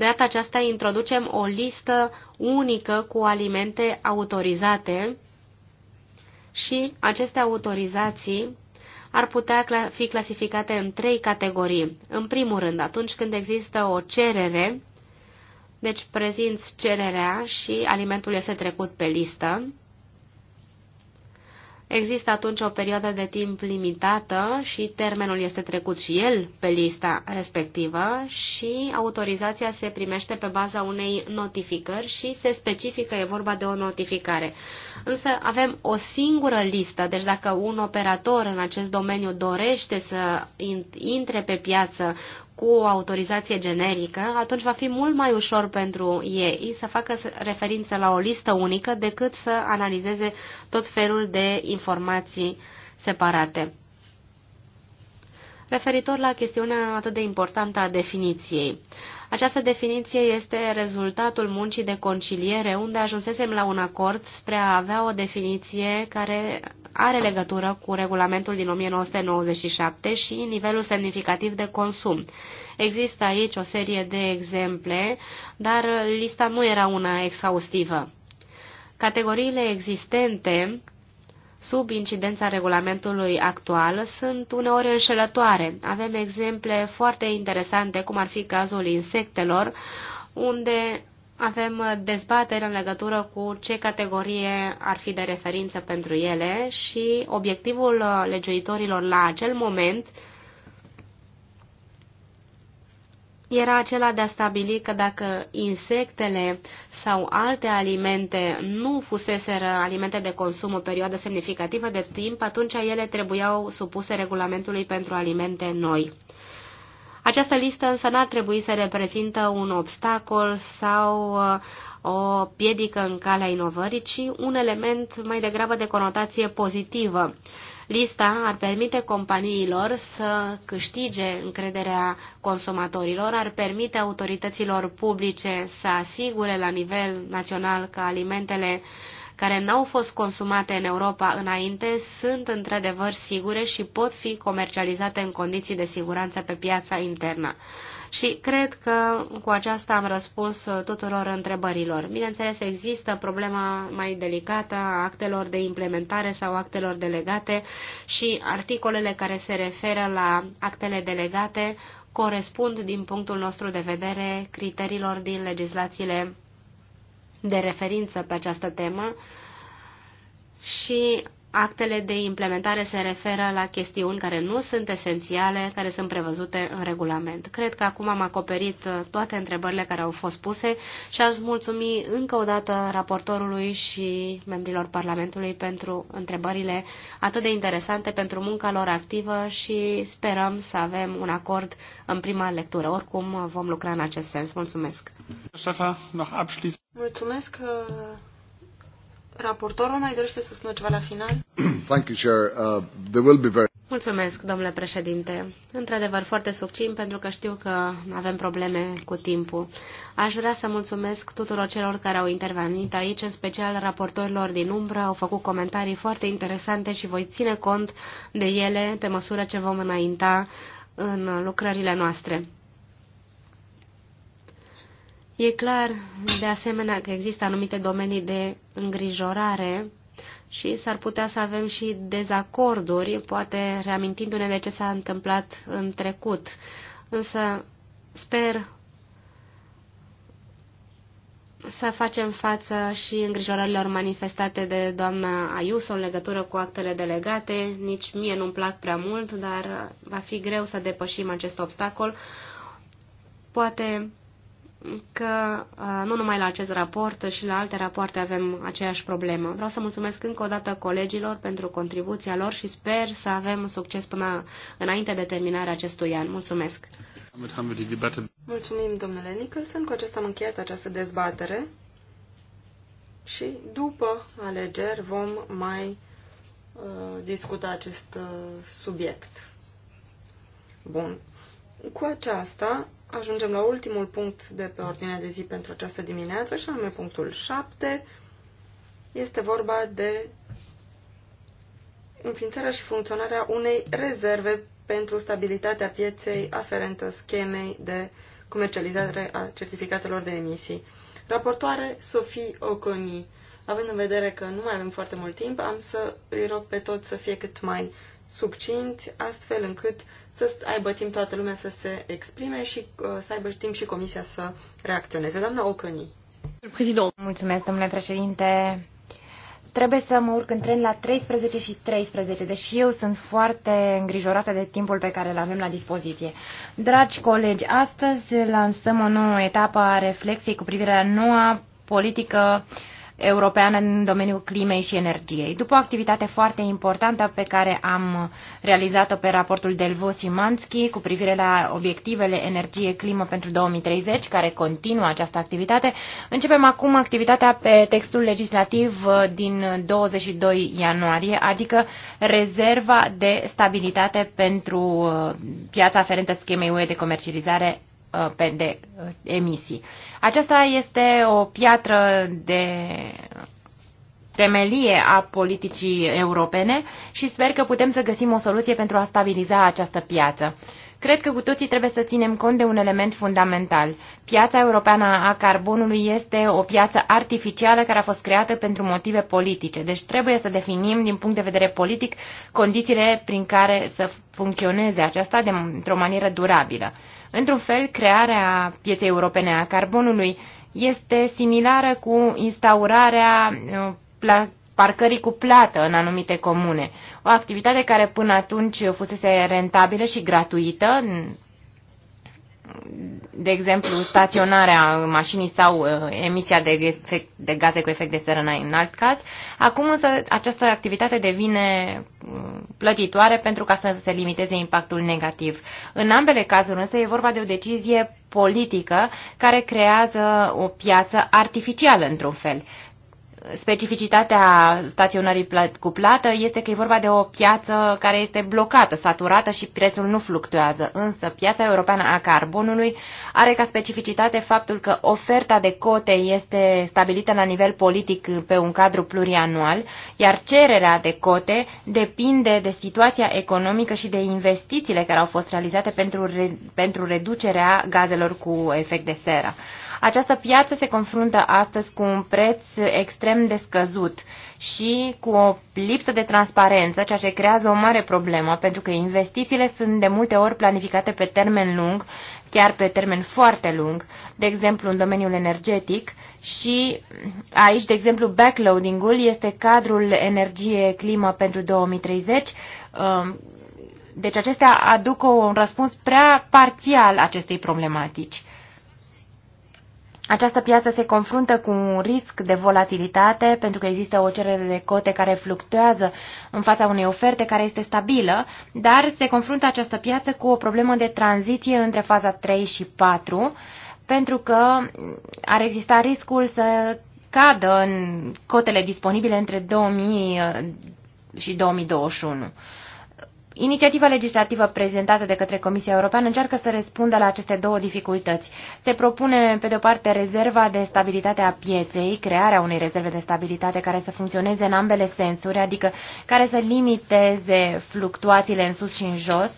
de data aceasta introducem o listă unică cu alimente autorizate și aceste autorizații ar putea fi clasificate în trei categorii. În primul rând, atunci când există o cerere, deci prezinți cererea și alimentul este trecut pe listă. Există atunci o perioadă de timp limitată și termenul este trecut și el pe lista respectivă și autorizația se primește pe baza unei notificări și se specifică, e vorba de o notificare. Însă avem o singură listă, deci dacă un operator în acest domeniu dorește să intre pe piață cu o autorizație generică, atunci va fi mult mai ușor pentru ei să facă referință la o listă unică decât să analizeze tot felul de informații separate. Referitor la chestiunea atât de importantă a definiției. Această definiție este rezultatul muncii de conciliere, unde ajunsesem la un acord spre a avea o definiție care are legătură cu regulamentul din 1997 și nivelul semnificativ de consum. Există aici o serie de exemple, dar lista nu era una exhaustivă. Categoriile existente sub incidența regulamentului actual sunt uneori înșelătoare. Avem exemple foarte interesante, cum ar fi cazul insectelor, unde avem uh, dezbateri în legătură cu ce categorie ar fi de referință pentru ele și obiectivul uh, legiuitorilor la acel moment era acela de a stabili că dacă insectele sau alte alimente nu fuseseră alimente de consum o perioadă semnificativă de timp, atunci ele trebuiau supuse regulamentului pentru alimente noi. Această listă însă n-ar trebui să reprezintă un obstacol sau uh, o piedică în calea inovării, ci un element mai degrabă de conotație pozitivă. Lista ar permite companiilor să câștige încrederea consumatorilor, ar permite autorităților publice să asigure la nivel național că alimentele uh, care n-au fost consumate în Europa înainte sunt într-adevăr sigure și pot fi comercializate în condiții de siguranță pe piața internă. Și cred că cu aceasta am răspuns tuturor întrebărilor. Bineînțeles, există problema mai delicată a actelor de implementare sau actelor delegate și articolele care se referă la actele delegate corespund, din punctul nostru de vedere, criteriilor din legislațiile de referință pe această temă și actele de implementare se referă la chestiuni care nu sunt esențiale, care sunt prevăzute în regulament. Cred că acum am acoperit uh, toate întrebările care au fost puse și aș mulțumi încă o dată raportorului și membrilor Parlamentului pentru întrebările atât de interesante, pentru munca lor activă și sperăm să avem un acord în prima lectură. Oricum vom lucra în acest sens. Mulțumesc! Mulțumesc! Uh, Raportorul mai dorește să spună ceva la final? Thank you, Chair. Uh, there will be very... Mulțumesc, domnule președinte. Într-adevăr, foarte succint, pentru că știu că avem probleme cu timpul. Aș vrea să mulțumesc tuturor celor care au intervenit aici, în special raportorilor din umbră, au făcut comentarii foarte interesante și voi ține cont de ele pe măsură ce vom înainta în lucrările noastre. E clar, de asemenea, că există anumite domenii de îngrijorare și s-ar putea să avem și dezacorduri, poate reamintindu-ne de ce s-a întâmplat în trecut. Însă sper să facem față și îngrijorărilor manifestate de doamna Ayuso în legătură cu actele delegate. Nici mie nu-mi plac prea mult, dar va fi greu să depășim acest obstacol. Poate că uh, nu numai la acest raport și la alte rapoarte avem aceeași problemă. Vreau să mulțumesc încă o dată colegilor pentru contribuția lor și sper să avem succes până înainte de terminarea acestui an. Mulțumesc! Mulțumim, domnule Nicholson. Cu acest am încheiat această dezbatere și după alegeri vom mai uh, discuta acest uh, subiect. Bun. Cu aceasta ajungem la ultimul punct de pe ordinea de zi pentru această dimineață, și anume punctul 7. Este vorba de înființarea și funcționarea unei rezerve pentru stabilitatea pieței aferentă schemei de comercializare a certificatelor de emisii. Raportoare Sofie Oconi. Având în vedere că nu mai avem foarte mult timp, am să îi rog pe toți să fie cât mai succinți, astfel încât să aibă timp toată lumea să se exprime și uh, să aibă timp și comisia să reacționeze. Doamna Ocăni. Mulțumesc, domnule președinte. Trebuie să mă urc în tren la 13 și 13, deși eu sunt foarte îngrijorată de timpul pe care îl avem la dispoziție. Dragi colegi, astăzi lansăm o nouă etapă a reflexiei cu privire la noua politică uh, europeană în domeniul climei și energiei. După o activitate foarte importantă pe care am realizat-o pe raportul Delvo Simanski cu privire la obiectivele energie-climă pentru 2030, care continuă această activitate, începem acum activitatea pe textul legislativ uh, din 22 ianuarie, adică rezerva de stabilitate pentru uh, piața aferentă schemei UE de comercializare Uh, de uh, emisii. Aceasta este o piatră de temelie a politicii europene și sper că putem să găsim o soluție pentru a stabiliza această piață. Cred că cu toții trebuie să ținem cont de un element fundamental. Piața europeană a carbonului este o piață artificială care a fost creată pentru motive politice, deci trebuie să definim din punct de vedere politic condițiile prin care să funcționeze aceasta într-o manieră durabilă. Într-un fel, crearea pieței europene a carbonului este similară cu instaurarea uh, parcării cu plată în anumite comune. O activitate care până atunci fusese rentabilă și gratuită de exemplu, staționarea mașinii sau uh, emisia de, efect, de gaze cu efect de seră în alt caz. Acum însă această activitate devine uh, plătitoare pentru ca să se limiteze impactul negativ. În ambele cazuri însă e vorba de o decizie politică care creează o piață artificială într-un fel specificitatea staționării cu plată este că e vorba de o piață care este blocată, saturată și prețul nu fluctuează. Însă piața europeană a carbonului are ca specificitate faptul că oferta de cote este stabilită la nivel politic pe un cadru plurianual, iar cererea de cote depinde de situația economică și de investițiile care au fost realizate pentru, re, pentru reducerea gazelor cu efect de seră. Această piață se confruntă astăzi cu un preț extrem de scăzut și cu o lipsă de transparență, ceea ce creează o mare problemă, pentru că investițiile sunt de multe ori planificate pe termen lung, chiar pe termen foarte lung, de exemplu în domeniul energetic și aici, de exemplu, backloading-ul este cadrul energie-climă pentru 2030, um, deci acestea aduc un răspuns prea parțial acestei problematici. Această piață se confruntă cu un risc de volatilitate pentru că există o cerere de cote care fluctuează în fața unei oferte care este stabilă, dar se confruntă această piață cu o problemă de tranziție între faza 3 și 4 pentru că ar exista riscul să cadă în cotele disponibile între 2000 uh, și 2021. Inițiativa legislativă prezentată de către Comisia Europeană încearcă să răspundă la aceste două dificultăți. Se propune, pe de o parte, rezerva de stabilitate a pieței, crearea unei rezerve de stabilitate care să funcționeze în ambele sensuri, adică care să limiteze fluctuațiile în sus și în jos,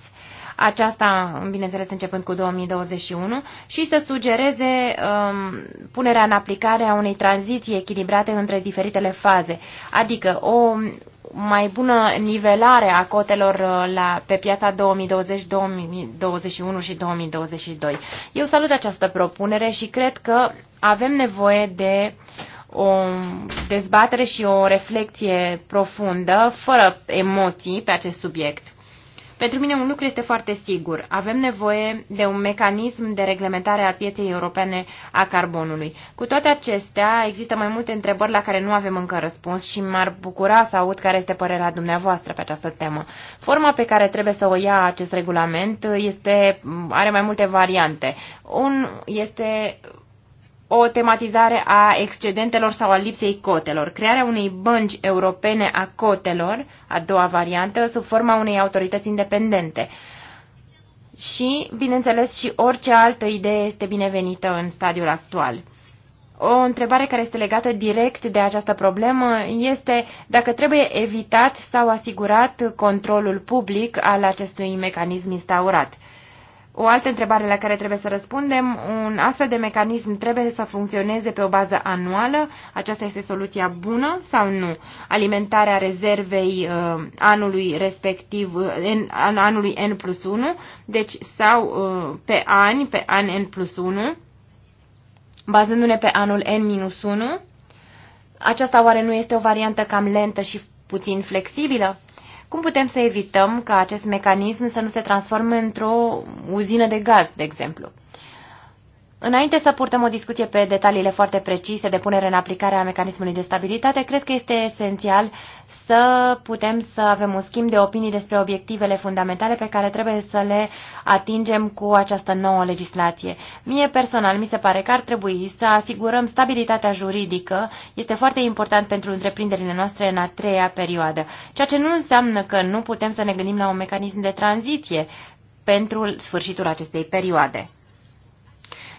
aceasta, bineînțeles, începând cu 2021, și să sugereze um, punerea în aplicare a unei tranziții echilibrate între diferitele faze, adică o mai bună nivelare a cotelor uh, la, pe piața 2020, 2021 și 2022. Eu salut această propunere și cred că avem nevoie de o dezbatere și o reflecție profundă, fără emoții, pe acest subiect. Pentru mine un lucru este foarte sigur. Avem nevoie de un mecanism de reglementare a pieței europene a carbonului. Cu toate acestea, există mai multe întrebări la care nu avem încă răspuns și m-ar bucura să aud care este părerea dumneavoastră pe această temă. Forma pe care trebuie să o ia acest regulament este, are mai multe variante. Un este o tematizare a excedentelor sau a lipsei cotelor, crearea unei bănci europene a cotelor, a doua variantă, sub forma unei autorități independente. Și, bineînțeles, și orice altă idee este binevenită în stadiul actual. O întrebare care este legată direct de această problemă este dacă trebuie evitat sau asigurat controlul public al acestui mecanism instaurat. O altă întrebare la care trebuie să răspundem, un astfel de mecanism trebuie să funcționeze pe o bază anuală, aceasta este soluția bună sau nu? Alimentarea rezervei uh, anului respectiv, în, uh, an, anului N plus 1, deci sau uh, pe ani, pe an N plus 1, bazându-ne pe anul N minus 1, aceasta oare nu este o variantă cam lentă și puțin flexibilă? Cum putem să evităm ca acest mecanism să nu se transforme într-o uzină de gaz, de exemplu? Înainte să purtăm o discuție pe detaliile foarte precise de punere în aplicare a mecanismului de stabilitate, cred că este esențial să putem să avem un schimb de opinii despre obiectivele fundamentale pe care trebuie să le atingem cu această nouă legislație. Mie personal mi se pare că ar trebui să asigurăm stabilitatea juridică, este foarte important pentru întreprinderile noastre în a treia perioadă, ceea ce nu înseamnă că nu putem să ne gândim la un mecanism de tranziție pentru sfârșitul acestei perioade.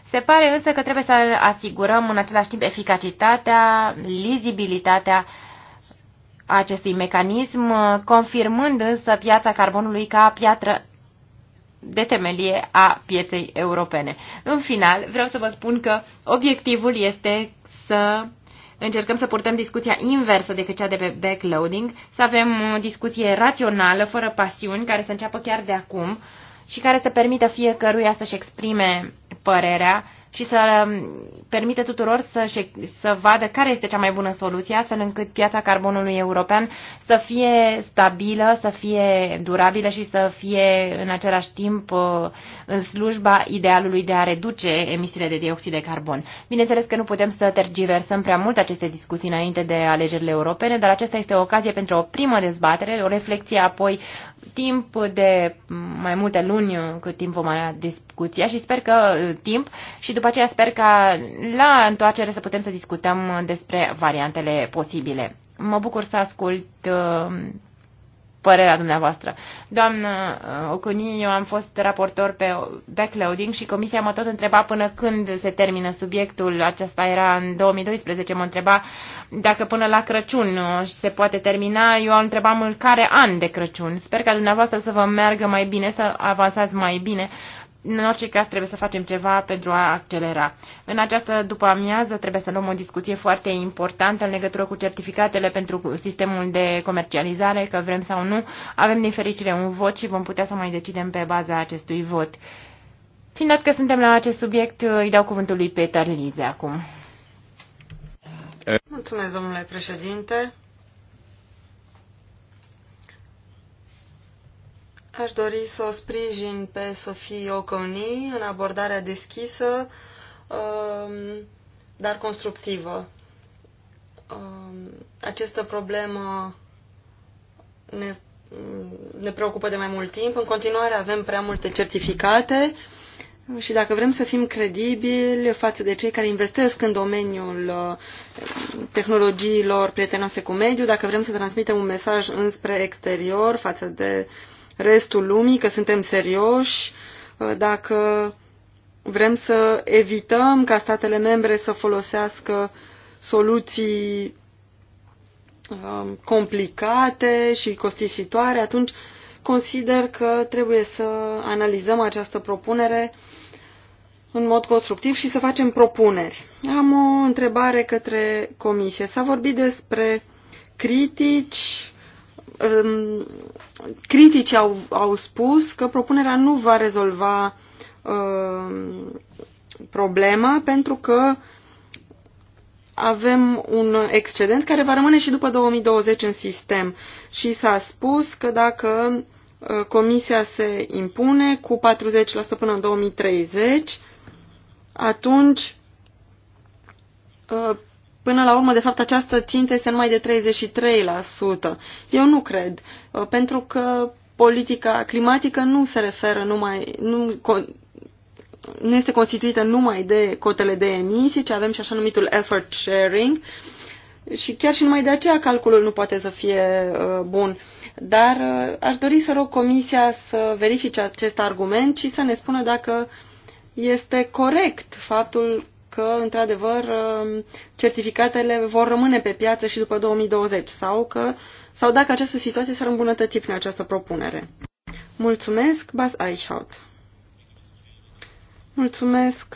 Se pare însă că trebuie să asigurăm în același timp eficacitatea, lizibilitatea acestui mecanism, uh, confirmând însă piața carbonului ca piatră de temelie a pieței europene. În final, vreau să vă spun că obiectivul este să încercăm să purtăm discuția inversă decât cea de pe backloading, să avem o discuție rațională, fără pasiuni, care să înceapă chiar de acum și care să permită fiecăruia să-și exprime părerea și să um, permite tuturor să, să vadă care este cea mai bună soluție, astfel încât piața carbonului european să fie stabilă, să fie durabilă și să fie în același timp uh, în slujba idealului de a reduce emisiile de dioxid de carbon. Bineînțeles că nu putem să tergiversăm prea mult aceste discuții înainte de alegerile europene, dar aceasta este o ocazie pentru o primă dezbatere, o reflexie apoi timp de mai multe luni cât timp vom avea discuția și sper că uh, timp și după aceea sper ca la întoarcere să putem să discutăm uh, despre variantele posibile. Mă bucur să ascult uh, părerea dumneavoastră. Doamnă Ocuni, eu am fost raportor pe backloading și comisia mă tot întreba până când se termină subiectul. Acesta era în 2012, mă întreba dacă până la Crăciun se poate termina. Eu am întrebam în care an de Crăciun. Sper ca dumneavoastră să vă meargă mai bine, să avansați mai bine în orice caz trebuie să facem ceva pentru a accelera. În această după amiază trebuie să luăm o discuție foarte importantă în legătură cu certificatele pentru sistemul de comercializare, că vrem sau nu. Avem din fericire un vot și vom putea să mai decidem pe baza acestui vot. Fiind dat că suntem la acest subiect, îi dau cuvântul lui Peter Lize acum. Mulțumesc, domnule președinte. Aș dori să o sprijin pe Sofie Oconi în abordarea deschisă, um, dar constructivă. Um, această problemă ne, ne preocupă de mai mult timp. În continuare avem prea multe certificate și dacă vrem să fim credibili față de cei care investesc în domeniul uh, tehnologiilor prietenoase cu mediul, dacă vrem să transmitem un mesaj înspre exterior față de uh, restul lumii că suntem serioși, uh, dacă vrem să evităm ca statele membre să folosească soluții um, complicate și costisitoare, atunci consider că trebuie să analizăm această propunere în mod constructiv și să facem propuneri. Am o întrebare către comisie. S-a vorbit despre critici um, critici au, au spus că propunerea nu va rezolva um, problema pentru că avem un excedent care va rămâne și după 2020 în sistem. Și s-a spus că dacă uh, comisia se impune cu 40% până în 2030, atunci uh, Până la urmă, de fapt, această țintă este numai de 33%. Eu nu cred, uh, pentru că politica climatică nu se referă numai, nu, nu este constituită numai de cotele de emisii, ci avem și așa numitul effort sharing și chiar și numai de aceea calculul nu poate să fie uh, bun. Dar uh, aș dori să rog Comisia să verifice acest argument și să ne spună dacă este corect faptul că, într-adevăr, um, certificatele vor rămâne pe piață și după 2020 sau, că, sau dacă această situație s-ar îmbunătăți prin această propunere. Mulțumesc, Bas Eichhout. Mulțumesc,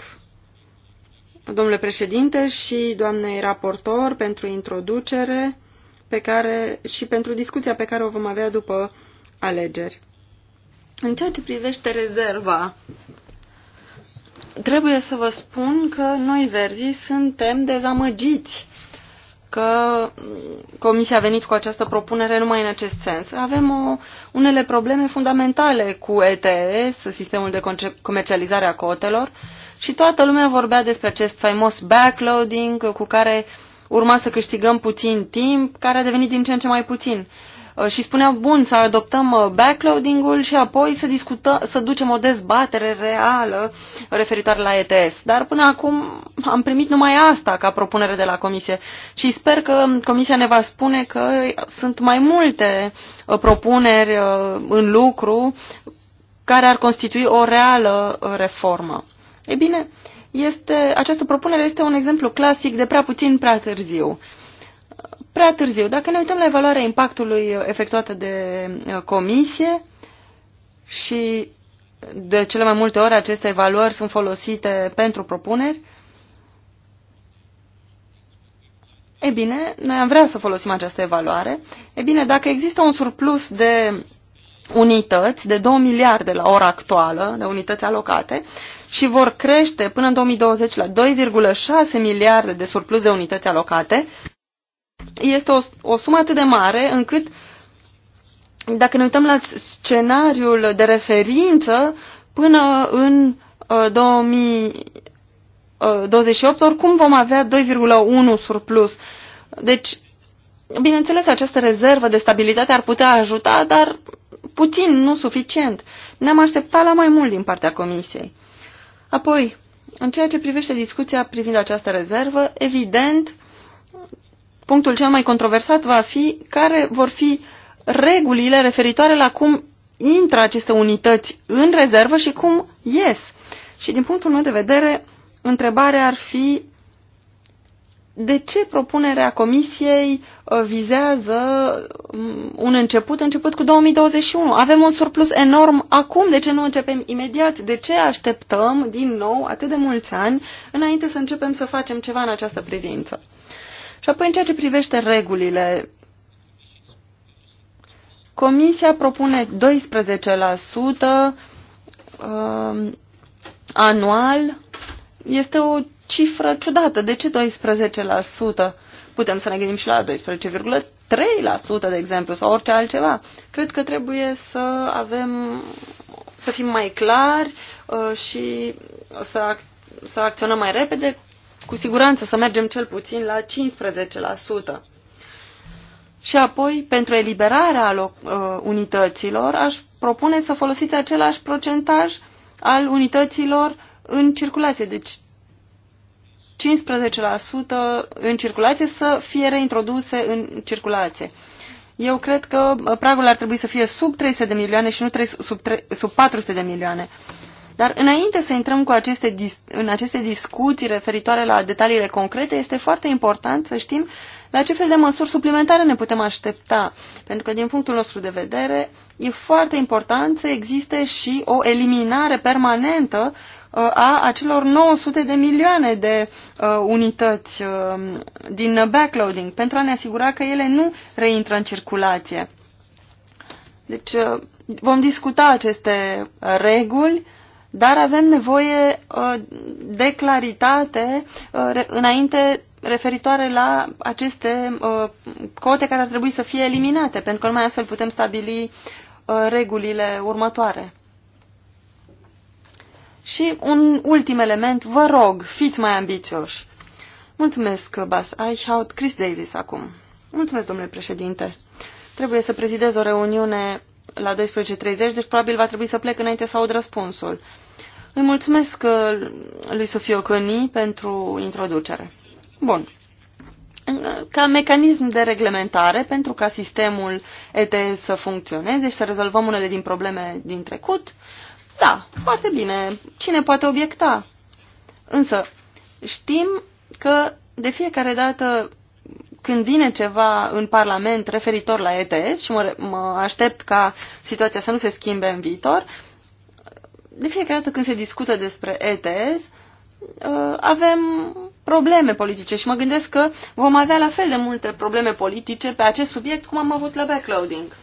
domnule președinte și doamnei raportor, pentru introducere pe care, și pentru discuția pe care o vom avea după alegeri. În ceea ce privește rezerva trebuie să vă spun că noi verzii suntem dezamăgiți că Comisia a venit cu această propunere numai în acest sens. Avem o, unele probleme fundamentale cu ETS, sistemul de comercializare a cotelor, și toată lumea vorbea despre acest faimos backloading cu care urma să câștigăm puțin timp, care a devenit din ce în ce mai puțin. Uh, Uh, și spuneau, bun, să adoptăm uh, backloading-ul și apoi să, discută, să ducem o dezbatere reală referitoare la ETS. Dar până acum am primit numai asta ca propunere de la Comisie și sper că Comisia ne va spune că sunt mai multe uh, propuneri în lucru care ar constitui o reală reformă. Ei bine, este, această propunere este un exemplu clasic de prea puțin, prea târziu. Uh, prea târziu. Dacă ne uităm la evaluarea impactului efectuată de uh, comisie și de cele mai multe ori aceste evaluări sunt folosite pentru propuneri, E bine, noi am vrea să folosim această evaluare. E bine, dacă există un surplus de unități, de 2 miliarde la ora actuală, de unități alocate, și vor crește până în 2020 la 2,6 miliarde de surplus de unități alocate, este o, o sumă atât de mare încât dacă ne uităm la scenariul de referință, până în uh, 2028, uh, oricum vom avea 2,1 surplus. Deci, bineînțeles, această rezervă de stabilitate ar putea ajuta, dar puțin, nu suficient. Ne-am așteptat la mai mult din partea Comisiei. Apoi, în ceea ce privește discuția privind această rezervă, evident, uh, Punctul cel mai controversat va fi care vor fi regulile referitoare la cum intră aceste unități în rezervă și cum ies. Și din punctul meu de vedere, întrebarea ar fi de ce propunerea Comisiei uh, vizează mm, un început, început cu 2021? Avem un surplus enorm acum, de ce nu începem imediat? De ce așteptăm din nou atât de mulți ani înainte să începem să facem ceva în această privință? Și apoi, în ceea ce privește regulile, Comisia propune 12% um, anual. Este o cifră ciudată. De ce 12%? Putem să ne gândim și la 12,3%, de exemplu, sau orice altceva. Cred că trebuie să avem, să fim mai clari uh, și să, ac să acționăm mai repede cu siguranță să mergem cel puțin la 15%. Și apoi, pentru eliberarea uh, unităților, aș propune să folosiți același procentaj al unităților în circulație. Deci 15% în circulație să fie reintroduse în circulație. Eu cred că uh, pragul ar trebui să fie sub 300 de milioane și nu sub 400 de milioane. Dar înainte să intrăm cu aceste, în aceste discuții referitoare la detaliile concrete, este foarte important să știm la ce fel de măsuri suplimentare ne putem aștepta. Pentru că, din punctul nostru de vedere, e foarte important să existe și o eliminare permanentă uh, a acelor 900 de milioane de uh, unități uh, din backloading pentru a ne asigura că ele nu reintră în circulație. Deci uh, vom discuta aceste uh, reguli dar avem nevoie uh, de claritate uh, înainte referitoare la aceste uh, cote care ar trebui să fie eliminate, pentru că numai astfel putem stabili regulile următoare. Și un ultim element, vă rog, fiți mai ambițioși. Mulțumesc, Bas Eichhout, Chris Davis acum. Mulțumesc, domnule președinte. Trebuie să prezidez o reuniune la 12.30, deci probabil va trebui să plec înainte să aud răspunsul. Îi mulțumesc uh, lui Sofio Căni pentru introducere. Bun. Uh, ca mecanism de reglementare pentru ca sistemul ETS să funcționeze și să rezolvăm unele din probleme din trecut, da, foarte bine. Cine poate obiecta? Însă, știm că de fiecare dată când vine ceva în Parlament referitor la ETS și mă, mă aștept ca situația să nu se schimbe în viitor, de fiecare dată când se discută despre ETS, uh, avem probleme politice și mă gândesc că vom avea la fel de multe probleme politice pe acest subiect cum am avut la backloading.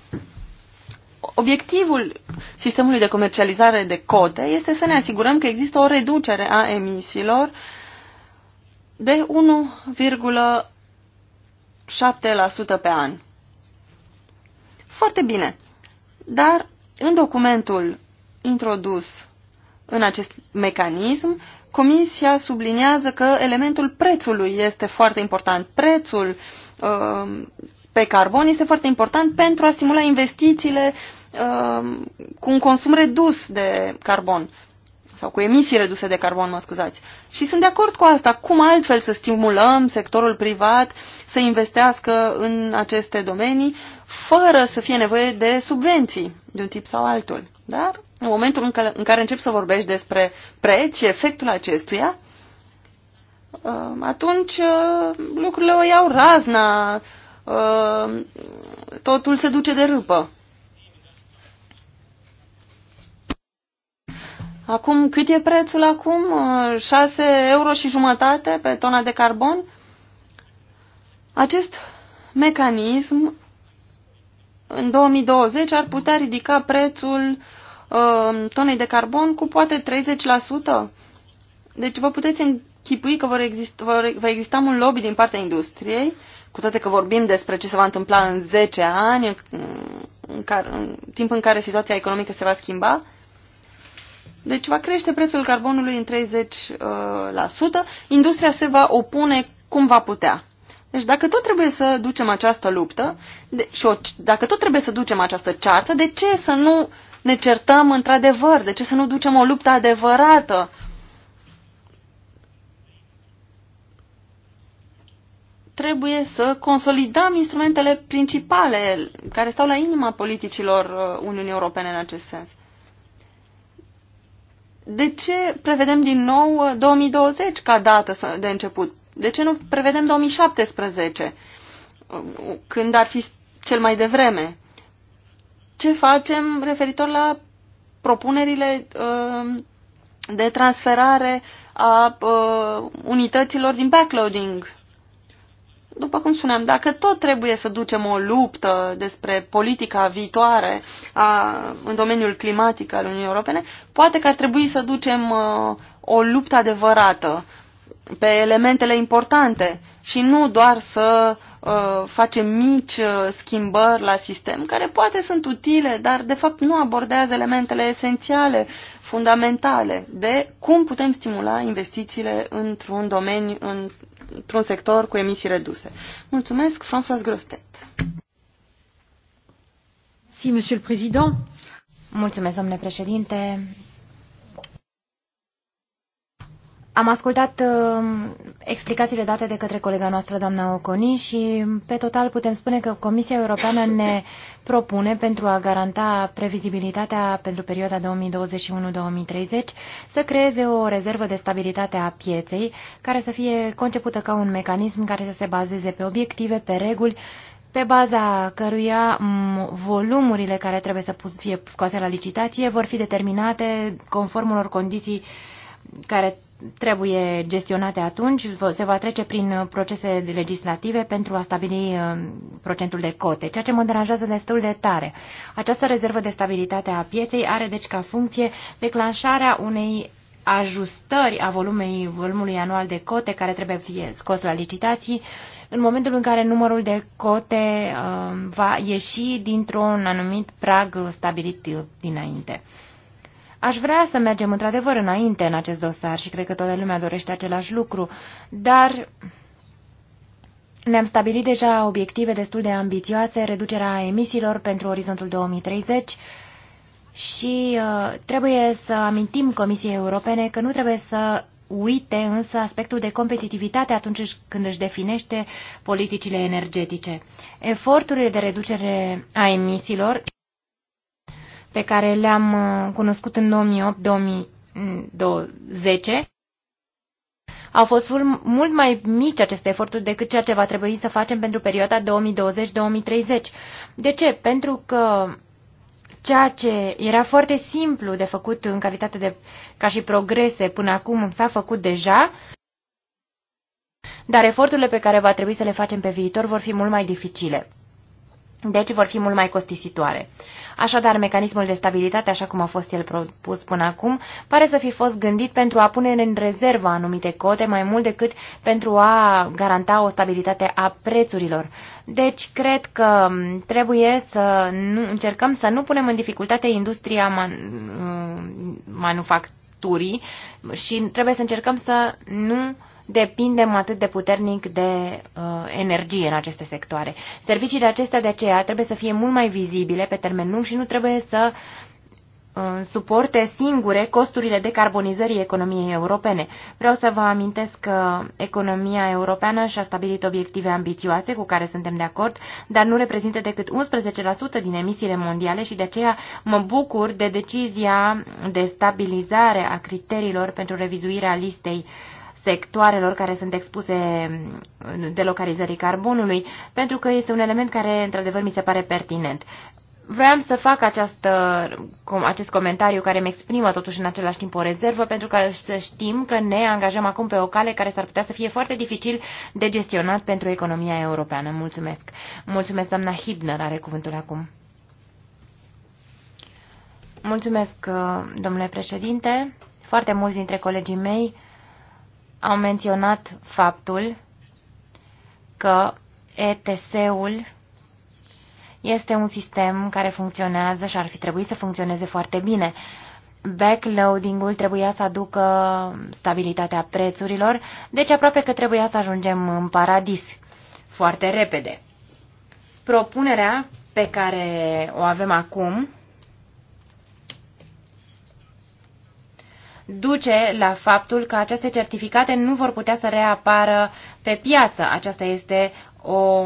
Obiectivul sistemului de comercializare de cote este să ne asigurăm că există o reducere a emisiilor de 1, 7% pe an. Foarte bine. Dar în documentul introdus în acest mecanism, Comisia subliniază că elementul prețului este foarte important. Prețul uh, pe carbon este foarte important pentru a stimula investițiile uh, cu un consum redus de carbon sau cu emisii reduse de carbon, mă scuzați. Și sunt de acord cu asta. Cum altfel să stimulăm sectorul privat să investească în aceste domenii fără să fie nevoie de subvenții de un tip sau altul? Dar în momentul în care, încep să vorbești despre preț și efectul acestuia, uh, atunci uh, lucrurile o iau razna, uh, totul se duce de râpă. Acum, cât e prețul acum? 6 uh, euro și jumătate pe tona de carbon? Acest mecanism în 2020 ar putea ridica prețul uh, tonei de carbon cu poate 30%. Deci vă puteți închipui că vor exista, vor, va exista un lobby din partea industriei, cu toate că vorbim despre ce se va întâmpla în 10 ani, în, în, în, în timp în care situația economică se va schimba, deci va crește prețul carbonului în 30%, uh, industria se va opune cum va putea. Deci dacă tot trebuie să ducem această luptă de, și o, dacă tot trebuie să ducem această ceartă, de ce să nu ne certăm într-adevăr? De ce să nu ducem o luptă adevărată? Trebuie să consolidăm instrumentele principale care stau la inima politicilor uh, Uniunii Europene în acest sens de ce prevedem din nou 2020 uh, ca dată de început? De ce nu prevedem 2017, uh, când ar fi cel mai devreme? Ce facem referitor la propunerile uh, de transferare a unităților din backloading? După cum spuneam, dacă tot trebuie să ducem o luptă despre politica viitoare a, în domeniul climatic al Uniunii Europene, poate că ar trebui să ducem uh, o luptă adevărată pe elementele importante și nu doar să uh, facem mici uh, schimbări la sistem, care poate sunt utile, dar de fapt nu abordează elementele esențiale, fundamentale, de cum putem stimula investițiile într-un domeniu, în, într-un sector cu emisii reduse. Mulțumesc, François Grostet. Si, Mulțumesc, domnule președinte. Am ascultat uh, explicațiile date de către colega noastră, doamna Oconi, și pe total putem spune că Comisia Europeană ne propune pentru a garanta previzibilitatea pentru perioada 2021-2030 să creeze o rezervă de stabilitate a pieței care să fie concepută ca un mecanism care să se bazeze pe obiective, pe reguli, pe baza căruia volumurile care trebuie să fie scoase la licitație vor fi determinate conform unor condiții care trebuie gestionate atunci, se va trece prin uh, procese legislative pentru a stabili uh, procentul de cote, ceea ce mă deranjează destul de tare. Această rezervă de stabilitate a pieței are deci ca funcție declanșarea unei ajustări a volumei, volumului anual de cote care trebuie fie scos la licitații în momentul în care numărul de cote uh, va ieși dintr-un anumit prag stabilit dinainte. Aș vrea să mergem într-adevăr înainte în acest dosar și cred că toată lumea dorește același lucru, dar ne-am stabilit deja obiective destul de ambițioase, reducerea emisiilor pentru orizontul 2030 și uh, trebuie să amintim Comisiei Europene că nu trebuie să uite însă aspectul de competitivitate atunci când își definește politicile energetice. Eforturile de reducere a emisiilor pe care le-am uh, cunoscut în 2008-2010, mm, au fost mult mai mici aceste eforturi decât ceea ce va trebui să facem pentru perioada 2020-2030. De ce? Pentru că ceea ce era foarte simplu de făcut în calitate de ca și progrese până acum s-a făcut deja, dar eforturile pe care va trebui să le facem pe viitor vor fi mult mai dificile deci vor fi mult mai costisitoare. Așadar, mecanismul de stabilitate, așa cum a fost el propus până acum, pare să fi fost gândit pentru a pune în rezervă anumite cote mai mult decât pentru a garanta o stabilitate a prețurilor. Deci, cred că trebuie să nu, încercăm să nu punem în dificultate industria man, uh, manufacturii și trebuie să încercăm să nu depindem atât de puternic de uh, energie în aceste sectoare. Serviciile acestea de aceea trebuie să fie mult mai vizibile pe termen lung și nu trebuie să uh, suporte singure costurile decarbonizării economiei europene. Vreau să vă amintesc că economia europeană și-a stabilit obiective ambițioase cu care suntem de acord, dar nu reprezintă decât 11% din emisiile mondiale și de aceea mă bucur de decizia de stabilizare a criteriilor pentru revizuirea listei uh, sectoarelor care sunt expuse mm, de localizării carbonului, pentru că este un element care, într-adevăr, mi se pare pertinent. Vreau să fac această, acest comentariu care îmi exprimă totuși în același timp o rezervă, pentru că să știm că ne angajăm acum pe o cale care s-ar putea să fie foarte dificil de gestionat pentru economia europeană. Mulțumesc. Mulțumesc, doamna Hibner are cuvântul acum. Mulțumesc, uh, domnule președinte. Foarte mulți dintre colegii mei au menționat faptul că ETS-ul este un sistem care funcționează și ar fi trebuit să funcționeze foarte bine. Backloading-ul trebuia să aducă stabilitatea prețurilor, deci aproape că trebuia să ajungem în paradis foarte repede. Propunerea pe care o avem acum duce la faptul că aceste certificate nu vor putea să reapară pe piață. Aceasta este o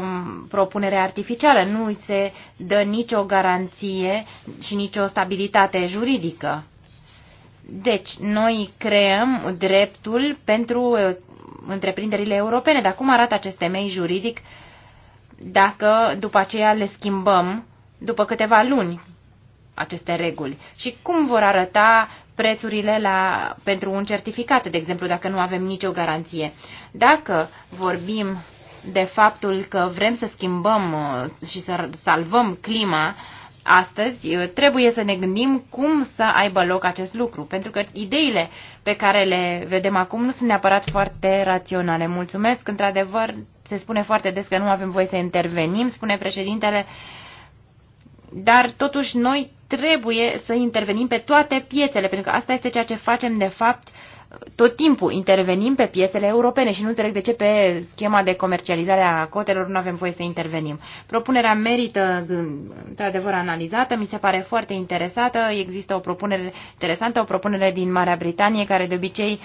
propunere artificială, nu îi se dă nicio garanție și nicio stabilitate juridică. Deci, noi creăm dreptul pentru uh, întreprinderile europene, dar cum arată acest temei juridic dacă după aceea le schimbăm după câteva luni aceste reguli? Și cum vor arăta prețurile la, pentru un certificat, de exemplu, dacă nu avem nicio garanție. Dacă vorbim de faptul că vrem să schimbăm uh, și să salvăm clima, astăzi uh, trebuie să ne gândim cum să aibă loc acest lucru, pentru că ideile pe care le vedem acum nu sunt neapărat foarte raționale. Mulțumesc, într-adevăr, se spune foarte des că nu avem voie să intervenim, spune președintele, dar totuși noi trebuie să intervenim pe toate piețele, pentru că asta este ceea ce facem de fapt tot timpul intervenim pe piețele europene și nu înțeleg de ce pe schema de comercializare a cotelor nu avem voie să intervenim. Propunerea merită, într-adevăr, analizată, mi se pare foarte interesată. Există o propunere interesantă, o propunere din Marea Britanie, care de obicei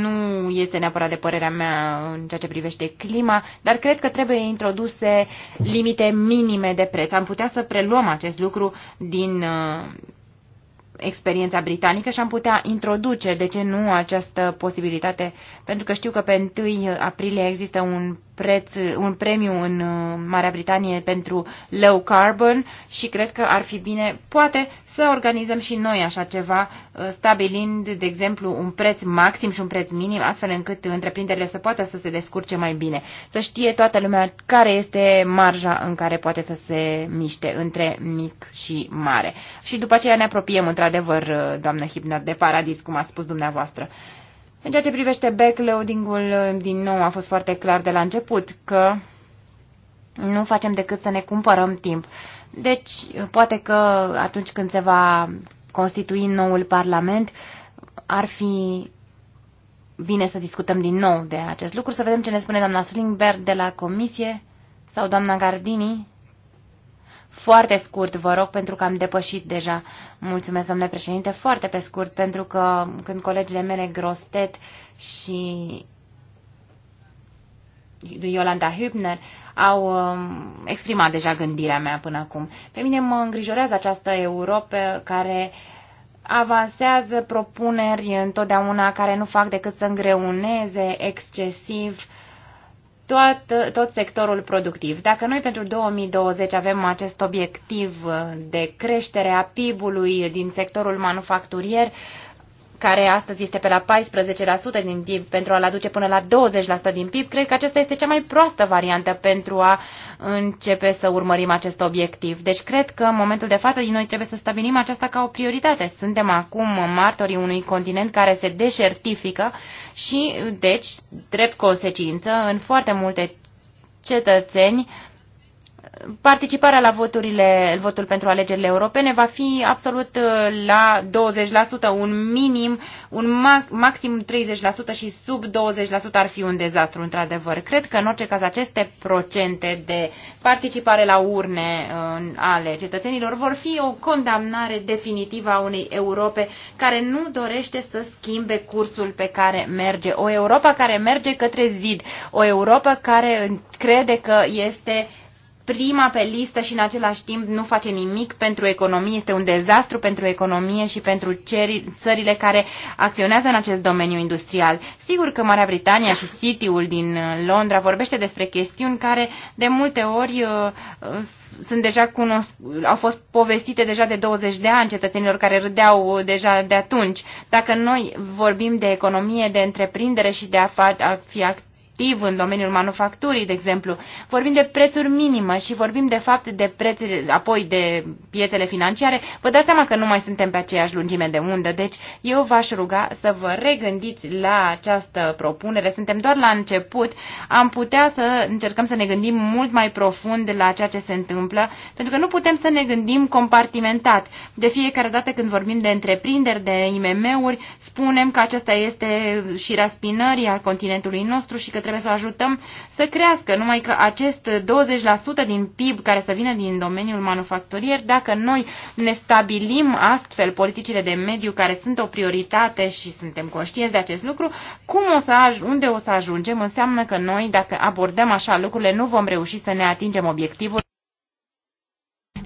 nu este neapărat de părerea mea în ceea ce privește clima, dar cred că trebuie introduse limite minime de preț. Am putea să preluăm acest lucru din experiența britanică și am putea introduce, de ce nu, această posibilitate, pentru că știu că pe 1 aprilie există un, preț, un premiu în uh, Marea Britanie pentru low carbon și cred că ar fi bine, poate, să organizăm și noi așa ceva, uh, stabilind, de exemplu, un preț maxim și un preț minim, astfel încât întreprinderile să poată să se descurce mai bine. Să știe toată lumea care este marja în care poate să se miște între mic și mare. Și după aceea ne apropiem, într-adevăr, uh, doamnă Hibner, de paradis, cum a spus dumneavoastră. În ceea ce privește backloading-ul, uh, din nou a fost foarte clar de la început că nu facem decât să ne cumpărăm timp. Deci, poate că atunci când se va constitui noul Parlament, ar fi bine să discutăm din nou de acest lucru, să vedem ce ne spune doamna Slingberg de la Comisie sau doamna Gardini. Foarte scurt, vă rog, pentru că am depășit deja. Mulțumesc, domnule președinte, foarte pe scurt, pentru că când colegile mele Grostet și Iolanda Hübner au um, exprimat deja gândirea mea până acum. Pe mine mă îngrijorează această Europa care avansează propuneri întotdeauna care nu fac decât să îngreuneze excesiv tot, tot sectorul productiv. Dacă noi pentru 2020 avem acest obiectiv de creștere a PIB-ului din sectorul manufacturier, care astăzi este pe la 14% din PIB, pentru a-l aduce până la 20% din PIB, cred că aceasta este cea mai proastă variantă pentru a începe să urmărim acest obiectiv. Deci cred că în momentul de față din noi trebuie să stabilim aceasta ca o prioritate. Suntem acum martorii unui continent care se deșertifică și, deci, drept consecință, în foarte multe cetățeni participarea la voturile, votul pentru alegerile europene va fi absolut uh, la 20%, un minim, un ma- maxim 30% și sub 20% ar fi un dezastru, într-adevăr. Cred că, în orice caz, aceste procente de participare la urne uh, ale cetățenilor vor fi o condamnare definitivă a unei Europe care nu dorește să schimbe cursul pe care merge. O Europa care merge către zid, o Europa care crede că este prima pe listă și în același timp nu face nimic pentru economie. Este un dezastru pentru economie și pentru ceri, țările care acționează în acest domeniu industrial. Sigur că Marea Britania și City-ul din uh, Londra vorbește despre chestiuni care de multe ori uh, uh sunt deja cunosc, au fost povestite deja de 20 de ani cetățenilor care râdeau uh, deja de atunci. Dacă noi vorbim de economie, de întreprindere și de a, fi a activ în domeniul manufacturii, de exemplu. Vorbim de prețuri minime și vorbim de fapt de prețuri, apoi de pietele financiare. Vă dați seama că nu mai suntem pe aceeași lungime de undă, deci eu v-aș ruga să vă regândiți la această propunere. Suntem doar la început. Am putea să încercăm să ne gândim mult mai profund la ceea ce se întâmplă, pentru că nu putem să ne gândim compartimentat. De fiecare dată când vorbim de întreprinderi, de IMM-uri, spunem că acesta este și raspinării al continentului nostru și că trebuie să o ajutăm să crească, numai că acest 20% din PIB care să vină din domeniul manufacturier, dacă noi ne stabilim astfel politicile de mediu care sunt o prioritate și suntem conștienți de acest lucru, cum o să unde o să ajungem înseamnă că noi, dacă abordăm așa lucrurile, nu vom reuși să ne atingem obiectivul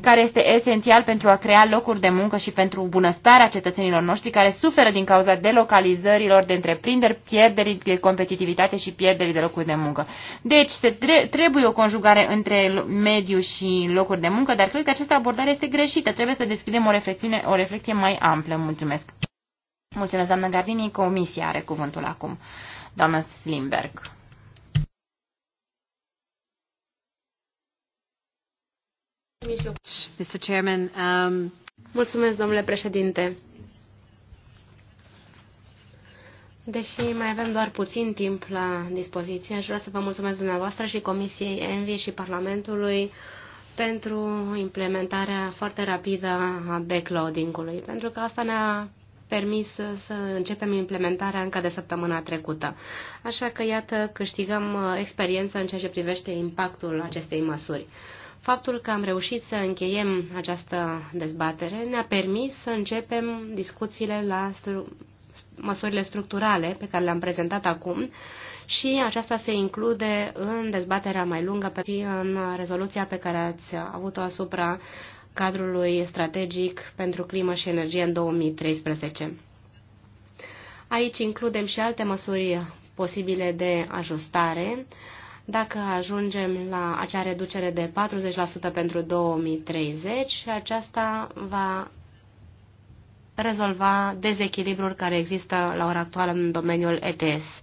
care este esențial pentru a crea locuri de muncă și pentru bunăstarea cetățenilor noștri care suferă din cauza delocalizărilor de întreprinderi, pierderii de competitivitate și pierderii de locuri de muncă. Deci se tre- trebuie o conjugare între mediu și locuri de muncă, dar cred că această abordare este greșită. Trebuie să deschidem o reflexiune, o reflexie mai amplă. Mulțumesc. Mulțumesc, doamnă Gardini. Comisia are cuvântul acum. Doamna Slimberg. Mr. Chairman, um... Mulțumesc, domnule președinte. Deși mai avem doar puțin timp la dispoziție, aș vrea să vă mulțumesc dumneavoastră și Comisiei Envi și Parlamentului pentru implementarea foarte rapidă a backloading-ului, pentru că asta ne-a permis să începem implementarea încă de săptămâna trecută. Așa că, iată, câștigăm uh, experiență în ceea ce privește impactul acestei măsuri. Faptul că am reușit să încheiem această dezbatere ne-a permis să începem discuțiile la stru măsurile structurale pe care le-am prezentat acum și aceasta se include în dezbaterea mai lungă și în rezoluția pe care ați avut-o asupra cadrului strategic pentru climă și energie în 2013. Aici includem și alte măsuri posibile de ajustare, dacă ajungem la acea reducere de 40% pentru 2030, aceasta va rezolva dezechilibrul care există la ora actuală în domeniul ETS.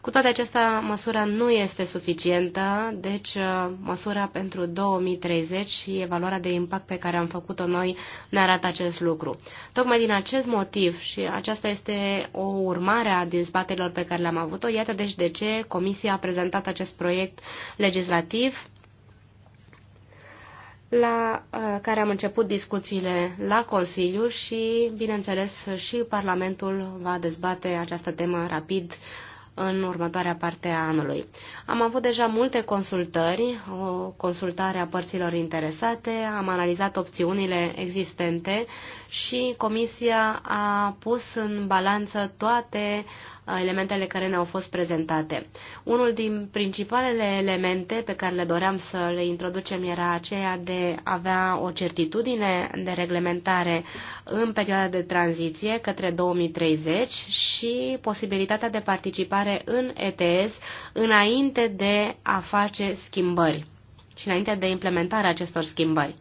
Cu toate acestea, măsura nu este suficientă, deci uh, măsura pentru 2030 și evaluarea de impact pe care am făcut-o noi ne arată acest lucru. Tocmai din acest motiv și aceasta este o urmare a dezbaterilor pe care le-am avut-o, iată deci de ce Comisia a prezentat acest proiect legislativ la uh, care am început discuțiile la Consiliu și, bineînțeles, și Parlamentul va dezbate această temă rapid în următoarea parte a anului. Am avut deja multe consultări, o consultare a părților interesate, am analizat opțiunile existente și Comisia a pus în balanță toate elementele care ne-au fost prezentate. Unul din principalele elemente pe care le doream să le introducem era aceea de a avea o certitudine de reglementare în perioada de tranziție către 2030 și posibilitatea de participare în ETS înainte de a face schimbări și înainte de implementarea acestor schimbări.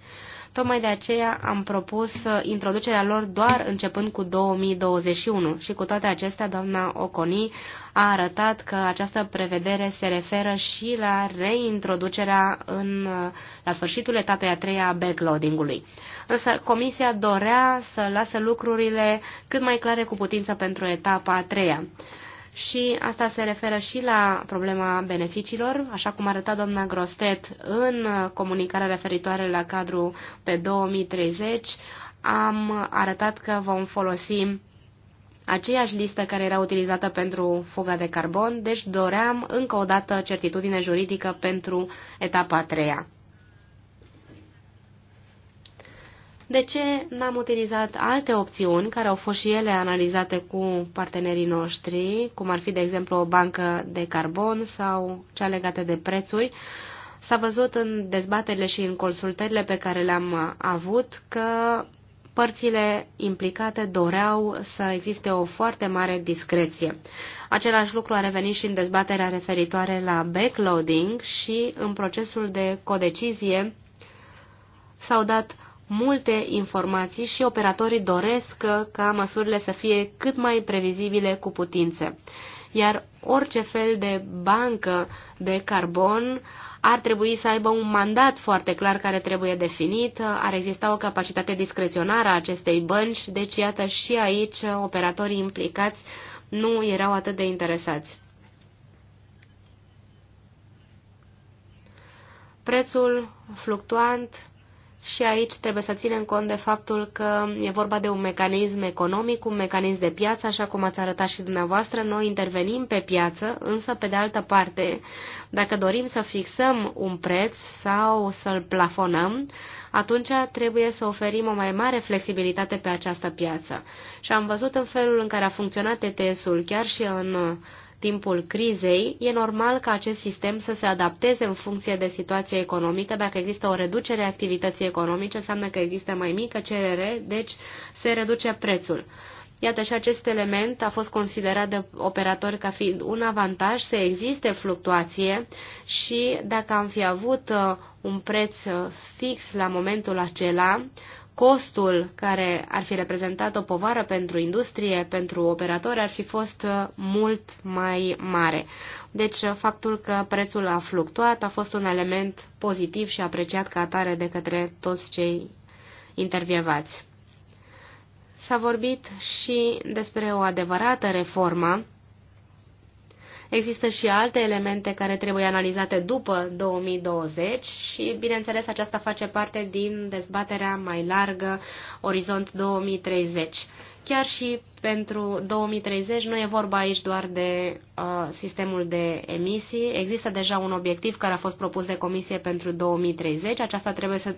Tocmai de aceea am propus uh, introducerea lor doar începând cu 2021 și cu toate acestea doamna Oconi a arătat că această prevedere se referă și la reintroducerea în, uh, la sfârșitul etapei a treia a backloading-ului. Însă Comisia dorea să lasă lucrurile cât mai clare cu putință pentru etapa a treia și asta se referă și la problema beneficiilor, așa cum arăta doamna Grostet în comunicarea referitoare la cadrul pe 2030, am arătat că vom folosi aceeași listă care era utilizată pentru fuga de carbon, deci doream încă o dată certitudine juridică pentru etapa a treia. De ce n-am utilizat alte opțiuni care au fost și ele analizate cu partenerii noștri, cum ar fi, de exemplu, o bancă de carbon sau cea legată de prețuri? S-a văzut în dezbaterile și în consultările pe care le-am avut că părțile implicate doreau să existe o foarte mare discreție. Același lucru a revenit și în dezbaterea referitoare la backloading și în procesul de codecizie s-au dat multe informații și operatorii doresc ca măsurile să fie cât mai previzibile cu putință. Iar orice fel de bancă de carbon ar trebui să aibă un mandat foarte clar care trebuie definit, ar exista o capacitate discreționară a acestei bănci, deci iată și aici operatorii implicați nu erau atât de interesați. Prețul fluctuant și aici trebuie să ținem cont de faptul că e vorba de un mecanism economic, un mecanism de piață, așa cum ați arătat și dumneavoastră. Noi intervenim pe piață, însă, pe de altă parte, dacă dorim să fixăm un preț sau să-l plafonăm, atunci trebuie să oferim o mai mare flexibilitate pe această piață. Și am văzut în felul în care a funcționat ETS-ul, chiar și în timpul crizei, e normal ca acest sistem să se adapteze în funcție de situația economică. Dacă există o reducere a activității economice, înseamnă că există mai mică cerere, deci se reduce prețul. Iată și acest element a fost considerat de operatori ca fiind un avantaj să existe fluctuație și dacă am fi avut uh, un preț uh, fix la momentul acela, costul care ar fi reprezentat o povară pentru industrie, pentru operatori, ar fi fost uh, mult mai mare. Deci uh, faptul că prețul a fluctuat a fost un element pozitiv și apreciat ca atare de către toți cei intervievați. S-a vorbit și despre o adevărată reformă Există și alte elemente care trebuie analizate după 2020 și, bineînțeles, aceasta face parte din dezbaterea mai largă Orizont 2030 Chiar și pentru 2030 nu e vorba aici doar de uh, sistemul de emisii. Există deja un obiectiv care a fost propus de Comisie pentru 2030. Aceasta trebuie să,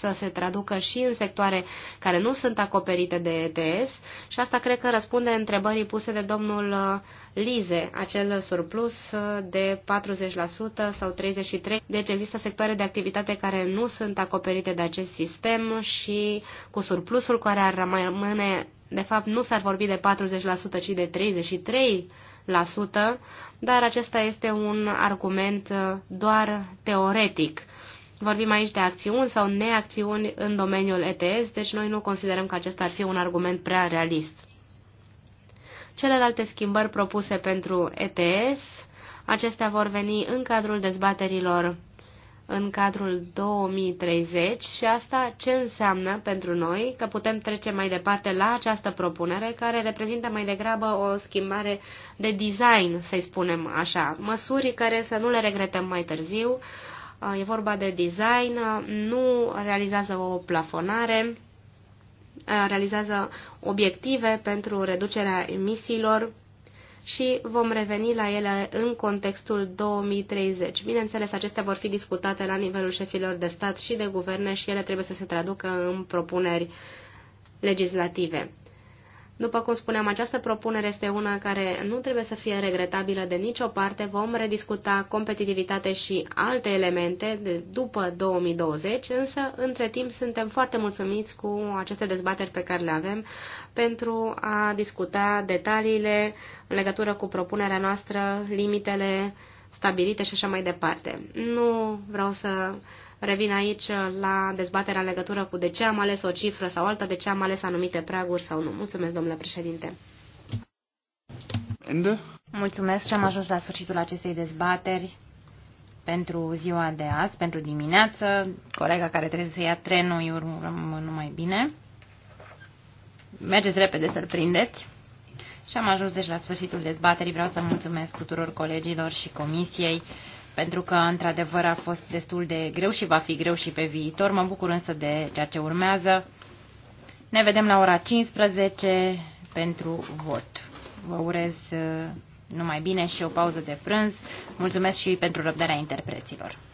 să se traducă și în sectoare care nu sunt acoperite de ETS și asta cred că răspunde întrebării puse de domnul uh, Lize, acel surplus uh, de 40% sau 33%. Deci există sectoare de activitate care nu sunt acoperite de acest sistem și cu surplusul care ar rămâne de fapt, nu s-ar vorbi de 40%, ci de 33%, dar acesta este un argument uh, doar teoretic. Vorbim aici de acțiuni sau neacțiuni în domeniul ETS, deci noi nu considerăm că acesta ar fi un argument prea realist. Celelalte schimbări propuse pentru ETS, acestea vor veni în cadrul dezbaterilor în cadrul 2030 și asta ce înseamnă pentru noi că putem trece mai departe la această propunere care reprezintă mai degrabă o schimbare de design, să-i spunem așa, măsuri care să nu le regretăm mai târziu. Uh, e vorba de design, uh, nu realizează o plafonare, uh, realizează obiective pentru reducerea emisiilor și vom reveni la ele în contextul 2030. Bineînțeles, acestea vor fi discutate la nivelul șefilor de stat și de guverne și ele trebuie să se traducă în propuneri legislative. După cum spuneam, această propunere este una care nu trebuie să fie regretabilă de nicio parte. Vom rediscuta competitivitate și alte elemente de după 2020, însă între timp suntem foarte mulțumiți cu aceste dezbateri pe care le avem pentru a discuta detaliile în legătură cu propunerea noastră, limitele stabilite și așa mai departe. Nu vreau să Revin aici la dezbaterea în legătură cu de ce am ales o cifră sau alta, de ce am ales anumite praguri sau nu. Mulțumesc, domnule președinte. Ende? Mulțumesc și am ajuns la sfârșitul acestei dezbateri pentru ziua de azi, pentru dimineață. Colega care trebuie să ia trenul îi urmăm numai bine. Mergeți repede să-l prindeți. Și am ajuns deci la sfârșitul dezbaterii. Vreau să mulțumesc tuturor colegilor și comisiei pentru că, într-adevăr, a fost destul de greu și va fi greu și pe viitor. Mă bucur însă de ceea ce urmează. Ne vedem la ora 15 pentru vot. Vă urez uh, numai bine și o pauză de prânz. Mulțumesc și pentru răbdarea interpreților.